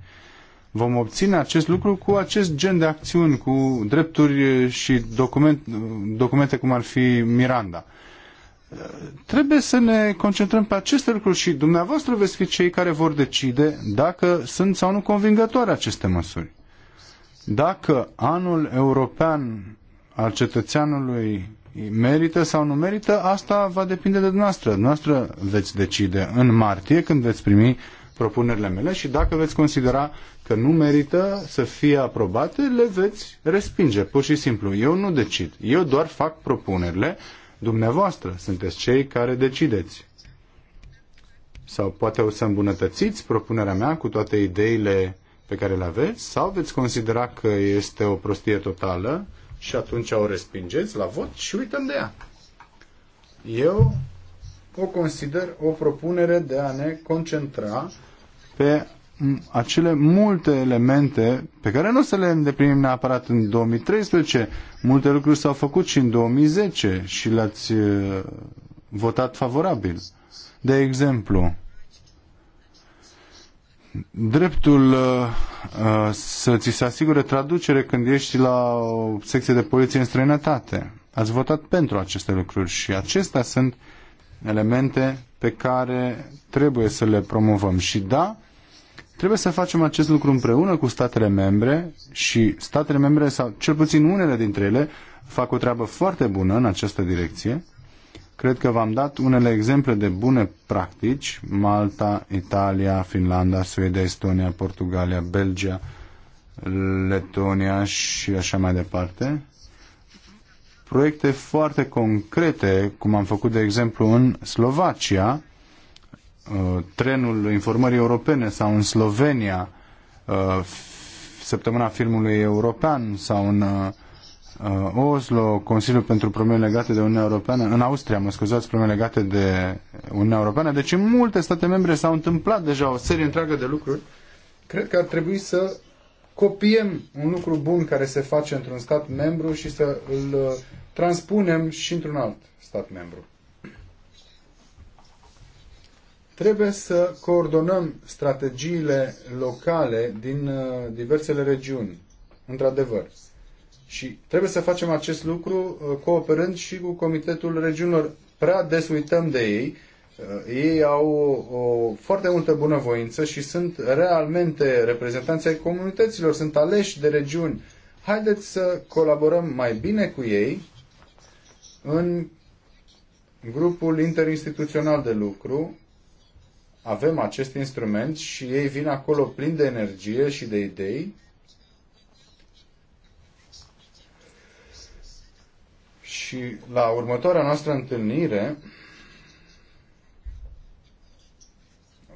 Vom obține acest lucru cu acest gen de acțiuni, cu drepturi și document, documente cum ar fi Miranda. Trebuie să ne concentrăm pe aceste lucruri și dumneavoastră veți fi cei care vor decide dacă sunt sau nu convingătoare aceste măsuri. Dacă anul european al cetățeanului merită sau nu merită, asta va depinde de dumneavoastră. Dumneavoastră veți decide în martie când veți primi propunerile mele și dacă veți considera că nu merită să fie aprobate, le veți respinge, pur și simplu. Eu nu decid, eu doar fac propunerile, dumneavoastră sunteți cei care decideți. Sau poate o să îmbunătățiți propunerea mea cu toate ideile pe care le aveți, sau veți considera că este o prostie totală și atunci o respingeți la vot și uităm de ea. Eu o consider o propunere de a ne concentra pe acele multe elemente pe care nu să le îndeplinim neapărat în 2013. Multe lucruri s-au făcut și în 2010 și le-ați uh, votat favorabil. De exemplu, dreptul uh, uh, să ți se asigure traducere când ești la o secție de poliție în străinătate. Ați votat pentru aceste lucruri și acestea sunt elemente pe care trebuie să le promovăm. Și da, trebuie să facem acest lucru împreună cu statele membre și statele membre, sau cel puțin unele dintre ele, fac o treabă foarte bună în această direcție Cred că v-am dat unele exemple de bune practici, Malta, Italia, Finlanda, Suedia, Estonia, Portugalia, Belgia, Letonia și așa mai departe. Proiecte foarte concrete, cum am făcut de exemplu în Slovacia, uh, trenul informării europene sau în Slovenia, uh, săptămâna filmului european sau în uh, Uh, Oslo, Consiliul pentru Probleme Legate de Uniunea Europeană, în Austria, mă scuzați, probleme legate de Uniunea Europeană. Deci în multe state membre s-au întâmplat deja o serie întreagă de lucruri. Cred că ar trebui să copiem un lucru bun care se face într-un stat membru și să îl uh, transpunem și într-un alt stat membru. Trebuie să coordonăm strategiile locale din uh, diversele regiuni, într-adevăr și trebuie să facem acest lucru uh, cooperând și cu Comitetul Regiunilor. Prea des uităm de ei. Uh, ei au o, o foarte multă bunăvoință și sunt realmente reprezentanții ai comunităților, sunt aleși de regiuni. Haideți să colaborăm mai bine cu ei în grupul interinstituțional de lucru. Avem acest instrument și ei vin acolo plini de energie și de idei Și la următoarea noastră întâlnire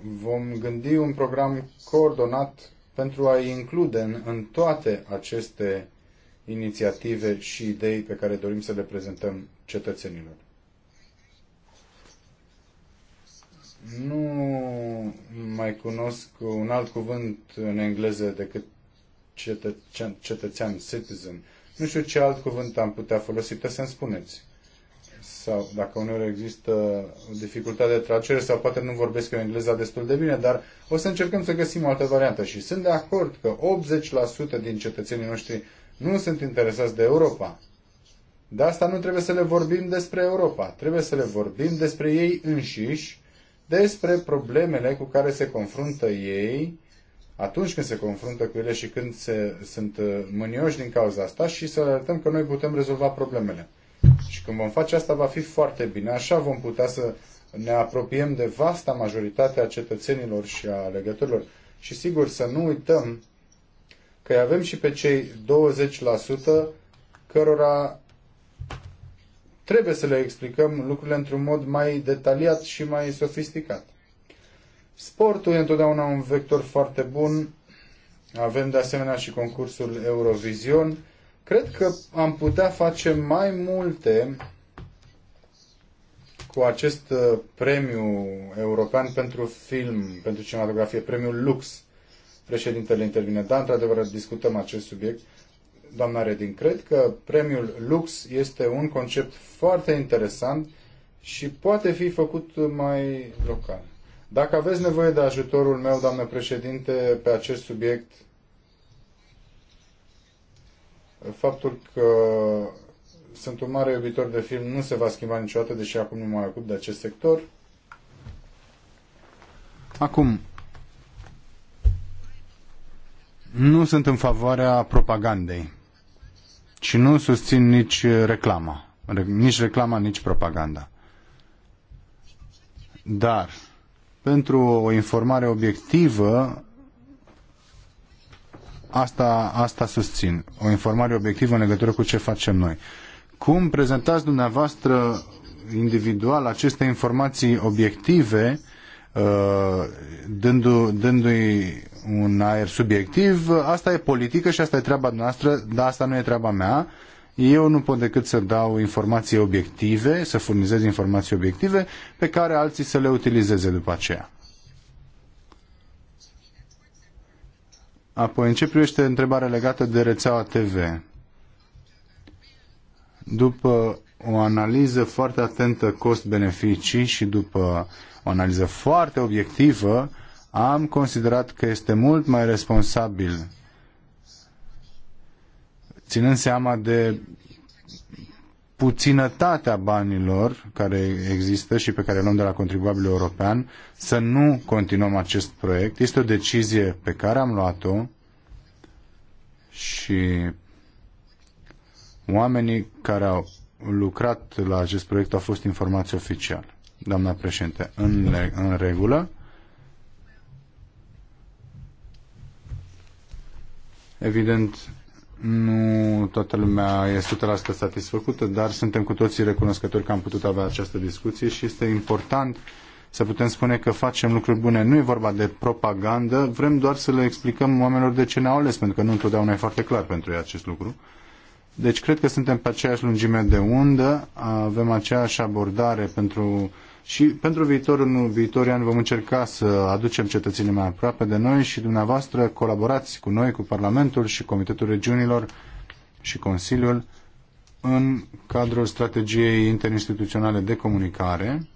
vom gândi un program coordonat pentru a include în, în toate aceste inițiative și idei pe care dorim să le prezentăm cetățenilor. Nu mai cunosc un alt cuvânt în engleză decât cetă, cetățean, citizen. Nu știu ce alt cuvânt am putea folosi, puteți să-mi spuneți. Sau dacă uneori există o dificultate de traducere sau poate nu vorbesc eu engleza destul de bine, dar o să încercăm să găsim o altă variantă. Și sunt de acord că 80% din cetățenii noștri nu sunt interesați de Europa. De asta nu trebuie să le vorbim despre Europa. Trebuie să le vorbim despre ei înșiși, despre problemele cu care se confruntă ei atunci când se confruntă cu ele și când se, sunt uh, mânioși din cauza asta și să arătăm că noi putem rezolva problemele. Și când vom face asta va fi foarte bine. Așa vom putea să ne apropiem de vasta majoritate a cetățenilor și a legătorilor. Și sigur să nu uităm că avem și pe cei 20% cărora trebuie să le explicăm lucrurile într-un mod mai detaliat și mai sofisticat. Sportul e întotdeauna un vector foarte bun. Avem de asemenea și concursul Eurovision. Cred că am putea face mai multe cu acest uh, premiu european pentru film, pentru cinematografie, premiul Lux. Președintele intervine. Da, într-adevăr, discutăm acest subiect. Doamna Redin, cred că premiul Lux este un concept foarte interesant și poate fi făcut mai local. Dacă aveți nevoie de ajutorul meu, doamnă președinte, pe acest subiect, faptul că sunt un mare iubitor de film nu se va schimba niciodată, deși acum nu mă ocup de acest sector. Acum, nu sunt în favoarea propagandei și nu susțin nici reclama, nici reclama, nici propaganda. Dar pentru o informare obiectivă, asta, asta susțin. O informare obiectivă în legătură cu ce facem noi. Cum prezentați dumneavoastră individual aceste informații obiective, uh, dându-i dându un aer subiectiv, asta e politică și asta e treaba noastră, dar asta nu e treaba mea eu nu pot decât să dau informații obiective, să furnizez informații obiective pe care alții să le utilizeze după aceea. Apoi, în ce privește întrebarea legată de rețeaua TV? După o analiză foarte atentă cost-beneficii și după o analiză foarte obiectivă, am considerat că este mult mai responsabil ținând seama de puținătatea banilor care există și pe care luăm de la contribuabilul european, să nu continuăm acest proiect. Este o decizie pe care am luat-o și oamenii care au lucrat la acest proiect au fost informați oficial. Doamna președinte, în, în regulă. Evident, nu toată lumea e 100% satisfăcută, dar suntem cu toții recunoscători că am putut avea această discuție și este important să putem spune că facem lucruri bune. Nu e vorba de propagandă, vrem doar să le explicăm oamenilor de ce ne-au ales, pentru că nu întotdeauna e foarte clar pentru ei acest lucru. Deci cred că suntem pe aceeași lungime de undă, avem aceeași abordare pentru și pentru viitorul, în viitorii ani vom încerca să aducem cetățenii mai aproape de noi și dumneavoastră colaborați cu noi, cu Parlamentul și Comitetul Regiunilor și Consiliul în cadrul strategiei interinstituționale de comunicare.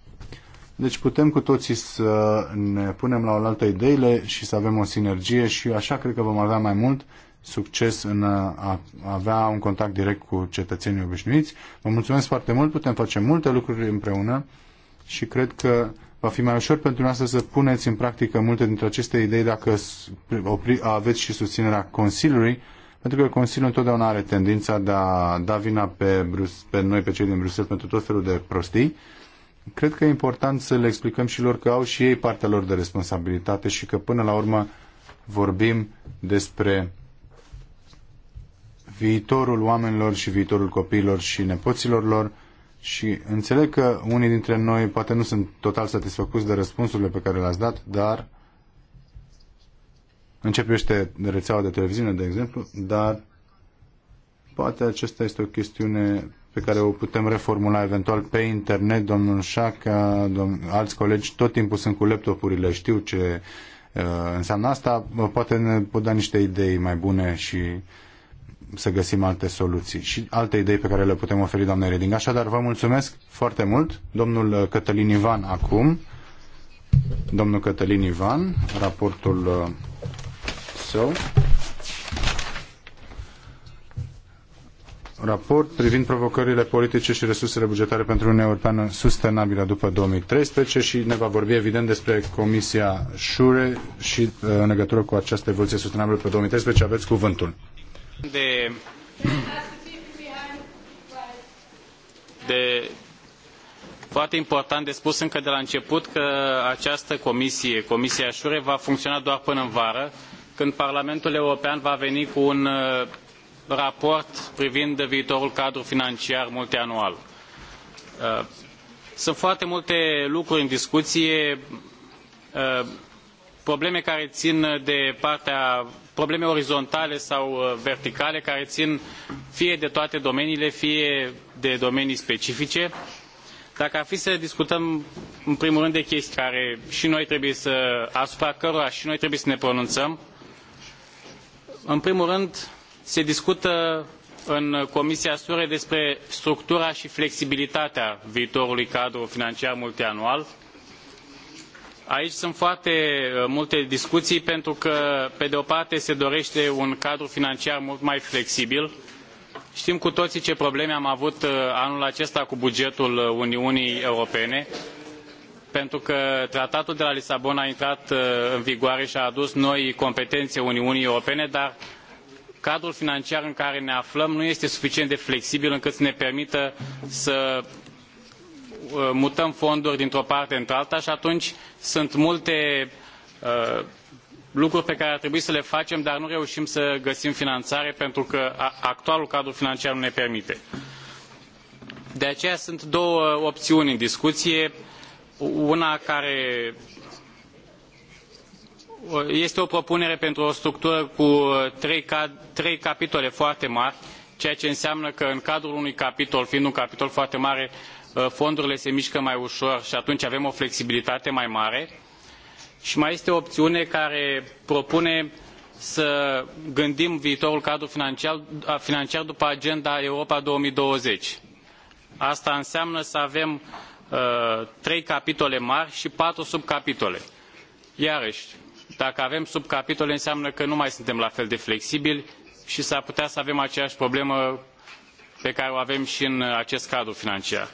Deci putem cu toții să ne punem la oaltă ideile și să avem o sinergie și așa cred că vom avea mai mult succes în a avea un contact direct cu cetățenii obișnuiți. Vă mulțumesc foarte mult, putem face multe lucruri împreună și cred că va fi mai ușor pentru noastră să puneți în practică multe dintre aceste idei dacă aveți și susținerea Consiliului, pentru că Consiliul întotdeauna are tendința de a da vina pe, Brus- pe noi, pe cei din Bruxelles, pentru tot felul de prostii. Cred că e important să le explicăm și lor că au și ei partea lor de responsabilitate și că până la urmă vorbim despre viitorul oamenilor și viitorul copiilor și nepoților lor, și înțeleg că unii dintre noi poate nu sunt total satisfăcuți de răspunsurile pe care le-ați dat, dar începește rețeaua de televiziune, de exemplu, dar poate acesta este o chestiune pe care o putem reformula eventual pe internet. Domnul Șaca, domn, alți colegi tot timpul sunt cu laptopurile, știu ce uh, înseamnă asta. Poate ne pot da niște idei mai bune și să găsim alte soluții și alte idei pe care le putem oferi doamnei Reding. Așadar, vă mulțumesc foarte mult. Domnul Cătălin Ivan acum. Domnul Cătălin Ivan, raportul uh, său. raport privind provocările politice și resursele bugetare pentru Uniunea Europeană sustenabilă după 2013 și ne va vorbi evident despre Comisia Șure și uh, în legătură cu această evoluție sustenabilă pe 2013 aveți cuvântul. De... De foarte important de spus încă de la început că această comisie, Comisia Șure, va funcționa doar până în vară, când Parlamentul European va veni cu un uh, raport privind viitorul cadru financiar multianual. Uh, sunt foarte multe lucruri în discuție, uh, probleme care țin de partea probleme orizontale sau uh, verticale care țin fie de toate domeniile, fie de domenii specifice. Dacă ar fi să discutăm în primul rând de chestii care și noi trebuie să, asupra cărora și noi trebuie să ne pronunțăm, în primul rând se discută în Comisia SURE despre structura și flexibilitatea viitorului cadru financiar multianual, Aici sunt foarte uh, multe discuții pentru că, pe de o parte, se dorește un cadru financiar mult mai flexibil. Știm cu toții ce probleme am avut uh, anul acesta cu bugetul uh, Uniunii Europene, pentru că tratatul de la Lisabona a intrat în vigoare și a adus noi competențe Uniunii Europene, dar cadrul financiar în care ne aflăm nu este suficient de flexibil încât să ne permită să Uh, mutăm fonduri dintr o parte într alta i atunci sunt multe uh, lucruri pe care ar trebui să le facem dar nu reușim să găsim finanțare pentru că actualul cadru financiar nu ne permite. De aceea sunt două opțiuni în discuție. Una care este o propunere pentru o structură cu trei, trei capitole foarte mari, ceea ce înseamnă că în cadrul unui capitol, fiind un capitol foarte mare, Uh, fondurile se mișcă mai ușor și atunci avem o flexibilitate mai mare. Și mai este o opțiune care propune să gândim viitorul cadru financiar, uh, financiar după agenda Europa 2020. Asta înseamnă să avem uh, trei capitole mari și patru subcapitole. Iarăși, dacă avem subcapitole, înseamnă că nu mai suntem la fel de flexibili și s-ar putea să avem aceeași problemă pe care o avem și în acest cadru financiar.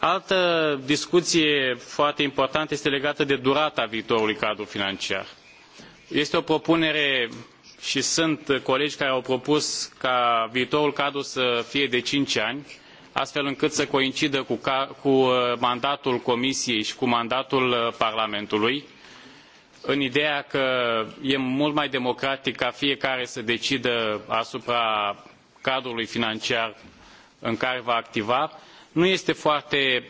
Altă discuție foarte importantă este legată de durata viitorului cadru financiar. Este o propunere și sunt colegi care au propus ca viitorul cadru să fie de cinci ani, astfel încât să coincidă cu, cu uh, mandatul Comisiei și cu mandatul uh, Parlamentului, în ideea că e mult mai democratic ca fiecare să decidă asupra cadrului financiar în care va activa nu este foarte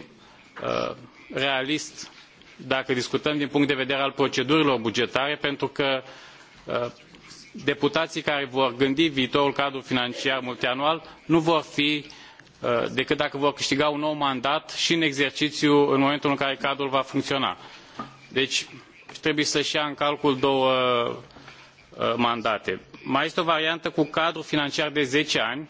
uh, realist dacă discutăm din punct de vedere al procedurilor bugetare pentru că deputaii uh, deputații care vor gândi viitorul cadru financiar multianual nu vor fi uh, decât dacă vor câștiga un nou mandat și în exerciiu în momentul în care cadrul va funcționa. Deci trebuie să i ia în calcul două mandate. Mai este o variantă cu cadru financiar de zece ani,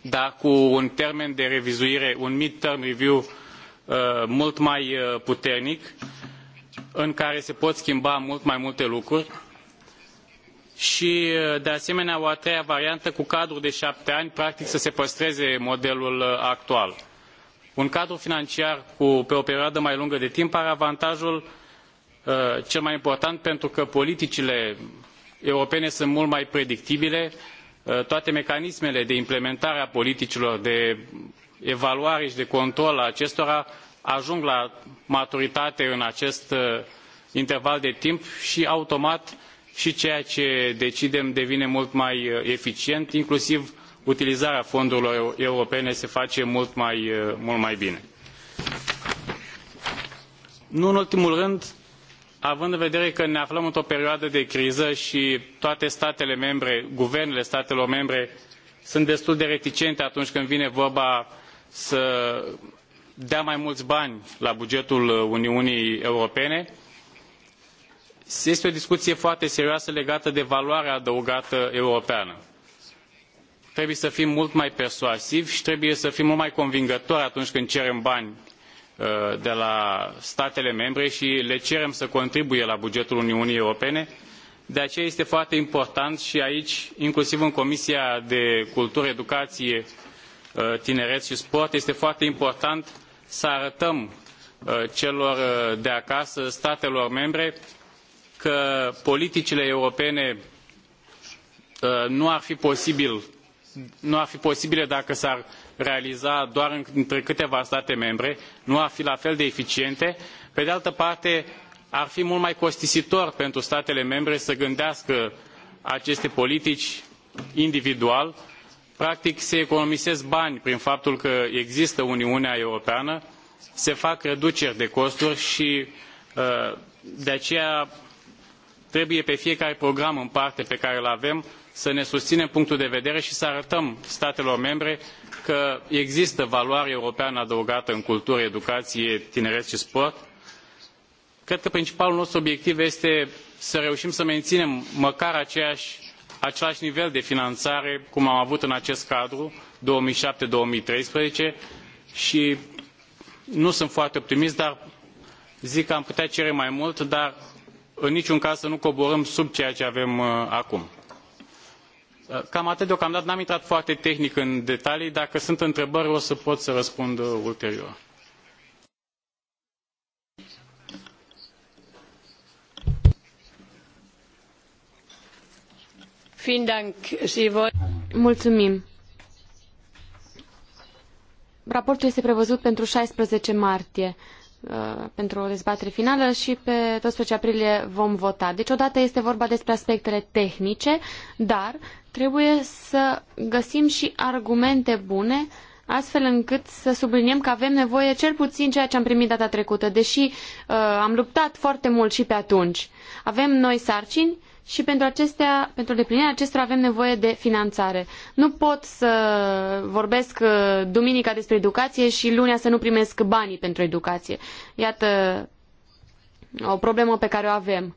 dar cu un termen de revizuire, un mid-term review uh, mult mai uh, puternic, în care se pot schimba mult mai multe lucruri și uh, de asemenea o a treia variantă cu cadru de șapte ani practic să se păstreze modelul actual. Un cadru financiar cu, pe o perioadă mai lungă de timp are avantajul uh, cel mai important pentru că politicile europene sunt mult mai predictibile, Uh, toate mecanismele de implementare a politicilor de evaluare i de control a acestora ajung la maturitate în acest uh, interval de timp i automat i ceea ce decidem devine mult mai uh, eficient inclusiv utilizarea fondurilor europene se face mult mai, mult mai bine. nu în ultimul rând având în vedere că ne aflăm într o perioadă de criză și toate statele membre guvernele statelor membre sunt destul de reticente atunci când vine vorba să dea mai mulți bani la bugetul uniunii europene este o discuție foarte serioasă legată de valoarea adăugată europeană. trebuie să fim mult mai persuasivi și trebuie să fim mult mai convingători atunci când cerem bani Uh, de la statele membre și le cerem să contribuie la bugetul Uniunii Europene. De aceea este foarte important și aici, inclusiv în Comisia de Cultură, Educație, uh, Tineret și Sport, este foarte important să arătăm uh, celor de acasă, statelor membre, că politicile europene nu ar fi, posibil, nu ar fi posibile dacă s-ar realiza doar între câteva state membre nu ar fi la fel de eficiente pe de altă parte ar fi mult mai costisitor pentru statele membre să gândească aceste politici individual practic se economisesc bani prin faptul că există uniunea europeană se fac reduceri de costuri i uh, de aceea trebuie pe fiecare program în parte pe care îl avem să ne susținem punctul de vedere și să arătăm statelor membre că există valoare europeană adăugată în cultură, educație, tineret și sport. Cred că principalul nostru obiectiv este să reușim să menținem măcar aceeași, același nivel de finanțare cum am avut în acest cadru 2007-2013 și nu sunt foarte optimist, dar zic că am putea cere mai mult, dar în niciun caz să nu coborâm sub ceea ce avem uh, acum. Uh, cam atât deocamdată, n-am intrat foarte tehnic în detalii, dacă sunt întrebări o să pot să răspund uh, ulterior. Mulțumim. Raportul este prevăzut pentru 16 martie. Uh, pentru o dezbatere finală și pe 12 aprilie vom vota. Deci odată este vorba despre aspectele tehnice, dar trebuie să găsim și argumente bune astfel încât să subliniem că avem nevoie cel puțin ceea ce am primit data trecută, deși uh, am luptat foarte mult și pe atunci. Avem noi sarcini, și pentru, acestea, pentru deplinirea acestora avem nevoie de finanțare. Nu pot să vorbesc uh, duminica despre educație și lunea să nu primesc banii pentru educație. Iată o problemă pe care o avem.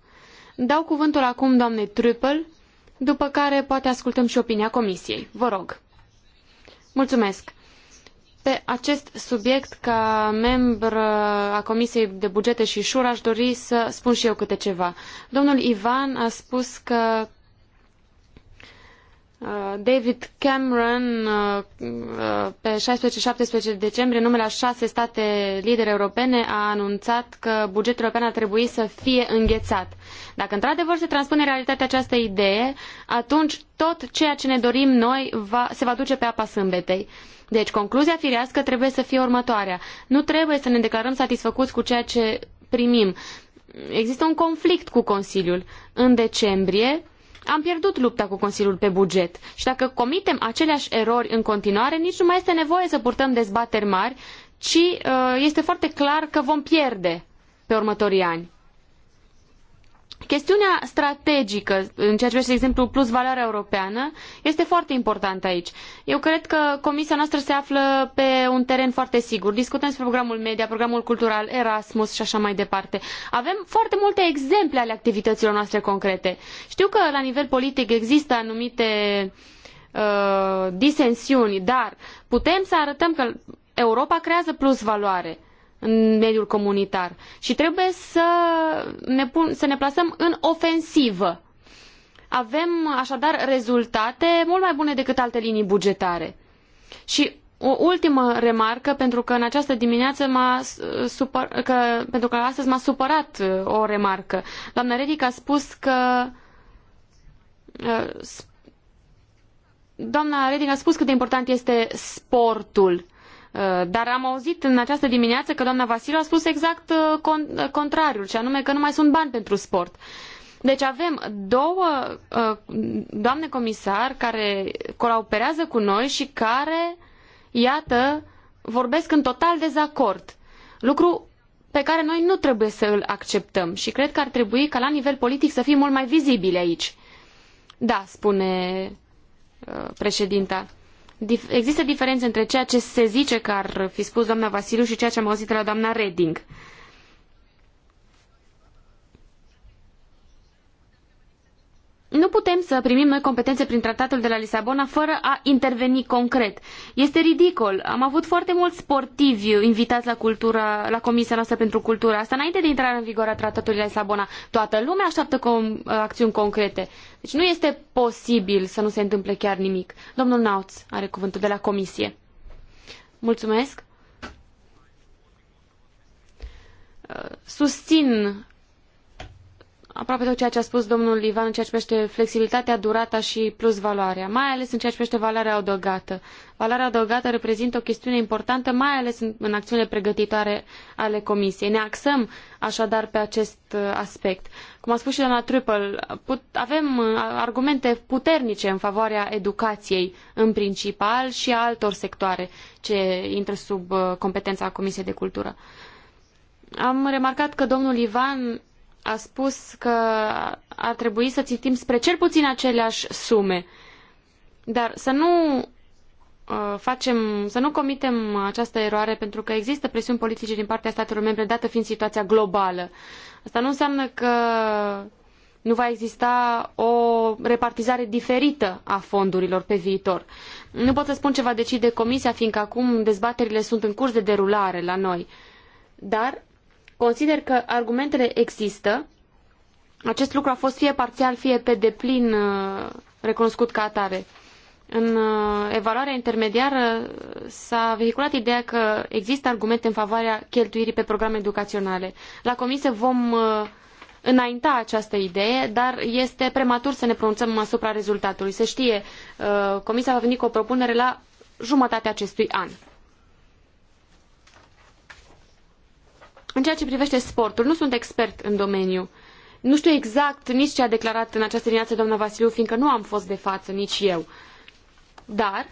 Dau cuvântul acum doamnei Trüppel, după care poate ascultăm și opinia comisiei. Vă rog. Mulțumesc. Pe acest subiect, ca membru uh, a Comisiei de Bugete și Șur, aș dori să spun și eu câte ceva. Domnul Ivan a spus că Uh, David Cameron uh, uh, pe 16-17 decembrie, numele a șase state lideri europene, a anunțat că bugetul european ar trebui să fie înghețat. Dacă într-adevăr se transpune realitatea această idee, atunci tot ceea ce ne dorim noi va, se va duce pe apa sâmbetei. Deci, concluzia firească trebuie să fie următoarea. Nu trebuie să ne declarăm satisfăcuți cu ceea ce primim. Există un conflict cu Consiliul. În decembrie, am pierdut lupta cu Consiliul pe buget și dacă comitem aceleași erori în continuare, nici nu mai este nevoie să purtăm dezbateri mari, ci uh, este foarte clar că vom pierde pe următorii ani. Chestiunea strategică, în ceea ce privește, de exemplu, plus valoarea europeană, este foarte importantă aici. Eu cred că comisia noastră se află pe un teren foarte sigur. Discutăm despre programul media, programul cultural, Erasmus și așa mai departe. Avem foarte multe exemple ale activităților noastre concrete. Știu că la nivel politic există anumite uh, disensiuni, dar putem să arătăm că Europa creează plus valoare în mediul comunitar. Și trebuie să ne, pun, să ne plasăm în ofensivă. Avem așadar rezultate mult mai bune decât alte linii bugetare. Și o ultimă remarcă, pentru că în această dimineață m-a supăr... că, pentru că astăzi m-a supărat uh, o remarcă. Doamna Redic a spus că uh, Doamna Reding a spus cât de important este sportul. Uh, dar am auzit în această dimineață că doamna Vasile a spus exact uh, uh, contrariul, și anume că nu mai sunt bani pentru sport. Deci avem două doamne comisar care colaborează cu noi și care, iată, vorbesc în total dezacord. Lucru pe care noi nu trebuie să îl acceptăm și cred că ar trebui ca la nivel politic să fim mult mai vizibili aici. Da, spune președinta dif- există diferențe între ceea ce se zice că ar fi spus doamna Vasiliu și ceea ce am auzit de la doamna Reding. nu putem să primim noi competențe prin tratatul de la Lisabona fără a interveni concret. Este ridicol. Am avut foarte mulți sportivi invitați la, cultura, la Comisia noastră pentru Cultura. Asta înainte de intrarea în vigoare a tratatului de la Lisabona. Toată lumea așteaptă com- uh, acțiuni concrete. Deci nu este posibil să nu se întâmple chiar nimic. Domnul Nauț are cuvântul de la Comisie. Mulțumesc. Uh, susțin aproape tot ceea ce a spus domnul Ivan în ceea ce privește flexibilitatea, durata și plus valoarea, mai ales în ceea ce privește valoarea adăugată. Valoarea adăugată reprezintă o chestiune importantă, mai ales în, în pregătitoare ale Comisiei. Ne axăm așadar pe acest uh, aspect. Cum a spus și doamna Trupel, avem uh, argumente puternice în favoarea educației în principal și a altor sectoare ce intră sub uh, competența Comisiei de Cultură. Am remarcat că domnul Ivan a spus că ar trebui să țitim spre cel puțin aceleași sume. Dar să nu uh, facem, să nu comitem această eroare pentru că există presiuni politice din partea statelor membre, dată fiind situația globală. Asta nu înseamnă că nu va exista o repartizare diferită a fondurilor pe viitor. Nu pot să spun ce va decide Comisia, fiindcă acum dezbaterile sunt în curs de derulare la noi. Dar Consider că argumentele există. Acest lucru a fost fie parțial, fie pe deplin uh, recunoscut ca atare. În uh, evaluarea intermediară uh, s-a vehiculat ideea că există argumente în favoarea cheltuirii pe programe educaționale. La comisie vom înainta această idee, dar este prematur să ne pronunțăm asupra rezultatului. Se știe, Comisia va veni cu o propunere la jumătatea acestui an. În ceea ce privește sportul, nu sunt expert în domeniu. Nu știu exact nici ce a declarat în această dimineață doamna Vasiliu, fiindcă nu am fost de față nici eu. Dar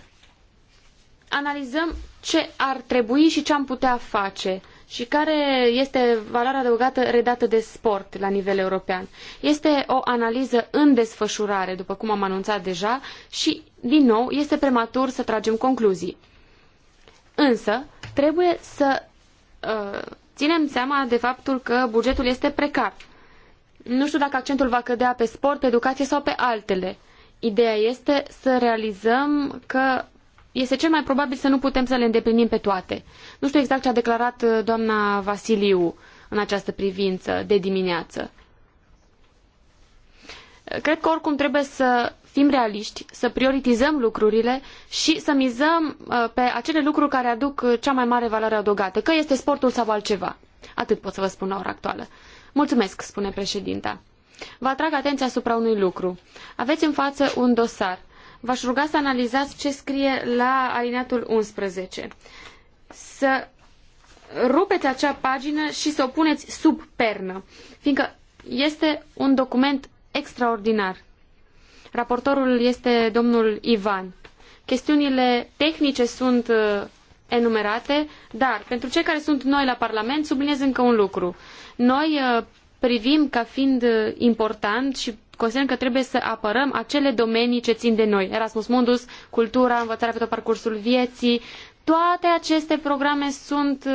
analizăm ce ar trebui și ce am putea face și care este valoarea adăugată redată de sport la nivel european. Este o analiză în desfășurare, după cum am anunțat deja, și, din nou, este prematur să tragem concluzii. Însă, trebuie să uh, ținem seama de faptul că bugetul este precar. Nu știu dacă accentul va cădea pe sport, pe educație sau pe altele. Ideea este să realizăm că este cel mai probabil să nu putem să le îndeplinim pe toate. Nu știu exact ce a declarat uh, doamna Vasiliu în această privință de dimineață. Cred că oricum trebuie să fim realiști, să prioritizăm lucrurile și să mizăm uh, pe acele lucruri care aduc uh, cea mai mare valoare adăugată, că este sportul sau altceva. Atât pot să vă spun la ora actuală. Mulțumesc, spune președinta. Vă atrag atenția asupra unui lucru. Aveți în față un dosar. V-aș ruga să analizați ce scrie la alineatul 11. Să rupeți acea pagină și să o puneți sub pernă, fiindcă este un document extraordinar. Raportorul este domnul Ivan. Chestiunile tehnice sunt uh, enumerate, dar pentru cei care sunt noi la Parlament subliniez încă un lucru. Noi uh, privim ca fiind uh, important și considerăm că trebuie să apărăm acele domenii ce țin de noi. Erasmus Mundus, cultura, învățarea pe tot parcursul vieții, toate aceste programe sunt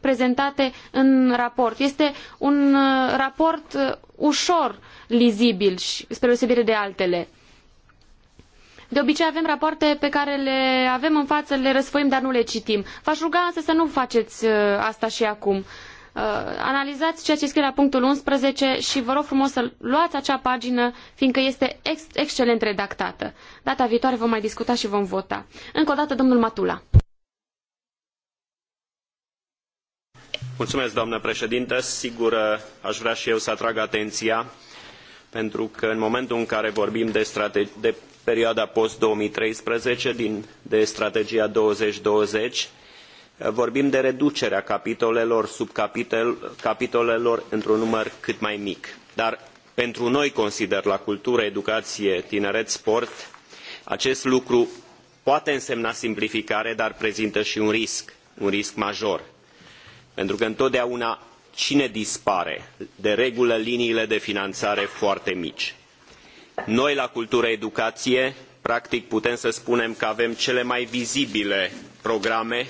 prezentate în raport. Este un raport ușor lizibil spre deosebire de altele. De obicei avem rapoarte pe care le avem în față, le răsfoim, dar nu le citim. V-aș ruga însă să nu faceți uh, asta și acum. Uh, analizați ceea ce scrie la punctul 11 și vă rog frumos să luați acea pagină, fiindcă este ex excelent redactată. Data viitoare vom mai discuta și vom vota. Încă o dată, domnul Matula. Mulțumesc, doamnă președinte. Sigur, aș vrea și eu să atrag atenția pentru că în momentul în care vorbim de, de perioada post 2013 din, de strategia 2020, vorbim de reducerea capitolelor, subcapitolelor într-un număr cât mai mic. Dar pentru noi, consider, la cultură, educație, tineret, sport, acest lucru poate însemna simplificare, dar prezintă și un risc, un risc major. Pentru că întotdeauna cine dispare? De regulă, liniile de finanțare foarte mici noi la cultură educație, practic putem să spunem că avem cele mai vizibile programe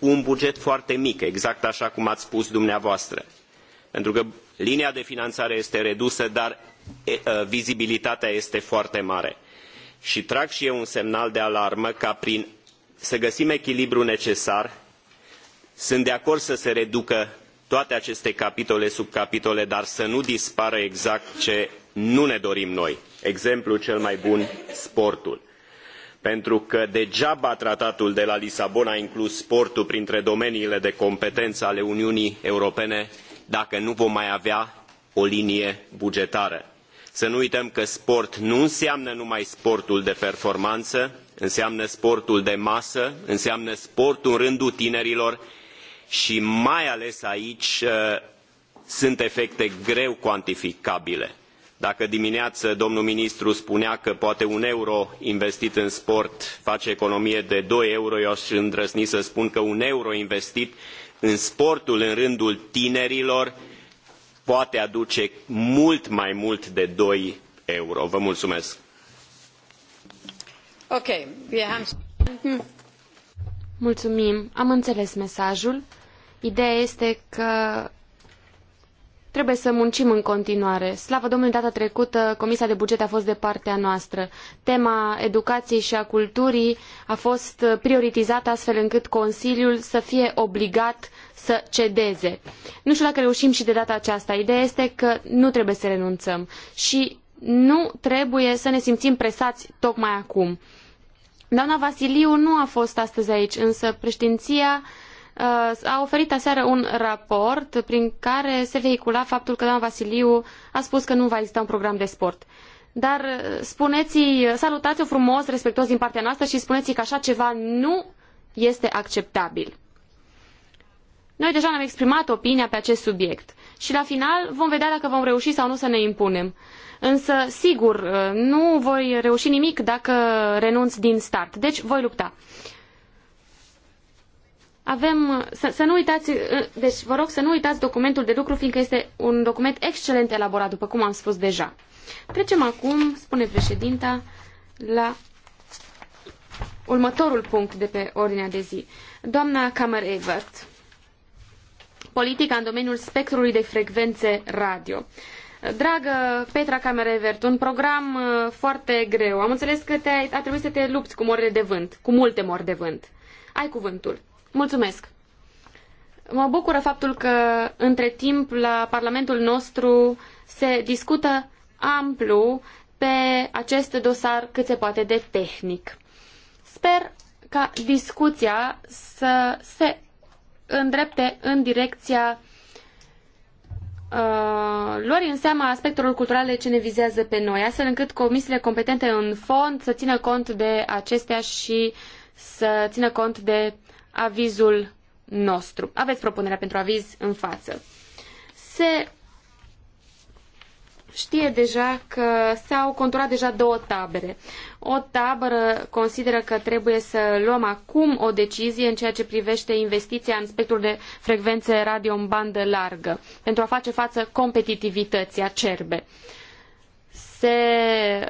cu un buget foarte mic, exact așa cum ați spus dumneavoastră. Pentru că linia de finanțare este redusă, dar vizibilitatea este foarte mare. Și trag și eu un semnal de alarmă ca prin să găsim echilibrul necesar, sunt de acord să se reducă toate aceste capitole, subcapitole, dar să nu dispară exact ce nu ne dorim noi exemplul cel mai bun sportul pentru că degeaba tratatul de la lisabona a inclus sportul printre domeniile de competenă ale uniunii europene dacă nu vom mai avea o linie bugetară. să nu uităm că sport nu înseamnă numai sportul de performană înseamnă sportul de masă înseamnă sportul în rândul tinerilor i mai ales aici uh, sunt efecte greu cuantificabile dacă dimineaă domnul ministru spunea că poate un euro investit în sport face economie de doi euro eu a îndrăzni să spun că un euro investit în sportul în rândul tinerilor poate aduce mult mai mult de doi euro. Vă mulțumesc. Okay. Mulțumim. Am înțeles mesajul. Ideea este că Trebuie să muncim în continuare. Slavă Domnului, data trecută, Comisia de Buget a fost de partea noastră. Tema educației și a culturii a fost prioritizată astfel încât Consiliul să fie obligat să cedeze. Nu știu dacă reușim și de data aceasta. Ideea este că nu trebuie să renunțăm și nu trebuie să ne simțim presați tocmai acum. Doamna Vasiliu nu a fost astăzi aici, însă președinția Uh, a oferit aseară un raport prin care se vehicula faptul că doamna Vasiliu a spus că nu va exista un program de sport. Dar uh, spuneți salutați-o frumos, respectuos din partea noastră și spuneți că așa ceva nu este acceptabil. Noi deja ne-am exprimat opinia pe acest subiect și la final vom vedea dacă vom reuși sau nu să ne impunem. Însă, sigur, uh, nu voi reuși nimic dacă renunț din start. Deci, voi lupta. Uh, avem, să, să nu uitați, deci vă rog să nu uitați documentul de lucru, fiindcă este un document excelent elaborat, după cum am spus deja. Trecem acum, spune președinta, la următorul punct de pe ordinea de zi. Doamna Camer Evert, politica în domeniul spectrului de frecvențe radio. Dragă Petra Evert, un program uh, foarte greu. Am înțeles că te a trebuit să te lupți cu morile de vânt, cu multe mori de vânt. Ai cuvântul. Mulțumesc! Mă bucură faptul că între timp la Parlamentul nostru se discută amplu pe acest dosar cât se poate de tehnic. Sper ca discuția să se îndrepte în direcția uh, luării în seama aspectelor culturale ce ne vizează pe noi, astfel încât comisiile competente în fond să țină cont de acestea și să țină cont de avizul nostru. Aveți propunerea pentru aviz în față. Se știe deja că s-au conturat deja două tabere. O tabără consideră că trebuie să luăm acum o decizie în ceea ce privește investiția în spectrul de frecvențe radio în bandă largă, pentru a face față competitivității acerbe. Se,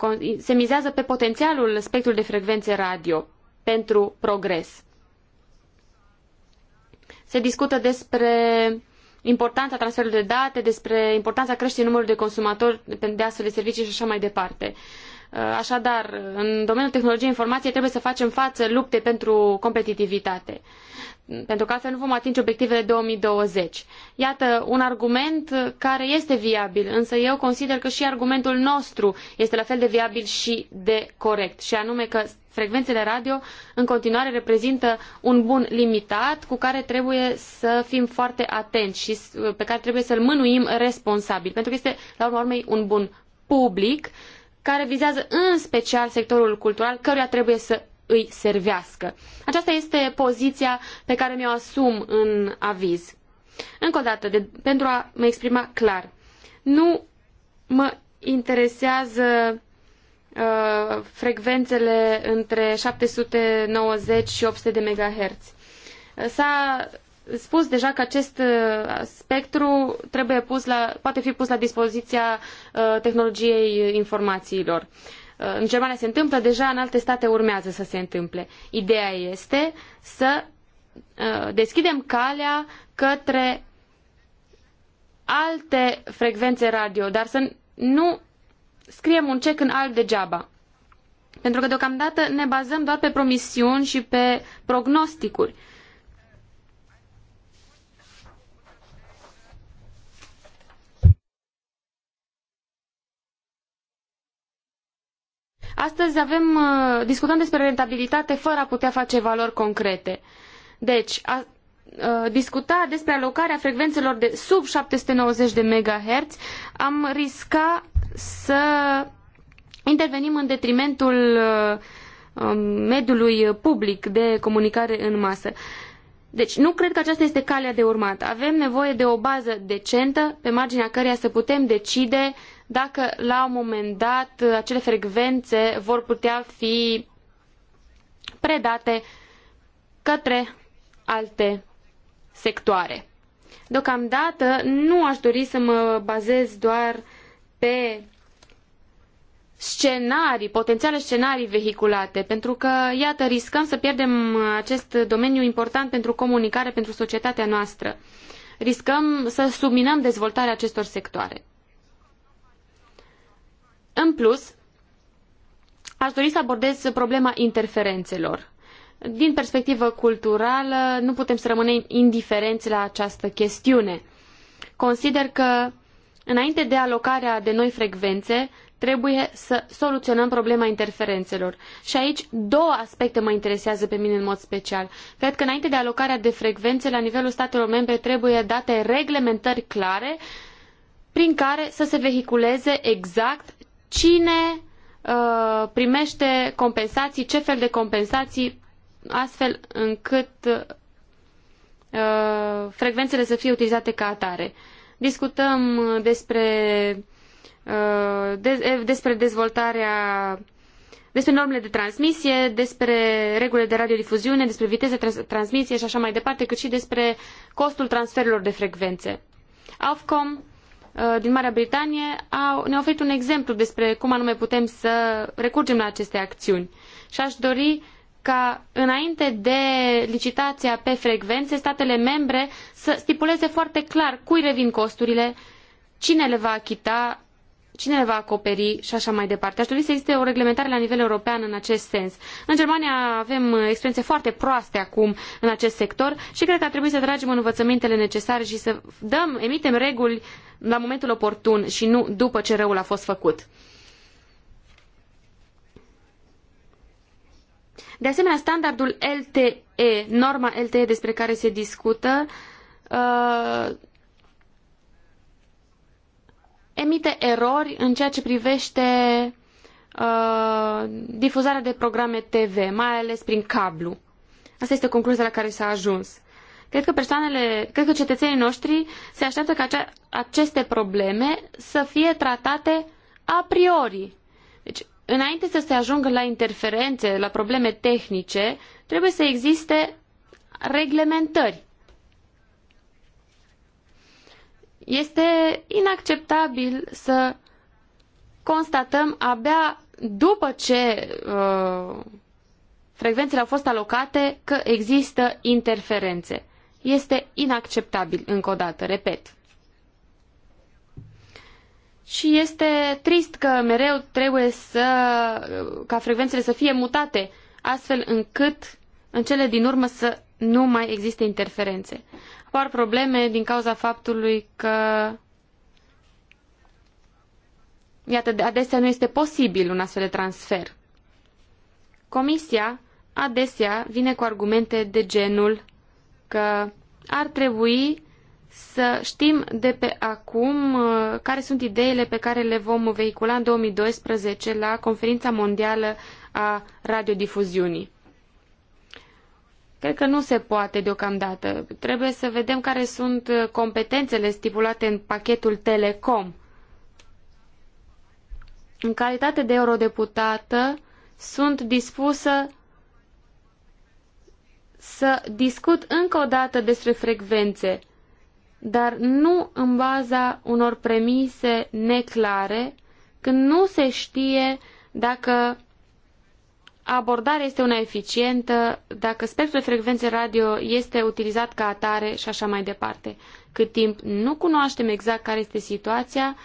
uh, se mizează pe potențialul spectrul de frecvențe radio pentru progres. Se discută despre importanța transferului de date, despre importanța creșterii numărului de consumatori de astfel de servicii și așa mai departe. Uh, așadar, în domeniul tehnologiei informației trebuie să facem față luptei pentru competitivitate pentru că altfel nu vom atinge obiectivele 2020. Iată, un argument care este viabil, însă eu consider că și argumentul nostru este la fel de viabil și de corect, și anume că frecvențele radio în continuare reprezintă un bun limitat cu care trebuie să fim foarte atenți și pe care trebuie să-l mânuim responsabil, pentru că este, la urma urmei, un bun public care vizează în special sectorul cultural, căruia trebuie să îi servească. Aceasta este poziția pe care mi-o asum în aviz. Încă o dată, de, pentru a mă exprima clar, nu mă interesează uh, frecvențele între 790 și 800 de MHz. Uh, s-a spus deja că acest uh, spectru trebuie pus la, poate fi pus la dispoziția uh, tehnologiei informațiilor. Uh, în Germania se întâmplă, deja în alte state urmează să se întâmple. Ideea este să uh, deschidem calea către alte frecvențe radio, dar să nu scriem un cec în alb degeaba. Pentru că deocamdată ne bazăm doar pe promisiuni și pe prognosticuri. Uh, Astăzi avem, uh, discutăm despre rentabilitate fără a putea face valori concrete. Deci, a, a, uh, discuta despre alocarea frecvențelor de sub 790 de MHz, am risca să intervenim în detrimentul uh, um, mediului public de comunicare în masă. Deci nu cred că aceasta este calea de urmat. Avem nevoie de o bază decentă pe marginea căreia să putem decide uh, dacă la un moment dat acele frecvențe vor putea fi predate către alte sectoare. Deocamdată nu aș dori să mă bazez doar pe scenarii, potențiale scenarii vehiculate, pentru că, iată, riscăm să pierdem acest domeniu important pentru comunicare, pentru societatea noastră. Riscăm să subminăm dezvoltarea acestor sectoare. În plus, a dori să abordez problema interferențelor. Din perspectivă culturală, nu putem să rămânem indiferenți la această chestiune. Consider că, înainte de alocarea de noi frecvențe, trebuie să soluționăm problema interferențelor. Și aici două aspecte mă interesează pe mine în mod special. Cred că înainte de alocarea de frecvențe la nivelul statelor membre trebuie date reglementări clare prin care să se vehiculeze exact cine uh, primește compensații, ce fel de compensații, astfel încât uh, frecvențele să fie utilizate ca atare. Discutăm despre, uh, despre dezvoltarea despre normele de transmisie, despre regulile de radiodifuziune, despre viteze de transmisie și așa mai departe, cât și despre costul transferurilor de frecvențe. AFCOM Uh, din Marea Britanie au, ne-a oferit un exemplu despre cum anume putem să recurgem la aceste acțiuni. Și aș dori ca înainte de licitația pe frecvențe, statele membre să stipuleze foarte clar cui revin costurile, cine le va achita cine le va acoperi și așa mai departe. Aș dori să existe o reglementare la nivel european în acest sens. În Germania avem uh, experiențe foarte proaste acum în acest sector și cred că ar trebui să tragem învățămintele necesare și să dăm, emitem reguli la momentul oportun și nu după ce răul a fost făcut. De asemenea, standardul LTE, norma LTE despre care se discută, uh, emite erori în ceea ce privește uh, difuzarea de programe TV, mai ales prin cablu. Asta este concluzia la care s-a ajuns. Cred că persoanele, cred că cetățenii noștri se așteaptă ca acea, aceste probleme să fie tratate a priori. Deci, înainte să se ajungă la interferențe, la probleme tehnice, trebuie să existe reglementări. Este inacceptabil să constatăm abia după ce uh, frecvențele au fost alocate că există interferențe. Este inacceptabil, încă o dată, repet. Și este trist că mereu trebuie să, ca frecvențele să fie mutate, astfel încât în cele din urmă să nu mai existe interferențe apar probleme din cauza faptului că Iată, adesea nu este posibil un astfel de transfer. Comisia adesea vine cu argumente de genul că ar trebui să știm de pe acum uh, care sunt ideile pe care le vom vehicula în 2012 la conferința mondială a radiodifuziunii. Cred că nu se poate deocamdată. Trebuie să vedem care sunt competențele stipulate în pachetul Telecom. În calitate de eurodeputată, sunt dispusă să discut încă o dată despre frecvențe, dar nu în baza unor premise neclare, când nu se știe dacă abordarea este una eficientă, dacă spectrul frecvenței radio este utilizat ca atare și așa mai departe. Cât timp nu cunoaștem exact care este situația,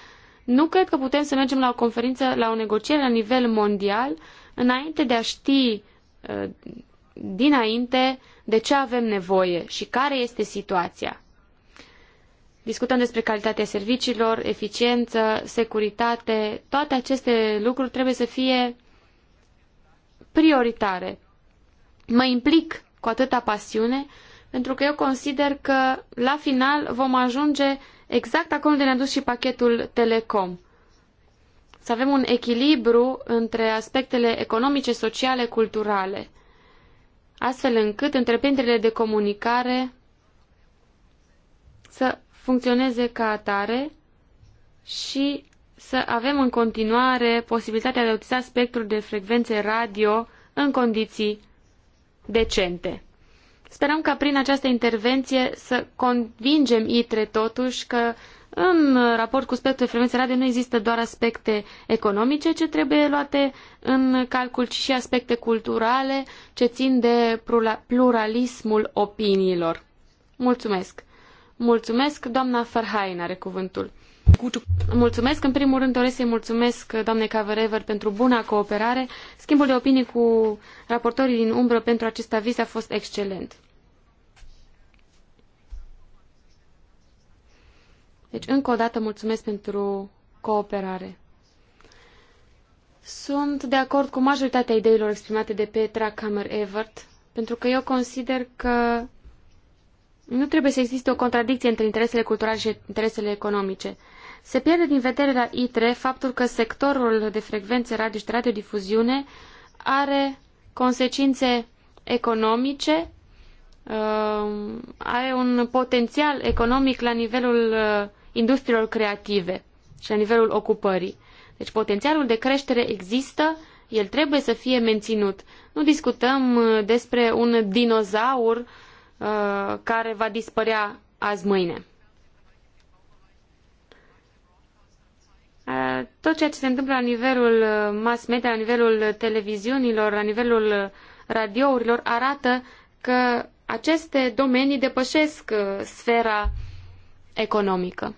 nu cred că putem să mergem la o conferință, la o negociere la nivel mondial, înainte de a ști uh, dinainte de ce avem nevoie și care este situația. Discutăm despre calitatea serviciilor, eficiență, securitate, toate aceste lucruri trebuie să fie prioritare. Mă implic cu atâta pasiune pentru că eu consider că la final vom ajunge exact acolo unde ne-a dus și pachetul Telecom. Să avem un echilibru între aspectele economice, sociale, culturale, astfel încât întreprinderile de comunicare să funcționeze ca atare și să avem în continuare posibilitatea de a utiliza spectrul de frecvențe radio în condiții decente. Sperăm ca prin această intervenție să convingem ITRE totuși că în raport cu spectrul de frecvențe radio nu există doar aspecte economice ce trebuie luate în calcul, ci și aspecte culturale ce țin de pluralismul opiniilor. Mulțumesc! Mulțumesc, doamna Ferhain are cuvântul. Mulțumesc. În primul rând doresc să-i mulțumesc doamnei Caverever pentru buna cooperare. Schimbul de opinii cu raportorii din umbră pentru acest aviz a fost excelent. Deci, încă o dată, mulțumesc pentru cooperare. Sunt de acord cu majoritatea ideilor exprimate de Petra Kammer-Evert, pentru că eu consider că nu trebuie să existe o contradicție între interesele culturale și interesele economice. Se pierde din vedere la ITRE faptul că sectorul de frecvențe radio și radiodifuziune are consecințe economice, um, are un potențial economic la nivelul uh, industriilor creative și la nivelul ocupării. Deci potențialul de creștere există, el trebuie să fie menținut. Nu discutăm uh, despre un dinozaur Uh, care va dispărea azi mâine. Uh, tot ceea ce se întâmplă la nivelul uh, mass media, la nivelul televiziunilor, la nivelul radiourilor, arată că aceste domenii depășesc sfera economică.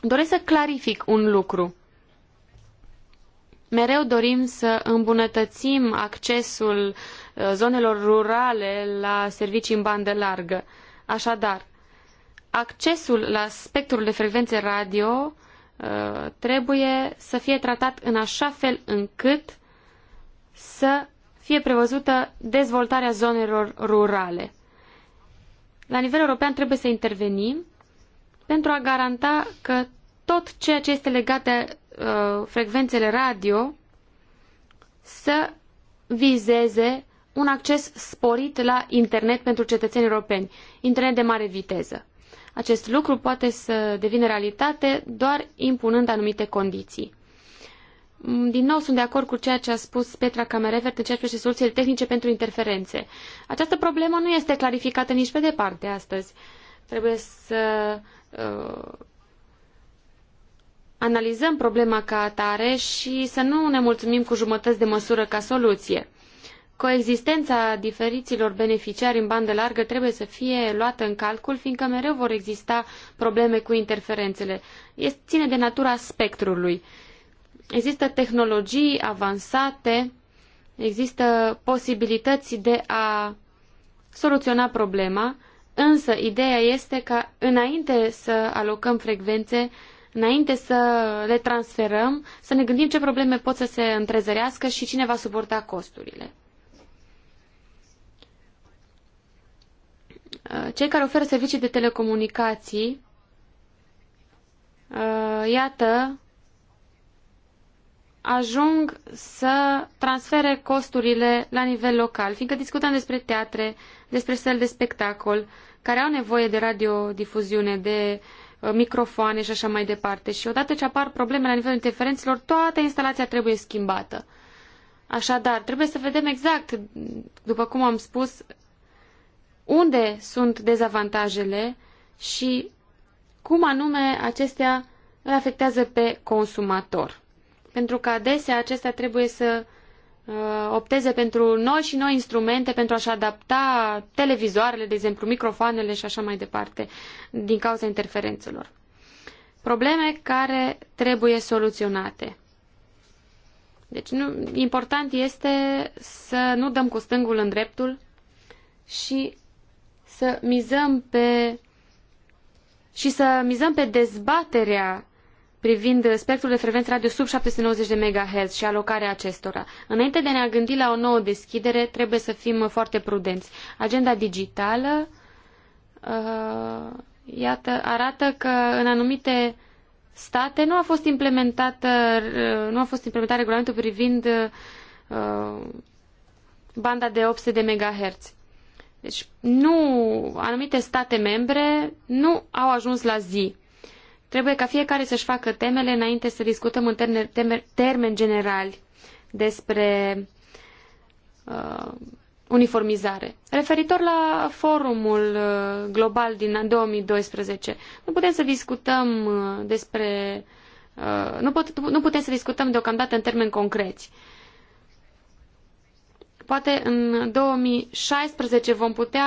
Doresc să clarific un lucru. Mereu dorim să îmbunătățim accesul Uh, zonelor rurale la servicii în bandă largă. Așadar, accesul la spectrul de frecvențe radio uh, trebuie să fie tratat în așa fel încât să fie prevăzută dezvoltarea zonelor rurale. La nivel european trebuie să intervenim pentru a garanta că tot ceea ce este legat de uh, frecvențele radio să vizeze un acces sporit la internet pentru cetățenii europeni, internet de mare viteză. Acest lucru poate să devină realitate doar impunând anumite condiții. Mm, Din nou sunt de acord cu ceea ce a spus Petra Camerevert în ceea ce privește soluțiile tehnice pentru interferențe. Această problemă nu este clarificată nici pe departe astăzi. Trebuie să uh, analizăm problema ca atare și să nu ne mulțumim cu jumătăți de măsură ca soluție. Coexistența diferiților beneficiari în bandă largă trebuie să fie luată în calcul, fiindcă mereu vor exista probleme cu interferențele. Este, ține de natura spectrului. Există tehnologii avansate, există posibilități de a soluționa problema, însă ideea este ca înainte să alocăm frecvențe, înainte să le transferăm, să ne gândim ce probleme pot să se întrezărească și cine va suporta costurile. Uh, cei care oferă servicii de telecomunicații, uh, iată, ajung să transfere costurile la nivel local, fiindcă discutăm despre teatre, despre săli de spectacol, care au nevoie de radiodifuziune, de uh, microfoane și așa mai departe. Și odată ce apar probleme la nivelul interferențelor, toată instalația trebuie schimbată. Așadar, trebuie să vedem exact, după cum am spus, unde sunt dezavantajele și cum anume acestea îl afectează pe consumator. Pentru că adesea acesta trebuie să uh, opteze pentru noi și noi instrumente pentru a-și adapta televizoarele, de exemplu, microfoanele și așa mai departe, din cauza interferențelor. Probleme care trebuie soluționate. Deci, nu, important este să nu dăm cu stângul în dreptul și să mizăm pe și să mizăm pe dezbaterea privind spectrul de frecvență radio sub 790 de MHz și alocarea acestora. Înainte de a ne gândi la o nouă deschidere, trebuie să fim foarte prudenți. Agenda digitală uh, iată, arată că în anumite state nu a fost implementată, uh, nu a fost implementat regulamentul privind uh, banda de 800 de MHz. Deci, nu, anumite state membre nu au ajuns la zi. Trebuie ca fiecare să-și facă temele înainte să discutăm în termen, termen, termen generali despre uh, uniformizare. Referitor la forumul uh, global din 2012, nu putem să discutăm uh, despre. Uh, nu, pot, nu putem să discutăm deocamdată în termeni concreți. Uh, Poate în 2016 vom putea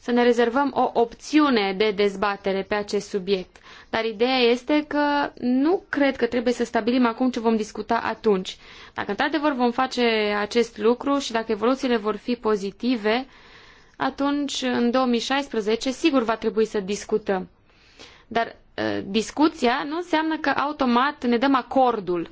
să ne rezervăm o opțiune de dezbatere pe acest subiect. Dar ideea este că nu cred că trebuie să stabilim acum ce vom discuta atunci. Dacă într-adevăr vom face acest lucru și dacă evoluțiile vor fi pozitive, atunci în 2016 sigur va trebui să discutăm. Dar ă, discuția nu înseamnă că automat ne dăm acordul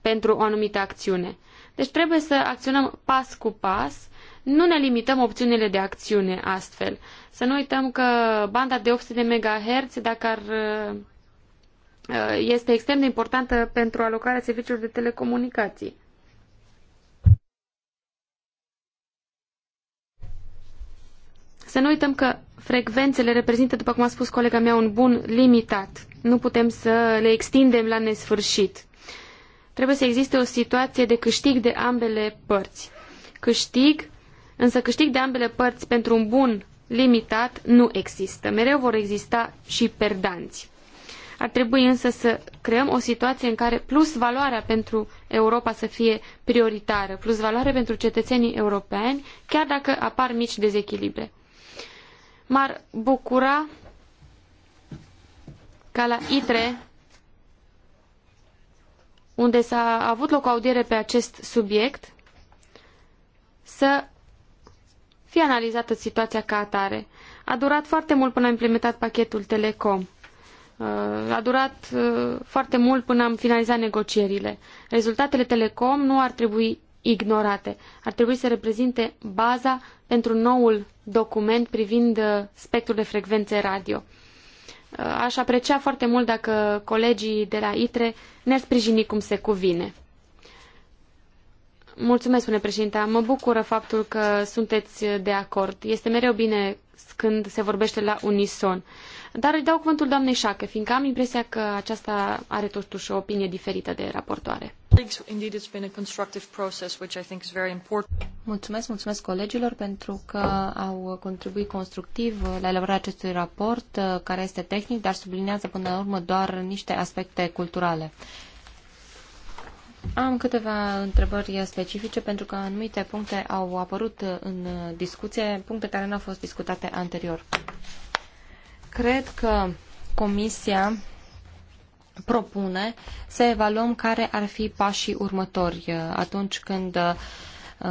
pentru o anumită acțiune. Deci trebuie să acționăm pas cu pas, nu ne limităm opțiunile de acțiune astfel. Să nu uităm că banda de 800 de MHz, dacă ar uh, este extrem de importantă pentru alocarea serviciilor de telecomunicații. Să nu uităm că frecvențele reprezintă, după cum a spus colega mea, un bun limitat. Nu putem să le extindem la nesfârșit. Trebuie să existe o situație de câștig de ambele părți. Câștig, însă câștig de ambele părți pentru un bun limitat nu există. Mereu vor exista și perdanți. Ar trebui însă să creăm o situație în care plus valoarea pentru Europa să fie prioritară, plus valoare pentru cetățenii europeni, chiar dacă apar mici dezechilibre. M-ar bucura ca la ITRE unde s-a avut loc o audiere pe acest subiect, să fie analizată situația ca atare. A durat foarte mult până a implementat pachetul Telecom. Uh, a durat uh, foarte mult până am finalizat negocierile. Rezultatele Telecom nu ar trebui ignorate. Ar trebui să reprezinte baza pentru noul document privind uh, spectrul de frecvențe radio. Uh, aș aprecia foarte mult dacă colegii de la ITRE ne-ar sprijini cum se cuvine. Mulțumesc, spune președinta. Mă bucură faptul că sunteți de acord. Este mereu bine când se vorbește la unison. Uh, dar îi dau cuvântul doamnei Șacă, fiindcă am impresia că aceasta are totuși o opinie diferită de raportoare. Mulțumesc, mulțumesc colegilor pentru că au contribuit constructiv la elaborarea acestui raport, uh, care este tehnic, dar sublinează până la urmă doar niște aspecte culturale. Am câteva întrebări specifice pentru că anumite puncte au apărut în discuție, puncte care nu au fost discutate anterior. Cred că Comisia propune să evaluăm care ar fi pașii următori uh, atunci când uh,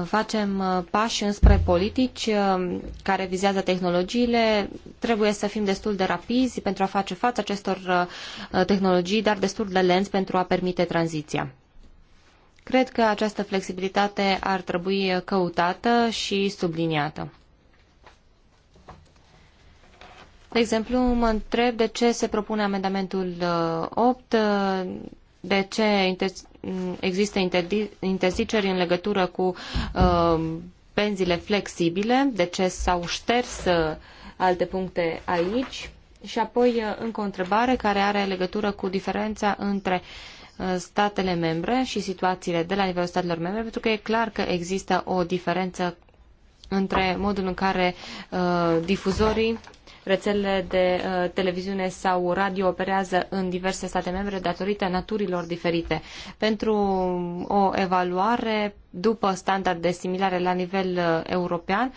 facem uh, pași înspre politici care vizează tehnologiile. Trebuie să fim destul de rapizi pentru a face față acestor tehnologii, dar destul de lenți pentru a permite tranziția. Cred că această flexibilitate ar trebui căutată și subliniată. De exemplu, mă întreb de ce se propune amendamentul 8, uh, uh, de ce există interziceri în legătură cu benzile uh, flexibile, de ce s-au șters alte puncte aici. Și apoi încă o întrebare care are legătură cu diferența între statele membre și situațiile de la nivelul statelor membre, pentru că e clar că există o diferență între modul în care uh, difuzorii rețelele de uh, televiziune sau radio operează în diverse state membre datorită naturilor diferite. Pentru o evaluare după standarde similare la nivel uh, european,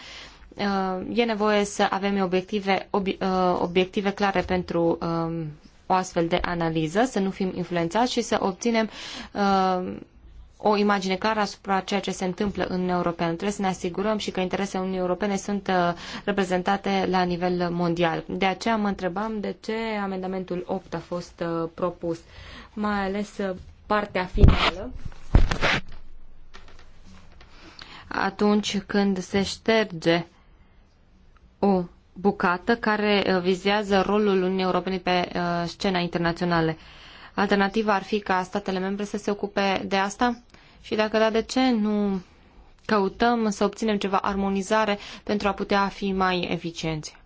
uh, e nevoie să avem obiective, uh, obiective clare pentru um, o astfel de analiză, să nu fim influențați și să obținem uh, o imagine clară asupra ceea ce se întâmplă în Uniunea Europeană. Trebuie să ne asigurăm și că interesele Uniunii Europene sunt uh, reprezentate la nivel mondial. De aceea mă întrebam de ce amendamentul 8 a fost uh, propus, mai ales uh, partea finală atunci când se șterge o bucată care vizează rolul Uniunii Europene pe scena internațională. Alternativa ar fi ca statele membre să se ocupe de asta? Și dacă da, de ce nu căutăm să obținem ceva armonizare pentru a putea fi mai eficienți?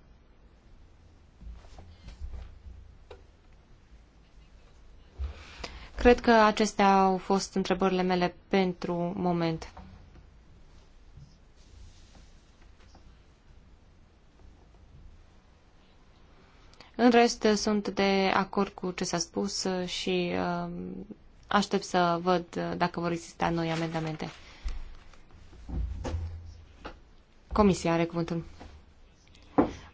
Cred că acestea au fost întrebările mele pentru moment. În rest, sunt de acord cu ce s-a spus și uh, Aștept să văd uh, dacă vor exista noi amendamente. Comisia are cuvântul.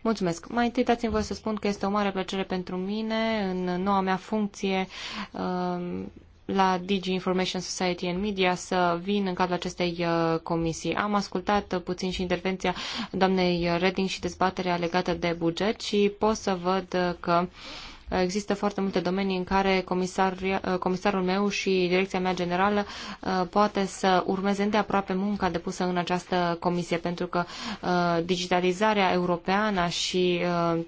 Mulțumesc. Mai întâi dați-mi voie să spun că este o mare plăcere pentru mine în noua mea funcție uh, la Digi Information Society and Media să vin în cadrul acestei uh, comisii. Am ascultat puțin și intervenția doamnei Reding și dezbaterea legată de buget și pot să văd că uh, Există foarte multe domenii în care comisar, eh, comisarul meu și direcția mea generală eh, poate să urmeze îndeaproape munca depusă în această comisie, pentru că eh, digitalizarea europeană și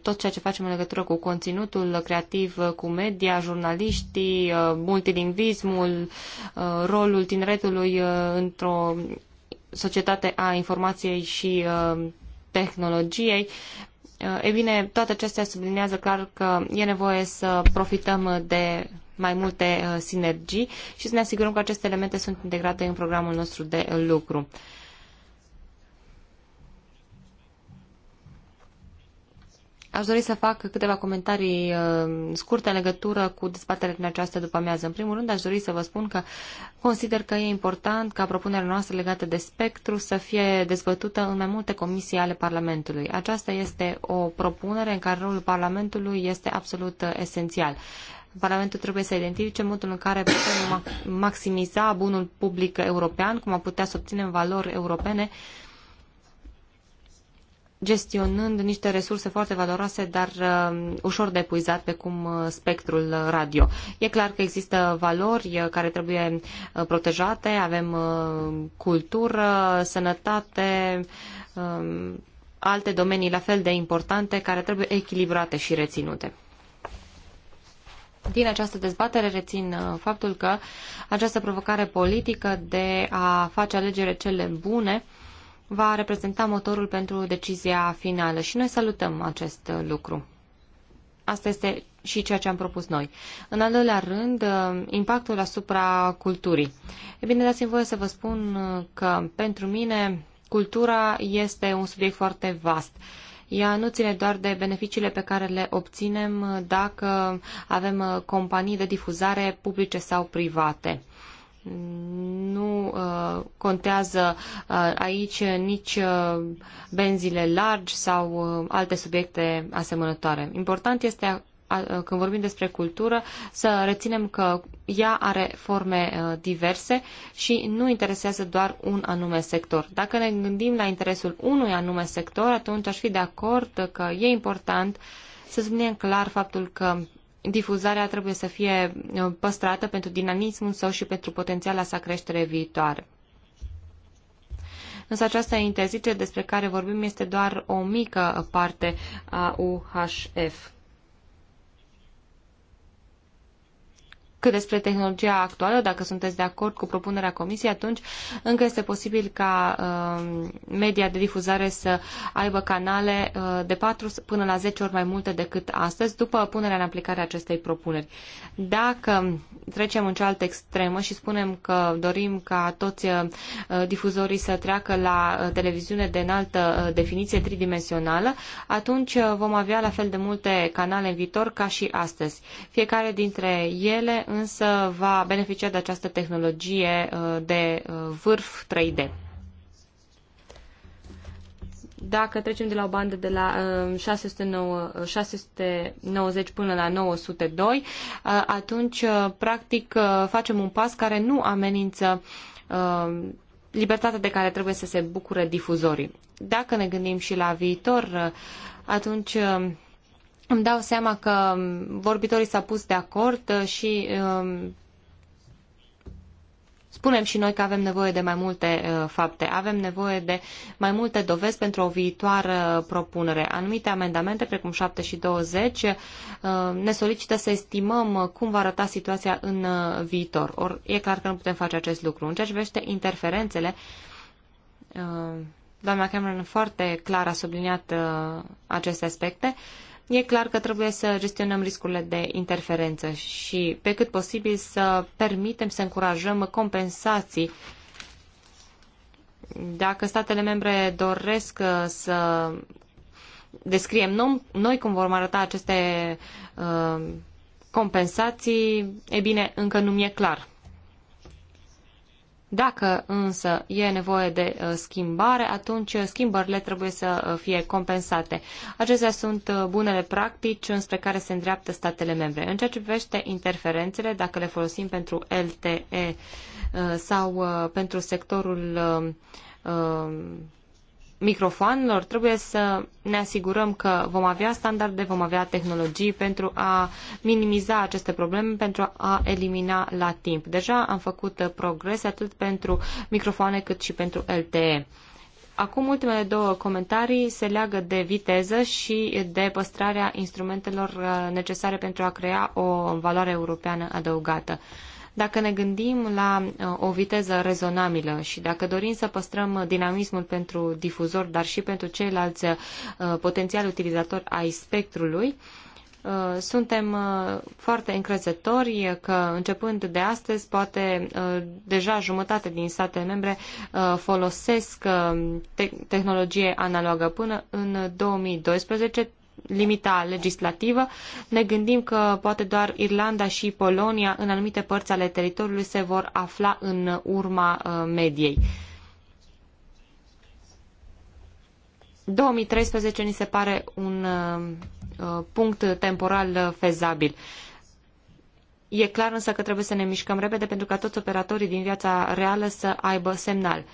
tot ceea ce facem în legătură cu conținutul creativ, cu media, jurnaliștii, multilingvismul, rolul tineretului într-o societate a informației și tehnologiei Eh, ei bine, toate acestea sublinează clar că e nevoie să profităm de mai multe eh, sinergii și să ne asigurăm că aceste elemente sunt integrate în programul nostru de lucru. Aș dori să fac câteva comentarii uh, scurte în legătură cu dezbaterea din această după-amiază. În primul rând, aș dori să vă spun că consider că e important ca propunerea noastră legată de spectru să fie dezbătută în mai multe comisii ale Parlamentului. Aceasta este o propunere în care rolul Parlamentului este absolut uh, esențial. Parlamentul trebuie să identifice modul în care putem maximiza bunul public european, cum a putea să obținem valori europene gestionând niște resurse foarte valoroase, dar um, uh, ușor depuizat, pe cum spectrul radio. E clar că există valori uh, care trebuie uh, protejate, avem uh, cultură, sănătate, uh, alte domenii la fel de importante care trebuie echilibrate și reținute. Din această dezbatere rețin uh, faptul că această provocare politică de a face alegere cele bune va reprezenta motorul pentru decizia finală și noi salutăm acest uh, lucru. Asta este și ceea ce am propus noi. În al doilea rând, uh, impactul asupra culturii. E bine, dați-mi voie să vă spun uh, că pentru mine cultura este un subiect foarte vast. Ea nu ține doar de beneficiile pe care le obținem dacă avem companii de difuzare publice sau private. Nu uh, contează uh, aici nici uh, benzile largi sau uh, alte subiecte asemănătoare. Important este uh, când vorbim despre cultură, să reținem că ea are forme uh, diverse și nu interesează doar un anume sector. Dacă ne gândim la interesul unui anume sector, atunci aș fi de acord că e important să subliniem clar faptul că difuzarea trebuie să fie uh, păstrată pentru dinamismul său și pentru potențiala sa creștere viitoare. Însă această interzicere despre care vorbim este doar o mică parte a UHF. cât despre tehnologia actuală, dacă sunteți de acord cu propunerea comisiei, atunci încă este posibil ca uh, media de difuzare să aibă canale uh, de 4 până la 10 ori mai multe decât astăzi, după punerea în aplicare a acestei propuneri. Dacă trecem în cealaltă extremă și spunem că dorim ca toți uh, difuzorii să treacă la uh, televiziune de înaltă uh, definiție tridimensională, atunci uh, vom avea la fel de multe canale în viitor ca și astăzi. Fiecare dintre ele însă va beneficia de această tehnologie uh, de uh, vârf 3D. Dacă trecem de la o bandă de la 690 uh, până la 902, atunci, practic, facem un pas care nu amenință libertatea de care trebuie să se bucure difuzorii. Dacă ne gândim și la viitor, atunci îmi dau seama că vorbitorii s-au pus de acord uh, și um, spunem și noi că avem nevoie de mai multe uh, fapte, avem nevoie de mai multe dovezi pentru o viitoare propunere. Anumite amendamente, precum 7 și 20, uh, ne solicită să estimăm cum va arăta situația în uh, viitor. Or, e clar că nu putem face acest lucru. În ceea ce privește interferențele, uh, doamna Cameron foarte clar a subliniat uh, aceste aspecte. Uh, e clar că trebuie să gestionăm riscurile de interferență și pe cât posibil să permitem să încurajăm compensații dacă statele membre doresc uh, să descriem noi cum vor arăta aceste uh, compensații, e bine, încă nu mi-e clar. Dacă însă e nevoie de uh, schimbare, atunci uh, schimbările trebuie să uh, fie compensate. Acestea sunt bunele practici înspre care se îndreaptă statele membre. În ceea ce privește interferențele, dacă le folosim pentru LTE sau pentru sectorul microfoanelor, trebuie să ne asigurăm că vom avea standarde, vom avea tehnologii pentru a minimiza aceste probleme, pentru a elimina la timp. Deja am făcut progrese atât pentru microfoane cât și pentru LTE. Acum ultimele două comentarii se leagă de viteză și de păstrarea instrumentelor uh, necesare pentru a crea o valoare europeană adăugată. Dacă ne gândim la uh, o viteză rezonabilă și dacă dorim să păstrăm dinamismul pentru difuzor, dar și pentru ceilalți uh, potențiali utilizatori ai spectrului, uh, suntem foarte încrezători că începând de astăzi poate deja jumătate din statele membre folosesc tehnologie analogă până în 2012 limita legislativă, ne gândim că poate doar Irlanda și Polonia în anumite părți ale teritoriului se vor afla în urma uh, mediei. 2013 ni se pare un uh, uh, punct temporal fezabil. E clar însă că trebuie să ne mișcăm repede pentru ca toți operatorii din viața reală să aibă semnal.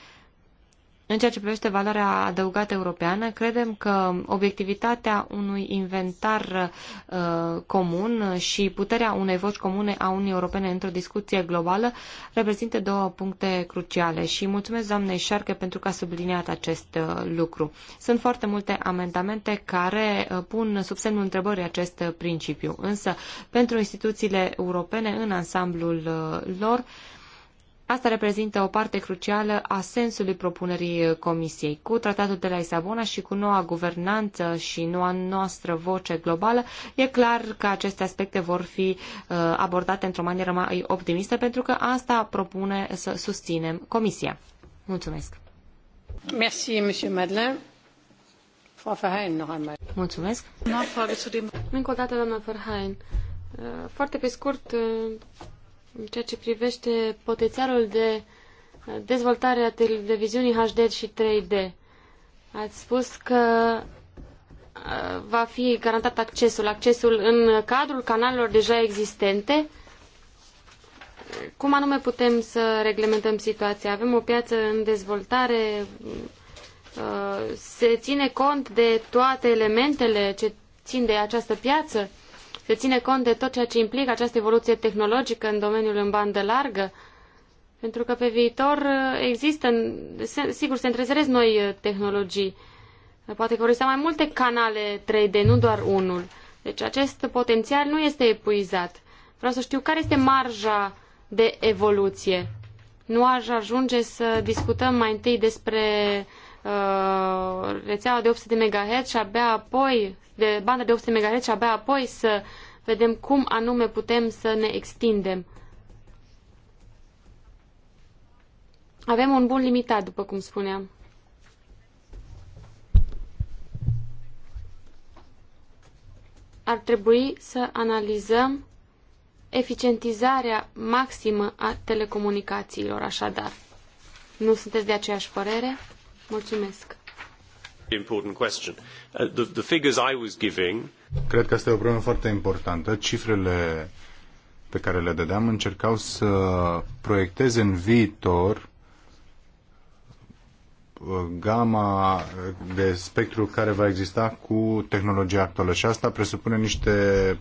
În ceea ce privește valoarea adăugată europeană, credem că obiectivitatea unui inventar uh, comun și puterea unei voci comune a Uniunii Europene într-o discuție globală reprezintă două puncte cruciale și mulțumesc doamnei Șarcă, pentru că a subliniat acest uh, lucru. Sunt foarte multe amendamente care uh, pun sub semnul întrebării acest principiu, însă pentru instituțiile europene în ansamblul uh, lor, uh, Asta reprezintă o parte crucială a sensului propunerii Comisiei. Cu tratatul de la Lisabona și cu noua guvernanță și noua noastră voce globală, e clar că aceste aspecte vor fi uh, abordate într-o manieră mai optimistă, pentru că asta propune să susținem Comisia. Mulțumesc! Merci, Monsieur Madeleine. Mulțumesc. Încă o dată, doamna Ferhain. Uh, foarte pe scurt, uh, în ceea ce privește potențialul de dezvoltare a televiziunii HD și 3D. Ați spus că uh, va fi garantat accesul, accesul în cadrul canalelor deja existente. Cum anume putem să reglementăm situația? Avem o piață în dezvoltare, uh, se ține cont de toate elementele ce țin de această piață? se ține cont de tot ceea ce implică această evoluție tehnologică în domeniul în bandă largă? Pentru că pe viitor uh, există, sigur, se întrezăresc noi uh, tehnologii. Poate că vor exista mai multe canale 3D, nu doar unul. Deci acest potențial nu este epuizat. Vreau să știu care este marja de evoluție. Nu aș ajunge să discutăm mai întâi despre uh, Uh, rețeaua de 800 MHz și abia apoi, de bandă de 800 MHz și abia apoi să vedem cum anume putem să ne extindem. Avem un bun limitat, după cum spuneam. Ar trebui să analizăm eficientizarea maximă a telecomunicațiilor, așadar. Nu sunteți de aceeași părere? Mulțumesc. Important question. Uh, the, the figures I was giving... Cred că asta e o problemă foarte importantă. Cifrele pe care le dădeam încercau să proiecteze în viitor uh, gama de spectru care va exista cu tehnologia actuală și asta presupune niște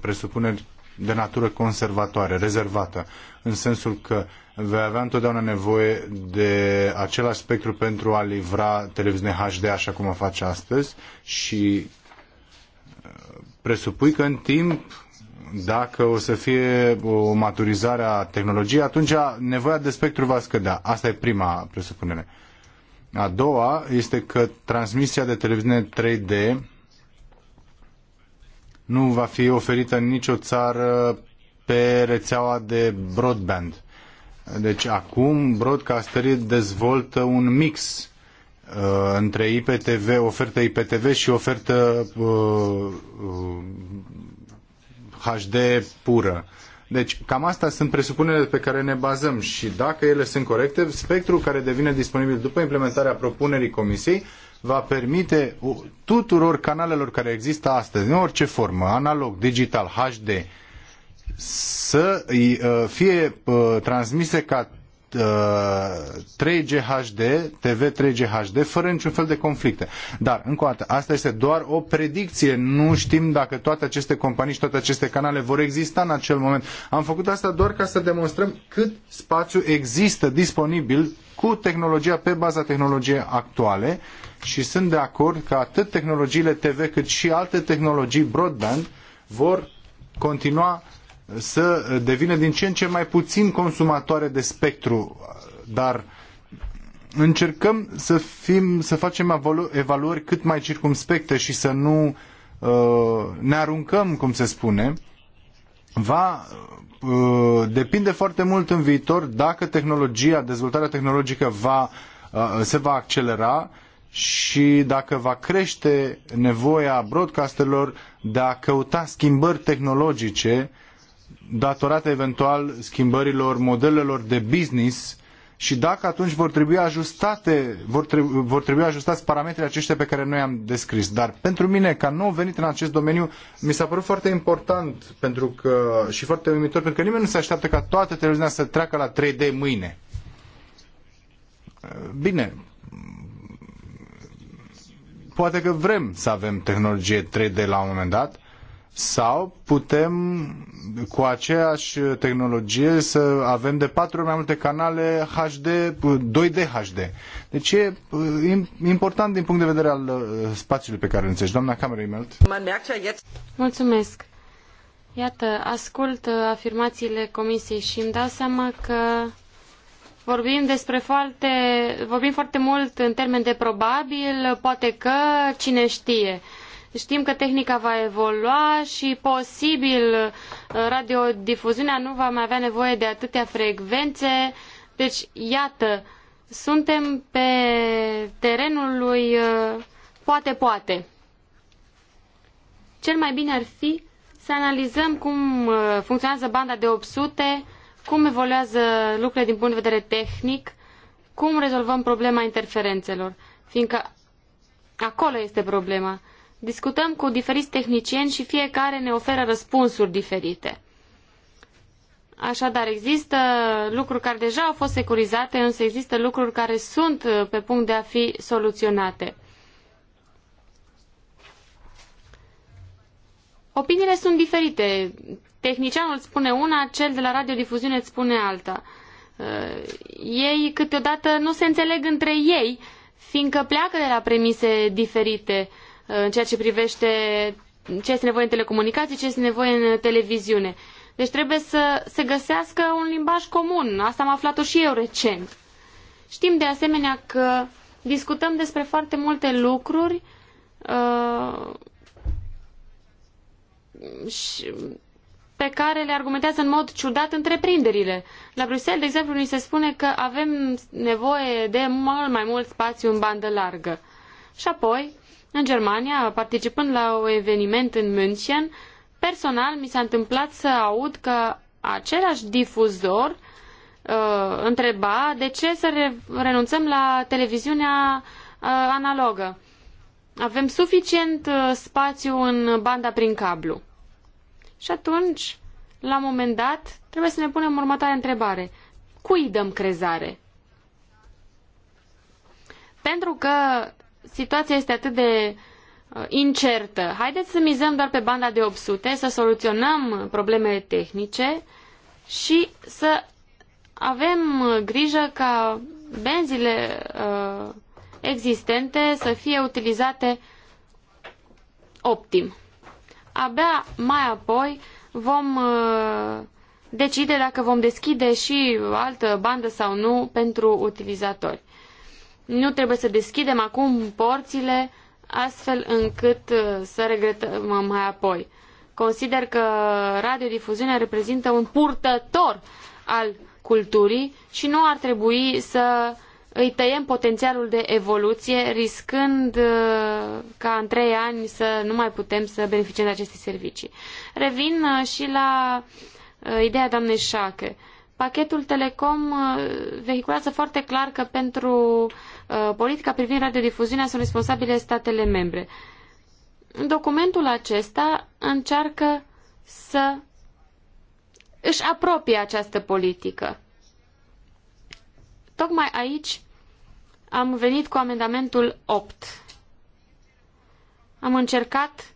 presupuneri de natură conservatoare, rezervată, în sensul că vei avea întotdeauna nevoie de același spectru pentru a livra televiziune HD așa cum o face astăzi și uh, presupui că în timp dacă o să fie o maturizare a tehnologiei, atunci nevoia de spectru va scădea. Asta e prima presupunere. A doua este că transmisia de televiziune 3D nu va fi oferită în nicio țară pe rețeaua de broadband. Deci acum broadcasterii dezvoltă un mix uh, între IPTV, ofertă IPTV și ofertă uh, uh, HD pură. Deci cam asta sunt presupunerile pe care ne bazăm și dacă ele sunt corecte, spectrul care devine disponibil după implementarea propunerii comisiei uh, va permite tuturor canalelor care există astăzi, în orice formă, analog, digital, HD, să uh, fie uh, transmise ca 3G uh, HD, TV 3G HD, fără niciun fel de conflicte. Dar, încă o dată, asta este doar o predicție. Nu știm dacă toate aceste companii și toate aceste canale vor exista în acel moment. Am făcut asta doar ca să demonstrăm cât spațiu există disponibil cu tehnologia pe baza tehnologiei actuale și sunt de acord că atât tehnologiile TV cât și alte tehnologii broadband vor continua să devină din ce în ce mai puțin consumatoare de spectru, dar încercăm să, fim, să facem evaluări cât mai circumspecte și să nu uh, ne aruncăm, cum se spune, va Uh, depinde foarte mult în viitor dacă tehnologia, dezvoltarea tehnologică va, uh, se va accelera și dacă va crește nevoia broadcasterilor de a căuta schimbări tehnologice datorate eventual schimbărilor modelelor de business și dacă atunci vor trebui ajustate, vor, trebui, vor trebui ajustați parametrii aceștia pe care noi am descris. Dar pentru mine, ca nou venit în acest domeniu, mi s-a părut foarte important pentru că, și foarte uimitor, pentru că nimeni nu se așteaptă ca toată televiziunea să treacă la 3D mâine. Bine, poate că vrem să avem tehnologie 3D la un moment dat, sau putem cu aceeași tehnologie să avem de patru ori mai multe canale HD, 2D HD. Deci e uh, important din punct de vedere al uh, spațiului pe care îl înțelegi. Doamna Cameremelt. Mulțumesc. Iată, ascult uh, afirmațiile comisiei și îmi dau seama că Vorbim despre foarte, vorbim foarte mult în termen de probabil, poate că, cine știe. Știm că tehnica va evolua și posibil uh, radiodifuziunea nu va mai avea nevoie de atâtea frecvențe. Deci, iată, suntem pe terenul lui poate-poate. Uh, Cel mai bine ar fi să analizăm cum uh, funcționează banda de 800, cum evoluează lucrurile din punct de vedere tehnic, cum rezolvăm problema interferențelor, fiindcă acolo este problema discutăm cu diferiți tehnicieni și fiecare ne oferă răspunsuri diferite. Așadar, există lucruri care deja au fost securizate, însă există lucruri care sunt uh, pe punct de a fi soluționate. Opiniile sunt diferite. Tehnicianul spune una, cel de la radiodifuziune îți spune alta. Uh, ei câteodată nu se înțeleg între ei, fiindcă pleacă de la premise diferite. Uh, în ceea ce privește ce este nevoie în telecomunicații, ce este nevoie în televiziune. Deci trebuie să se găsească un limbaj comun. Asta am aflat-o și eu recent. Știm de asemenea că discutăm despre foarte multe lucruri uh, și pe care le argumentează în mod ciudat întreprinderile. La Bruxelles, de exemplu, ni se spune că avem nevoie de mult mai mult spațiu în bandă largă. Și apoi, în Germania, participând la un eveniment în München, personal mi s-a întâmplat să aud că același difuzor uh, întreba de ce să re- renunțăm la televiziunea uh, analogă. Avem suficient uh, spațiu în banda prin cablu. Și atunci, la un moment dat, trebuie să ne punem următoarea întrebare. Cui dăm crezare? Pentru că situația este atât de uh, incertă. Haideți să mizăm doar pe banda de 800, să soluționăm problemele tehnice și să avem grijă ca benzile uh, existente să fie utilizate optim. Abia mai apoi vom uh, decide dacă vom deschide și altă bandă sau nu pentru utilizatori. Nu trebuie să deschidem acum porțile astfel încât uh, să regretăm mai apoi. Consider că radiodifuziunea reprezintă un purtător al culturii și nu ar trebui să îi tăiem potențialul de evoluție, riscând uh, ca în trei ani să nu mai putem să beneficiem de aceste servicii. Revin uh, și la ideea doamnei Șache. Pachetul Telecom vehiculează foarte clar că pentru uh, Uh, politica privind radiodifuziunea sunt responsabile statele membre. Documentul acesta încearcă să își apropie această politică. Tocmai aici am venit cu amendamentul 8. Am încercat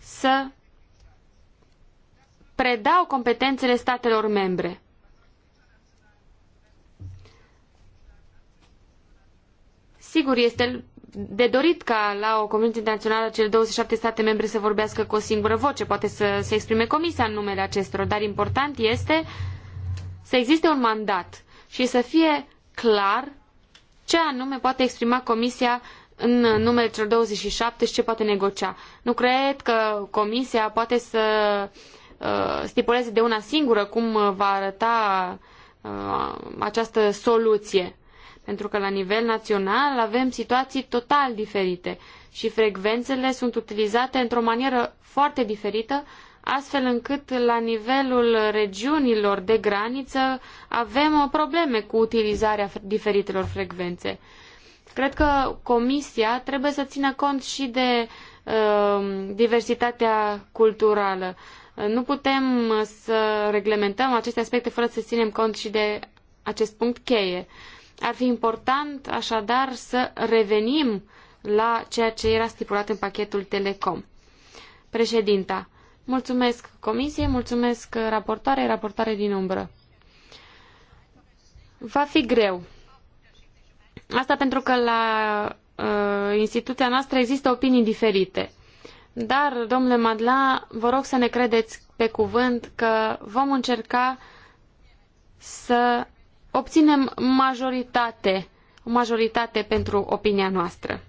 să predau competențele statelor membre. Sigur, este de dorit ca la o comunitate internațională cele 27 state membre să vorbească cu o singură voce, poate să se exprime comisia în numele acestor, dar important este să existe un mandat și să fie clar ce anume poate exprima comisia în numele celor 27 și ce poate negocia. Nu cred că comisia poate să uh, stipuleze de una singură cum va arăta uh, această soluție. Pentru că la nivel național avem situații total diferite și frecvențele sunt utilizate într-o manieră foarte diferită, astfel încât la nivelul regiunilor de graniță avem probleme cu utilizarea diferitelor frecvențe. Cred că Comisia trebuie să țină cont și de uh, diversitatea culturală. Nu putem să reglementăm aceste aspecte fără să ținem cont și de acest punct cheie. Uh, ar fi important, așadar, să revenim la ceea ce era stipulat în pachetul Telecom. Președinta, mulțumesc Comisiei, mulțumesc raportoare, raportoare din umbră. Va fi greu. Asta pentru că la uh, instituția noastră există opinii diferite. Dar, domnule Madla, vă rog să ne credeți pe cuvânt că vom încerca să obținem majoritate, majoritate pentru opinia noastră.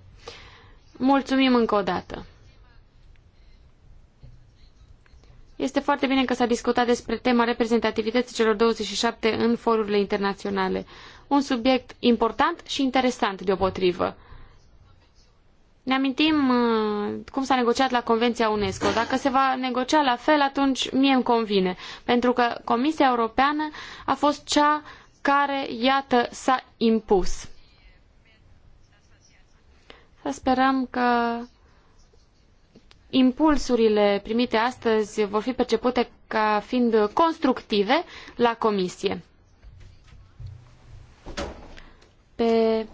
Mulțumim încă o dată. Este foarte bine că s-a discutat despre tema reprezentativității celor 27 în forurile internaționale. Un subiect important și interesant deopotrivă. Ne amintim uh, cum s-a negociat la Convenția UNESCO. Dacă se va negocia la fel, atunci mie îmi convine. Pentru că Comisia Europeană a fost cea care, iată, s-a impus. Să sperăm că impulsurile primite astăzi vor fi percepute ca fiind constructive la comisie. Pe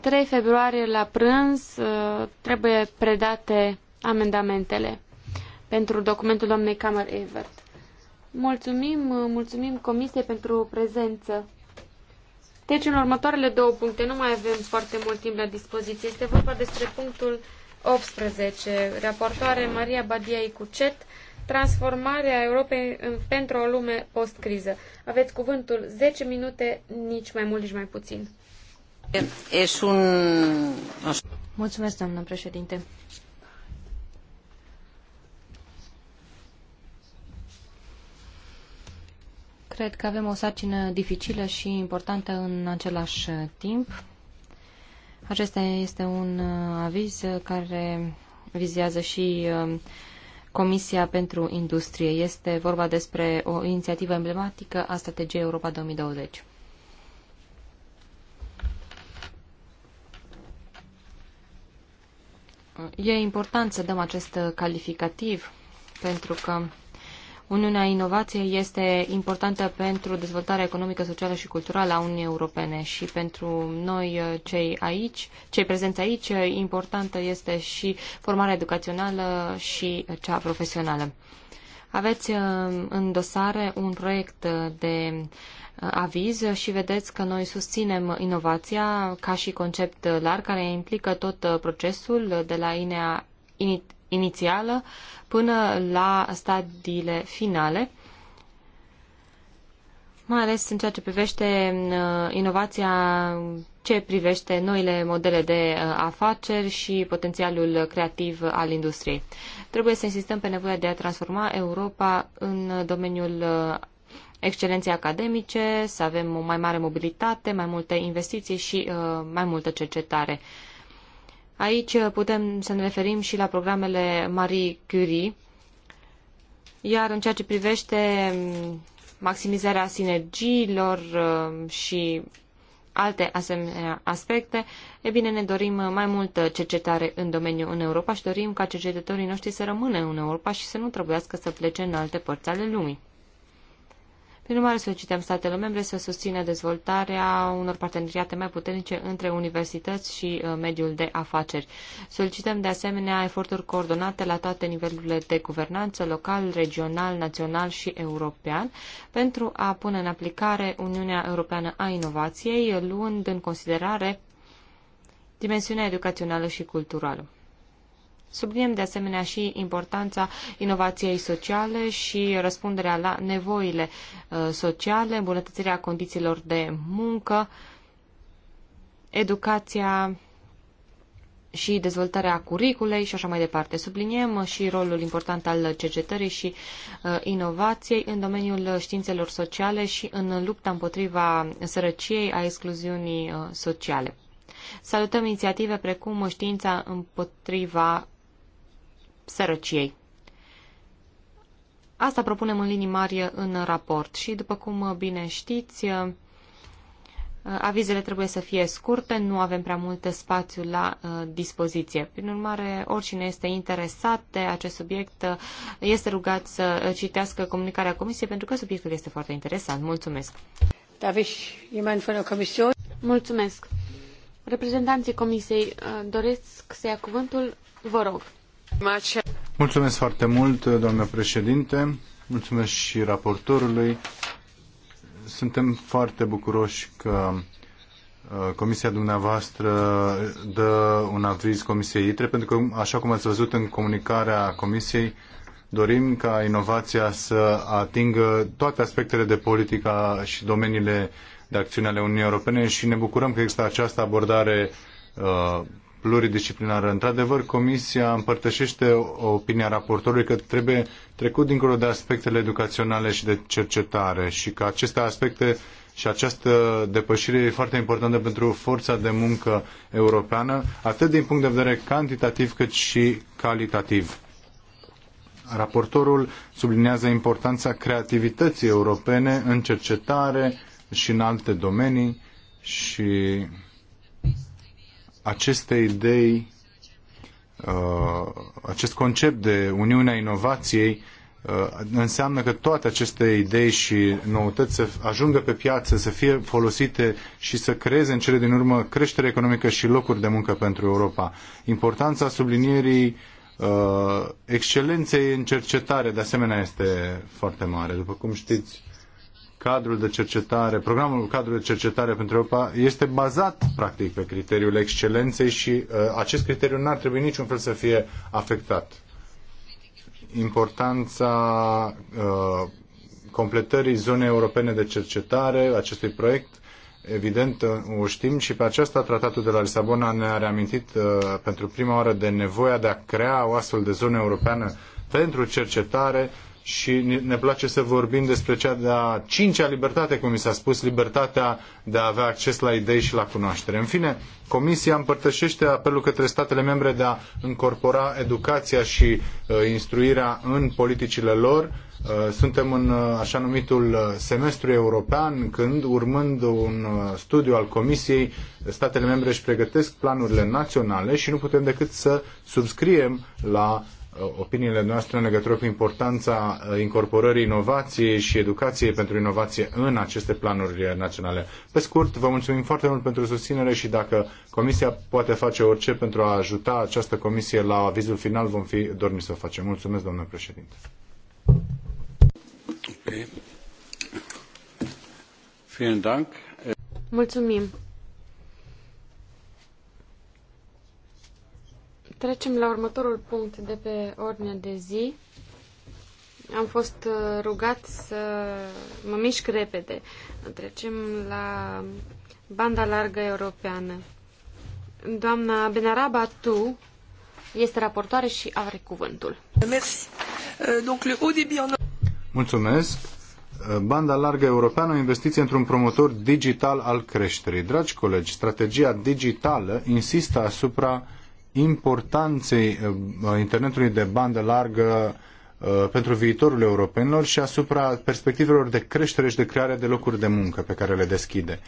3 februarie la prânz uh, trebuie predate amendamentele pentru documentul doamnei Camer Evert. Mulțumim, mulțumim Comisiei pentru prezență. Deci, în următoarele două puncte, nu mai avem foarte mult timp la dispoziție. Este vorba despre punctul 18, raportoare Maria Badia Icucet, transformarea Europei pentru o lume post-criză. Aveți cuvântul 10 minute, nici mai mult, nici mai puțin. Mulțumesc, doamnă președinte. Cred că avem o sarcină dificilă și importantă în același timp. Acesta este un uh, aviz care vizează și uh, Comisia pentru Industrie. Este vorba despre o inițiativă emblematică a strategiei Europa 2020. E important să dăm acest calificativ pentru că Uniunea Inovației este importantă pentru dezvoltarea economică, socială și culturală a Uniunii Europene și pentru noi uh, cei aici, cei prezenți aici, uh, importantă este și formarea educațională și cea profesională. Aveți uh, în dosare un proiect de aviz și vedeți că noi susținem inovația ca și concept larg care implică tot procesul de la inea inițială până la stadiile finale, mai ales în ceea ce privește uh, inovația ce privește noile modele de uh, afaceri și potențialul creativ al industriei. Trebuie să insistăm pe nevoia de a transforma Europa în domeniul uh, excelenței academice, să avem o mai mare mobilitate, mai multe investiții și mai multă cercetare. Aici uh, putem să ne referim și la programele Marie Curie, iar în ceea ce privește mm, maximizarea sinergiilor uh, și alte asemenea aspecte, e bine, ne dorim uh, mai multă cercetare în domeniu în Europa și dorim ca cercetătorii noștri să rămână în Europa și să nu trebuiască să plece în alte părți ale lumii. Prin urmare, solicităm statele membre să susțină dezvoltarea unor parteneriate mai puternice între universități și uh, mediul de afaceri. Solicităm de asemenea eforturi coordonate la toate nivelurile de guvernanță, local, regional, național și european, pentru a pune în aplicare Uniunea Europeană a Inovației, luând în considerare dimensiunea educațională și culturală. Subliniem de asemenea și importanța inovației sociale și răspunderea la nevoile uh, sociale, îmbunătățirea condițiilor de muncă, educația și dezvoltarea curiculei și așa mai departe. Subliniem și rolul important al cercetării și uh, inovației în domeniul științelor sociale și în lupta împotriva sărăciei, a excluziunii uh, sociale. Salutăm inițiative precum știința împotriva sărăciei. Asta propunem în linii mari în raport și, după cum bine știți, avizele trebuie să fie scurte, nu avem prea mult spațiu la uh, dispoziție. Prin urmare, oricine este interesat de acest subiect uh, este rugat să uh, citească comunicarea Comisiei pentru că subiectul este foarte interesant. Mulțumesc! Da, Mulțumesc! Reprezentanții Comisiei doresc să ia cuvântul. Vă rog! Mulțumesc foarte mult, doamnă președinte. Mulțumesc și raportorului. Suntem foarte bucuroși că uh, Comisia dumneavoastră dă un aviz Comisiei ITRE, pentru că, așa cum ați văzut în comunicarea Comisiei, dorim ca inovația să atingă toate aspectele de politică și domeniile de acțiune ale Uniunii Europene și ne bucurăm că există această abordare uh, pluridisciplinară. Într-adevăr, Comisia împărtășește opinia raportorului că trebuie trecut dincolo de aspectele educaționale și de cercetare și că aceste aspecte și această depășire e foarte importantă pentru forța de muncă europeană, atât din punct de vedere cantitativ cât și calitativ. Raportorul subliniază importanța creativității europene în cercetare și în alte domenii și aceste idei, uh, acest concept de Uniunea Inovației uh, înseamnă că toate aceste idei și noutăți să ajungă pe piață, să fie folosite și să creeze în cele din urmă creștere economică și locuri de muncă pentru Europa. Importanța sublinierii uh, excelenței în cercetare, de asemenea, este foarte mare. După cum știți, cadrul de cercetare, programul cadrul de cercetare pentru Europa este bazat practic pe criteriul excelenței și uh, acest criteriu n-ar trebui niciun fel să fie afectat. Importanța uh, completării zonei europene de cercetare acestui proiect Evident, uh, o știm și pe aceasta tratatul de la Lisabona ne-a reamintit uh, pentru prima oară de nevoia de a crea o astfel de zonă europeană pentru cercetare și ne place să vorbim despre cea de-a cincea libertate, cum mi s-a spus, libertatea de a avea acces la idei și la cunoaștere. În fine, Comisia împărtășește apelul către statele membre de a încorpora educația și uh, instruirea în politicile lor. Uh, suntem în uh, așa numitul uh, semestru european, când, urmând un uh, studiu al Comisiei, statele membre își pregătesc planurile naționale și nu putem decât să subscriem la uh, Uh, opiniile noastre în legătură cu importanța uh, incorporării inovației și educației pentru inovație în aceste planuri naționale. Pe scurt, vă mulțumim foarte mult pentru susținere și dacă Comisia poate face orice pentru a ajuta această comisie la avizul final, vom fi dormi să o facem. Mulțumesc, domnule președinte. Okay. Mulțumim. Trecem la următorul punct de pe ordinea de zi. Am fost uh, rugat să mă mișc repede. Trecem la banda largă europeană. Doamna Benaraba Tu este raportoare și are cuvântul. Euh, Mulțumesc. Euh, banda largă europeană, o investiție într-un promotor digital al creșterii. Dragi colegi, strategia digitală insistă asupra importanței uh, internetului de bandă largă uh, pentru viitorul europenilor și asupra perspectivelor de creștere și de creare de locuri de muncă pe care le deschide.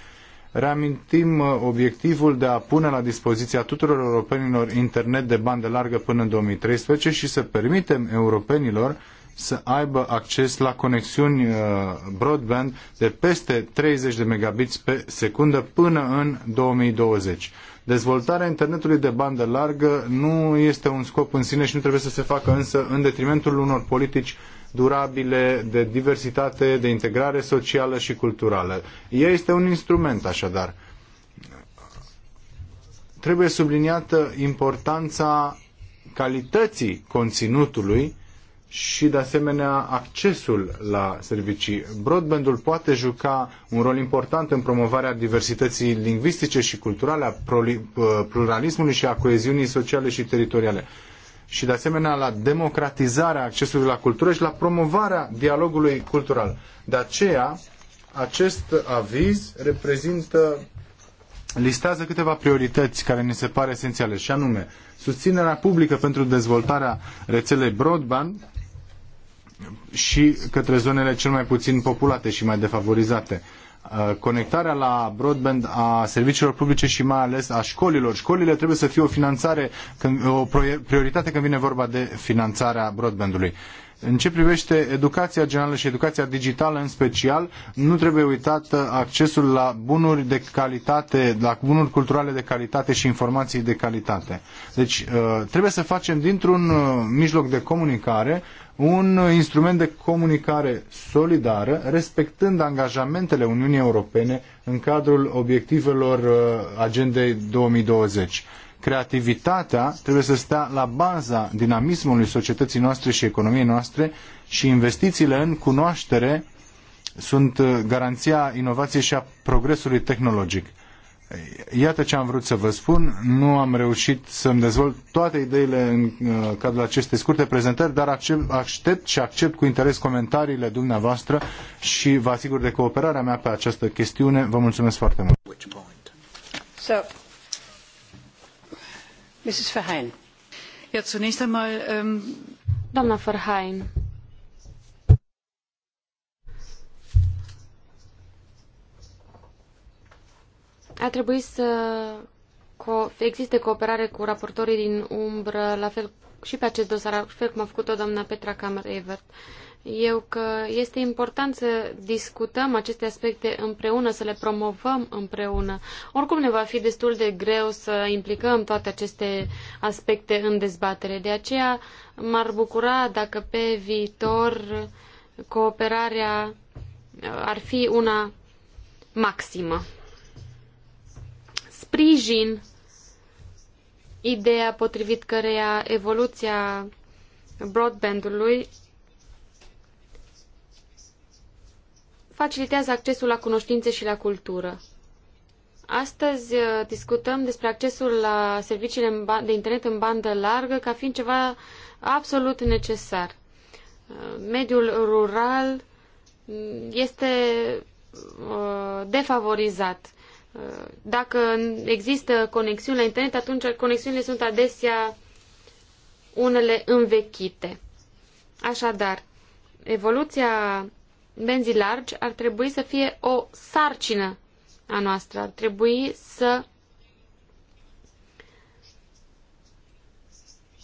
Reamintim uh, obiectivul de a pune la dispoziția tuturor europenilor internet de bandă largă până în 2013 și să permitem europenilor să aibă acces la conexiuni broadband de peste 30 de megabits pe secundă până în 2020. Dezvoltarea internetului de bandă largă nu este un scop în sine și nu trebuie să se facă însă în detrimentul unor politici durabile de diversitate, de integrare socială și culturală. Ea este un instrument așadar. Trebuie subliniată importanța calității conținutului și, de asemenea, accesul la servicii. Broadbandul poate juca un rol important în promovarea diversității lingvistice și culturale, a uh, pluralismului și a coeziunii sociale și teritoriale. Și, de asemenea, la democratizarea accesului la cultură și la promovarea dialogului cultural. De aceea, acest aviz reprezintă listează câteva priorități care ne se pare esențiale, și anume susținerea publică pentru dezvoltarea rețelei broadband, și către zonele cel mai puțin populate și mai defavorizate. Uh, conectarea la broadband a serviciilor publice și mai ales a școlilor. Școlile trebuie să fie o finanțare, o prioritate când vine vorba de finanțarea broadbandului. În ce privește educația generală și educația digitală în special, nu trebuie uitat uh, accesul la bunuri de calitate, la bunuri culturale de calitate și informații de calitate. Deci uh, trebuie să facem dintr-un uh, mijloc de comunicare un instrument de comunicare solidară, respectând angajamentele Uniunii Europene în cadrul obiectivelor Agendei 2020. Creativitatea trebuie să stea la baza dinamismului societății noastre și economiei noastre și investițiile în cunoaștere sunt uh, garanția inovației și a progresului tehnologic. Iată ce am vrut să vă spun. Nu am reușit să-mi dezvolt toate ideile în uh, cadrul acestei scurte prezentări, dar aștept și accept cu interes comentariile dumneavoastră și vă asigur de cooperarea mea pe această chestiune. Vă mulțumesc foarte mult. So, Mrs. Verheyen. zunächst einmal... Ähm, Verheyen. A trebuit să existe cooperare cu raportorii din umbră, la fel și pe acest dosar, la fel cum a făcut-o doamna Petra Camer-Evert eu că este important să discutăm aceste aspecte împreună, să le promovăm împreună. Oricum ne va fi destul de greu să implicăm toate aceste aspecte în dezbatere. De aceea m-ar bucura dacă pe viitor cooperarea uh, ar fi una maximă. Sprijin ideea potrivit căreia evoluția broadbandului facilitează accesul la cunoștințe și la cultură. Astăzi uh, discutăm despre accesul la serviciile de internet în bandă largă ca fiind ceva absolut necesar. Uh, mediul rural mm, este uh, defavorizat. Dacă există conexiuni la internet, atunci conexiunile sunt adesea unele învechite. Așadar, evoluția benzii largi ar trebui să fie o sarcină a noastră. Ar trebui să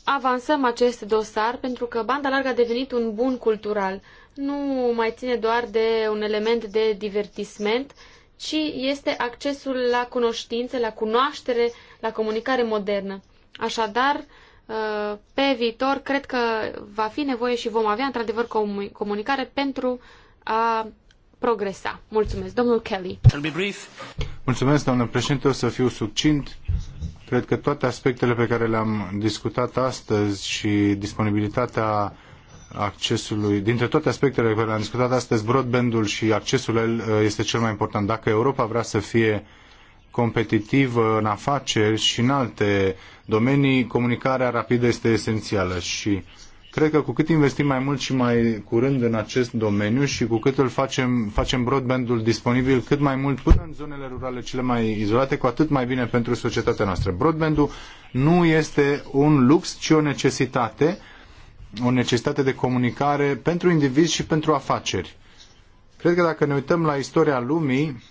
avansăm acest dosar pentru că banda largă a devenit un bun cultural. Nu mai ține doar de un element de divertisment, ci este accesul la cunoștință, la cunoaștere, la comunicare modernă. Așadar, uh, pe viitor, cred că va fi nevoie și vom avea într-adevăr comunicare pentru a progresa. Mulțumesc. Domnul Kelly. Mulțumesc, doamnă președinte. O să fiu succint. Cred că toate aspectele pe care le-am discutat astăzi și disponibilitatea accesului, dintre toate aspectele pe care le-am discutat astăzi, broadbandul și accesul el uh, este cel mai important. Dacă Europa vrea să fie competitivă în afaceri și în alte domenii, comunicarea rapidă este esențială și uh, Cred că cu cât investim mai mult și mai curând în acest domeniu și cu cât îl facem, facem broadbandul disponibil cât mai mult până în zonele rurale cele mai izolate, cu atât mai bine pentru societatea noastră. Broadbandul nu este un lux, ci o necesitate, o necesitate de comunicare pentru indivizi și pentru afaceri. Cred că dacă ne uităm la istoria lumii,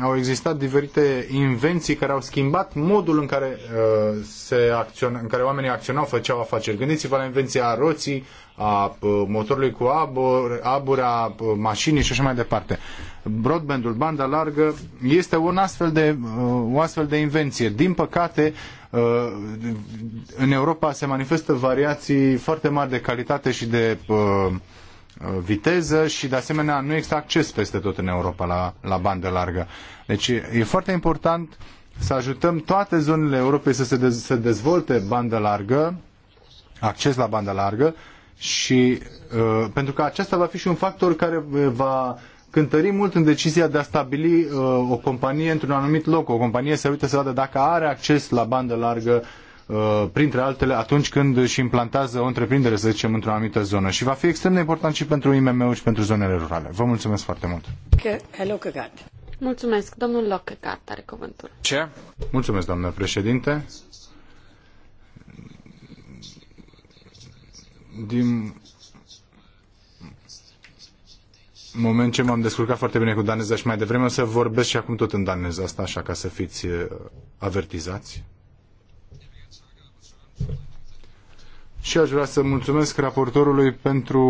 au existat diferite invenții care au schimbat modul în care, uh, se acționa, în care oamenii acționau, făceau afaceri. Gândiți-vă la invenția roții, a uh, motorului cu abur, abur, a uh, mașinii și așa mai departe. Broadbandul, banda largă, este un astfel de, uh, o astfel de invenție. Din păcate, în Europa se manifestă variații foarte mari de calitate și de Uh, viteză și de asemenea nu există acces peste tot în Europa la, la bandă largă. Deci e foarte important să ajutăm toate zonele Europei să se dez- să dezvolte bandă largă, acces la bandă largă și uh, pentru că acesta va fi și un factor care uh, va cântări mult în decizia de a stabili uh, o companie într-un anumit loc. O companie se uită să vadă dacă are acces la bandă largă uh, Uh, printre altele atunci când își implantează o întreprindere, să zicem, într-o anumită zonă. Și va fi extrem de important și pentru IMM-uri și pentru zonele rurale. Vă mulțumesc foarte mult! Hello, Mulțumesc. Domnul Locăgat, are cuvântul. Ce? Mulțumesc, doamnă președinte. Din moment ce m-am descurcat foarte bine cu daneza și mai devreme o să vorbesc și acum tot în daneza asta, așa ca să fiți uh, avertizați. și aș vrea să mulțumesc raportorului pentru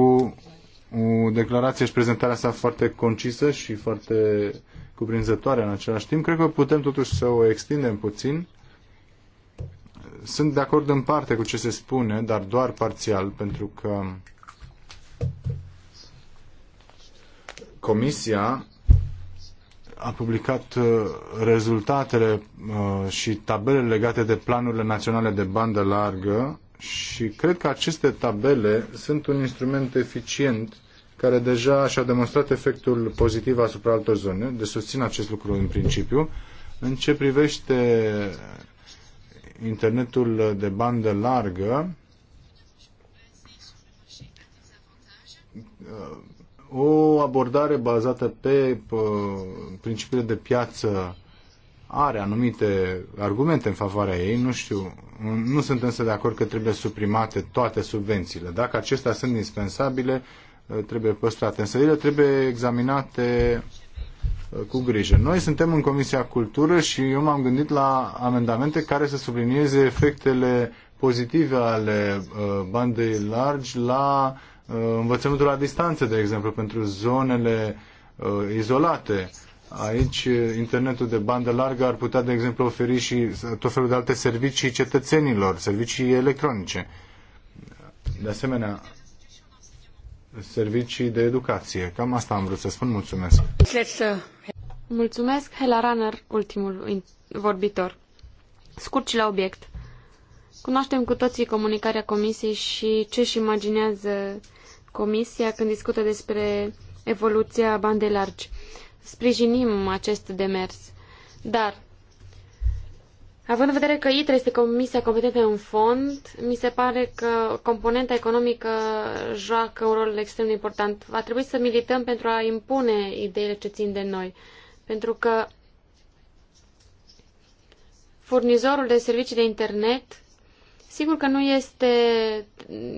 o declarație și prezentarea sa foarte concisă și foarte cuprinzătoare în același timp. Cred că putem totuși să o extindem puțin. Sunt de acord în parte cu ce se spune, dar doar parțial, pentru că Comisia a publicat uh, rezultatele uh, și tabelele legate de planurile naționale de bandă largă și cred că aceste tabele sunt un instrument eficient care deja și-a demonstrat efectul pozitiv asupra altor zone, de deci susțin acest lucru în principiu. În ce privește internetul de bandă largă, o abordare bazată pe principiile de piață are anumite argumente în favoarea ei, nu știu, nu sunt însă de acord că trebuie suprimate toate subvențiile. Dacă acestea sunt dispensabile, uh, trebuie păstrate, însă ele trebuie examinate uh, cu grijă. Noi suntem în Comisia Cultură și eu m-am gândit la amendamente care să sublinieze efectele pozitive ale uh, bandei largi la învățământul la distanță, de exemplu, pentru zonele izolate Aici eh, internetul de bandă largă ar putea, de exemplu, oferi și tot felul de alte servicii cetățenilor, servicii electronice. De asemenea, servicii de educație. Cam asta am vrut să spun. Mulțumesc. Mulțumesc, Hela Runner, ultimul vorbitor. Scurt și la obiect. Cunoaștem cu toții comunicarea Comisiei și ce își imaginează Comisia când discută despre evoluția bandei largi sprijinim acest demers. Dar, având în vedere că ITRE este comisia competentă în fond, mi se pare că componenta economică joacă un rol extrem de important. Va trebui să milităm pentru a impune ideile ce țin de noi. Pentru că furnizorul de servicii de internet sigur că nu este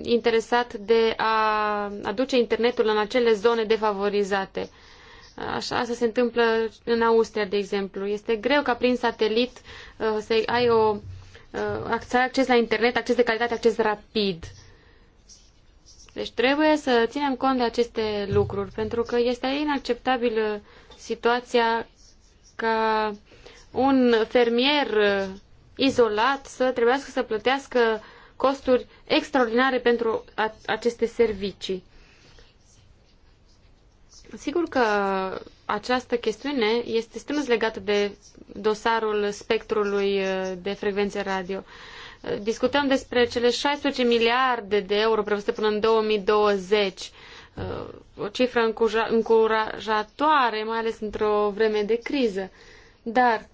interesat de a aduce internetul în acele zone defavorizate. Așa, asta se întâmplă în Austria, de exemplu. Este greu ca prin satelit uh, să ai o, să uh, ai acces la internet, acces de calitate, acces rapid. Deci trebuie să ținem cont de aceste lucruri, pentru că este inacceptabilă situația ca un fermier uh, izolat să trebuiască să plătească costuri extraordinare pentru aceste servicii. Sigur că această chestiune este strâns legată de dosarul spectrului uh, de frecvențe radio. Uh, discutăm despre cele 16 miliarde de euro prevăzute până în 2020, uh, o cifră încurajatoare, mai ales într-o vreme de criză. Dar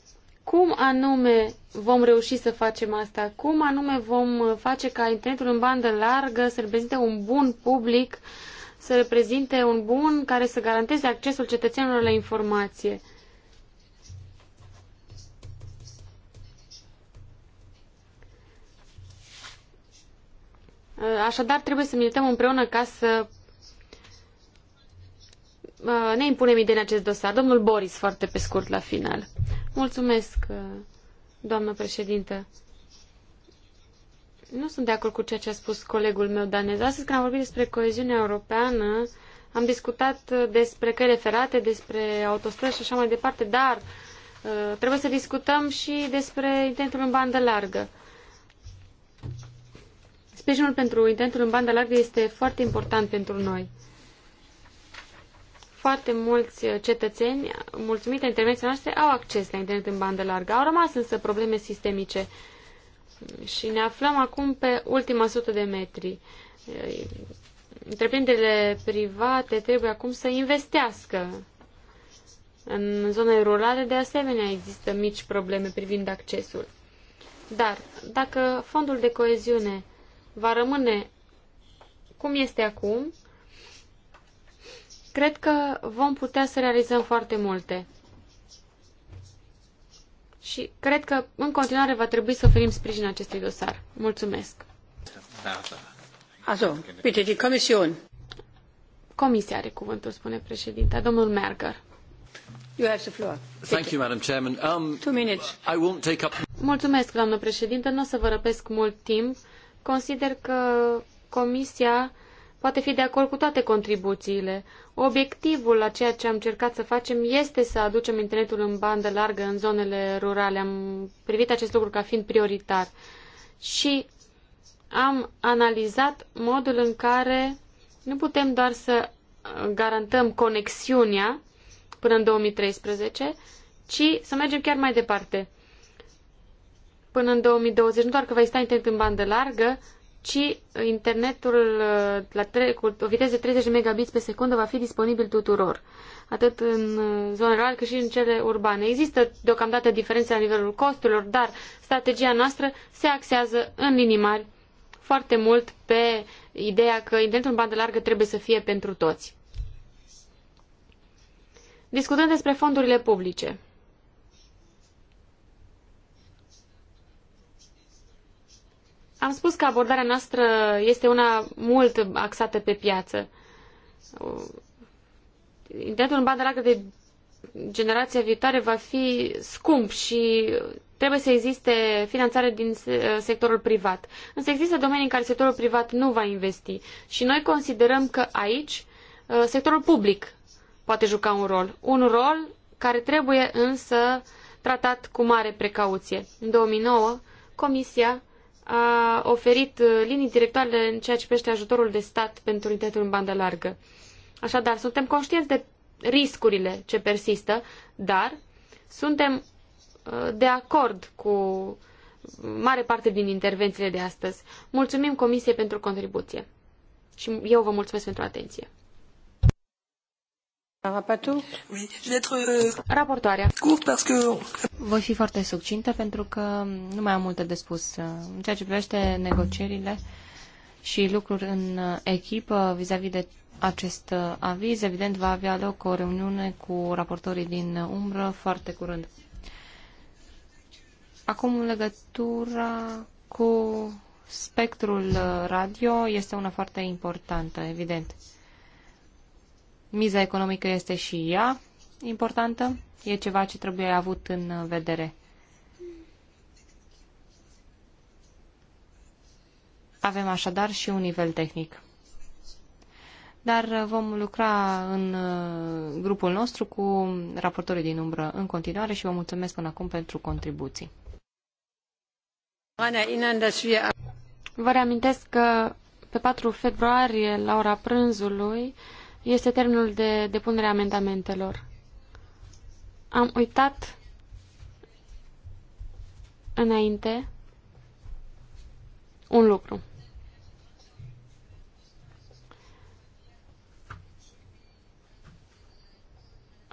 cum anume vom reuși să facem asta? Cum anume vom face ca internetul în bandă largă să reprezinte un bun public uh, să reprezinte un bun care să garanteze accesul cetățenilor la informație. Așadar, trebuie să milităm împreună ca să uh, ne impunem idei în acest dosar. Domnul Boris, foarte pe scurt, la final. Mulțumesc, uh, doamnă președintă. Nu sunt de acord cu ceea ce a spus colegul meu danez. Astăzi, când am vorbit despre coeziunea europeană, am discutat despre căi referate, despre autostrăzi și așa mai departe, dar uh, trebuie să discutăm și despre intentul în bandă largă. Sprijinul pentru intentul în bandă largă este foarte important pentru noi. Foarte mulți cetățeni, mulțumită intervenției noastre, au acces la internet în bandă largă. Au rămas însă probleme sistemice. Uh, și ne aflăm acum pe ultima sută de metri. Întreprinderile private trebuie acum să investească. În zone rurale, de asemenea, există mici probleme privind accesul. Dar, dacă fondul de coeziune va rămâne cum este acum, cred că vom putea să realizăm foarte multe și cred că în continuare va trebui să oferim sprijin acestui dosar. Mulțumesc. Also, bitte die Kommission. Comisia are cuvântul, spune președinta. Domnul Merger. You have the floor. Thank you, Madam Chairman. Um, Two minutes. I won't take up... Mulțumesc, doamnă președintă. Nu o să vă răpesc mult timp. Consider că Comisia poate fi de acord cu toate contribuțiile. Obiectivul a ceea ce am încercat să facem este să aducem internetul în bandă largă în zonele rurale. Am privit acest lucru ca fiind prioritar și am analizat modul în care nu putem doar să garantăm conexiunea până în 2013, ci să mergem chiar mai departe. Până în 2020, nu doar că va exista internet în bandă largă, ci internetul uh, la tre- cu o viteză de 30 megabits pe secundă va fi disponibil tuturor, atât în uh, zone rurale cât și în cele urbane. Există deocamdată diferențe la nivelul costurilor, dar strategia noastră se axează în linii mari foarte mult pe ideea că internetul în bandă largă trebuie să fie pentru toți. Discutând despre fondurile publice, Am spus că abordarea noastră este una mult axată pe piață. Internetul în bandă largă de generația viitoare va fi scump și trebuie să existe finanțare din sectorul privat. Însă există domenii în care sectorul privat nu va investi și noi considerăm că aici uh, sectorul public poate juca un rol. Un rol care trebuie însă tratat cu mare precauție. În 2009, Comisia a oferit uh, linii directoare în ceea ce privește ajutorul de stat pentru internetul în bandă largă. Așadar, suntem conștienți de riscurile ce persistă, dar suntem uh, de acord cu mare parte din intervențiile de astăzi. Mulțumim Comisiei pentru contribuție și eu vă mulțumesc pentru atenție. Euh, Raportoarea. Voi fi foarte succintă pentru că nu mai am multe de spus. În ceea ce privește negocierile și lucruri în echipă vis a -vis de acest aviz, evident va avea loc o reuniune cu raportorii din umbră foarte curând. Acum legătura cu spectrul radio este una foarte importantă, evident. Miza economică este și ea importantă. E ceva ce trebuie avut în vedere. Avem așadar și un nivel tehnic. Dar vom lucra în uh, grupul nostru cu raportorii din umbră în continuare și vă mulțumesc până acum pentru contribuții. Vă reamintesc că pe 4 februarie, la ora prânzului, este termenul de depunere a amendamentelor. Am uitat înainte un lucru.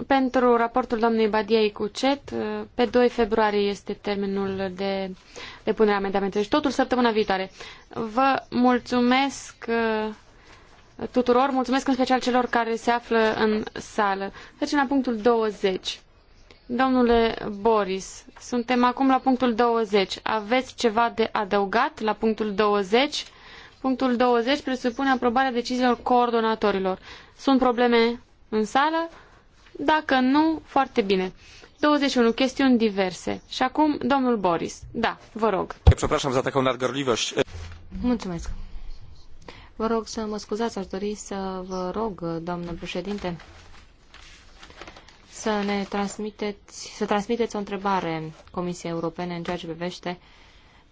Pentru raportul doamnei Badiei cet, pe 2 februarie este termenul de depunere a amendamentelor. și deci, totul săptămâna viitoare. Vă mulțumesc tuturor, mulțumesc în special celor care se află în sală. Trecem la punctul 20. Domnule Boris, suntem acum la punctul 20. Aveți ceva de adăugat la punctul 20? Punctul 20 presupune aprobarea deciziilor coordonatorilor. Sunt probleme în sală? Dacă nu, foarte bine. 21. Chestiuni diverse. Și acum, domnul Boris. Da, vă rog. Mulțumesc. Vă rog să mă scuzați, aș dori să vă rog, doamnă președinte, să ne transmiteți, să transmiteți o întrebare Comisiei Europene în ceea ce privește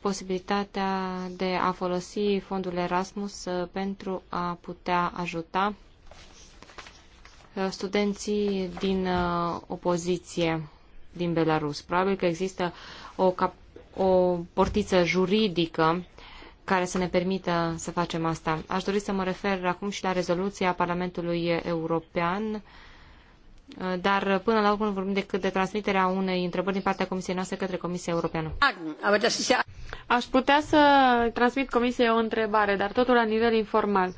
posibilitatea de a folosi fondul Erasmus pentru a putea ajuta studenții din uh, opoziție din Belarus. Probabil că există o, cap- o portiță juridică care să ne permită să facem asta. Aș dori să mă refer acum și la rezoluția Parlamentului European, dar până la urmă vorbim decât de transmiterea unei întrebări din partea Comisiei noastre către Comisia Europeană. Aș putea să transmit Comisiei o întrebare, dar totul la nivel informal.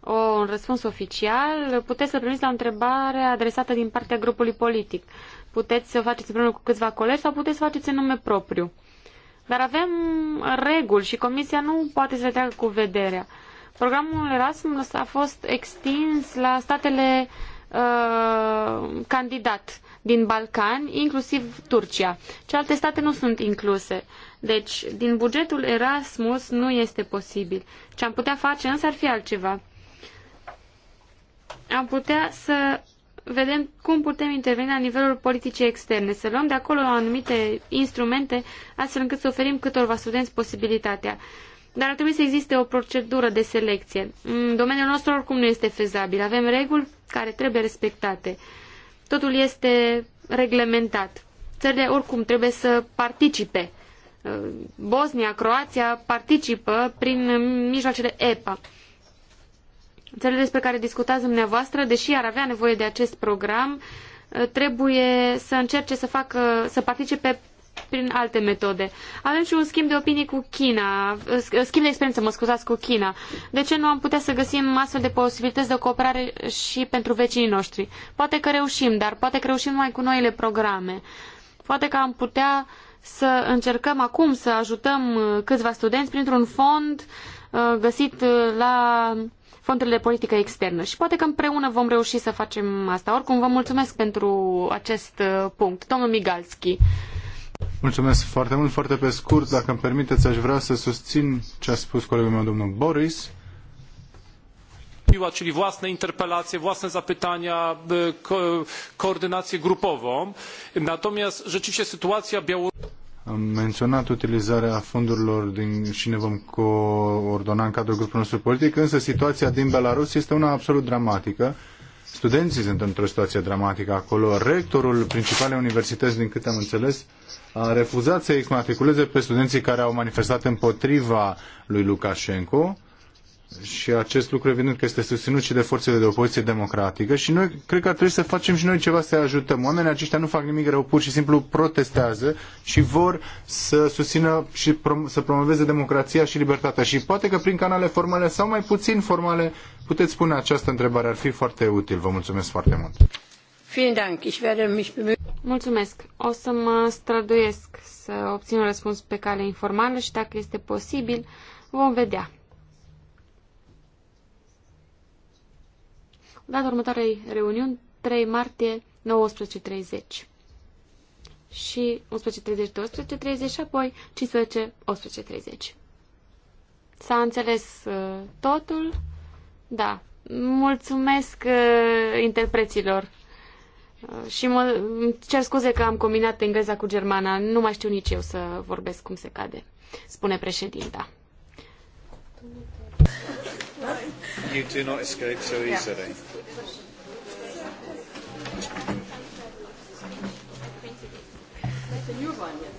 O, un răspuns oficial, puteți să primiți la o întrebare adresată din partea grupului politic. Puteți să o faceți împreună cu câțiva colegi sau puteți să faceți în nume propriu. Dar avem reguli și Comisia nu poate să le treacă cu vederea. Programul Erasmus a fost extins la statele uh, candidat din Balcani, inclusiv Turcia. Celelalte state nu sunt incluse. Deci, din bugetul Erasmus nu este posibil. Ce am putea face însă ar fi altceva. Am putea să vedem cum putem interveni la nivelul politicii externe, să luăm de acolo anumite instrumente astfel încât să oferim câtorva studenți posibilitatea. Dar ar trebui să existe o procedură de selecție. În domeniul nostru oricum nu este fezabil. Avem reguli care trebuie respectate. Totul este reglementat. Țările oricum trebuie să participe. Bosnia, Croația participă prin mijloacele EPA. Țările despre care discutați dumneavoastră, deși ar avea nevoie de acest program, uh, trebuie să încerce să, facă, să participe prin alte metode. Avem și un schimb de opinii cu China, uh, schimb de experiență, mă scuzați, cu China. De ce nu am putea să găsim astfel de posibilități de cooperare și pentru vecinii noștri? Poate că reușim, dar poate că reușim numai cu noile programe. Poate că am putea să încercăm acum să ajutăm uh, câțiva studenți printr-un fond găsit la fondurile de politică externă și poate că împreună vom reuși să facem asta. Oricum, vă mulțumesc pentru acest uh, punct. Domnul Migalski. Mulțumesc foarte mult, foarte pe scurt. Dacă îmi permiteți, aș vrea să susțin ce a spus colegul meu, domnul Boris. Czyli własne interpelacje, własne zapytania, ko koordynację grupową. Natomiast rzeczywiście sytuacja Białorusi. Am menționat utilizarea fondurilor din, și ne vom coordona în cadrul grupului nostru politic, însă situația din Belarus este una absolut dramatică. Studenții sunt într-o situație dramatică acolo. Rectorul principalei universități, din câte am înțeles, a refuzat să i matriculeze pe studenții care au manifestat împotriva lui Lukashenko și acest lucru evident că este susținut și de forțele de opoziție democratică și noi cred că trebuie să facem și noi ceva să ajutăm. Oamenii aceștia nu fac nimic rău, pur și simplu protestează și vor să susțină și prom să promoveze democrația și libertatea. Și poate că prin canale formale sau mai puțin formale puteți spune această întrebare. Ar fi foarte util. Vă mulțumesc foarte mult. Mulțumesc. O să mă străduiesc să obțin un răspuns pe cale informală și dacă este posibil, vom vedea. data următoarei reuniuni, 3 martie, 19.30 și 11.30, 12.30 și apoi 15, 18.30. S-a înțeles uh, totul? Da. Mulțumesc uh, interpreților. Uh, și mă cer scuze că am combinat engleza cu germana. Nu mai știu nici eu să vorbesc cum se cade, spune președinta. You do not escape so easily. Yeah. The new one, yes.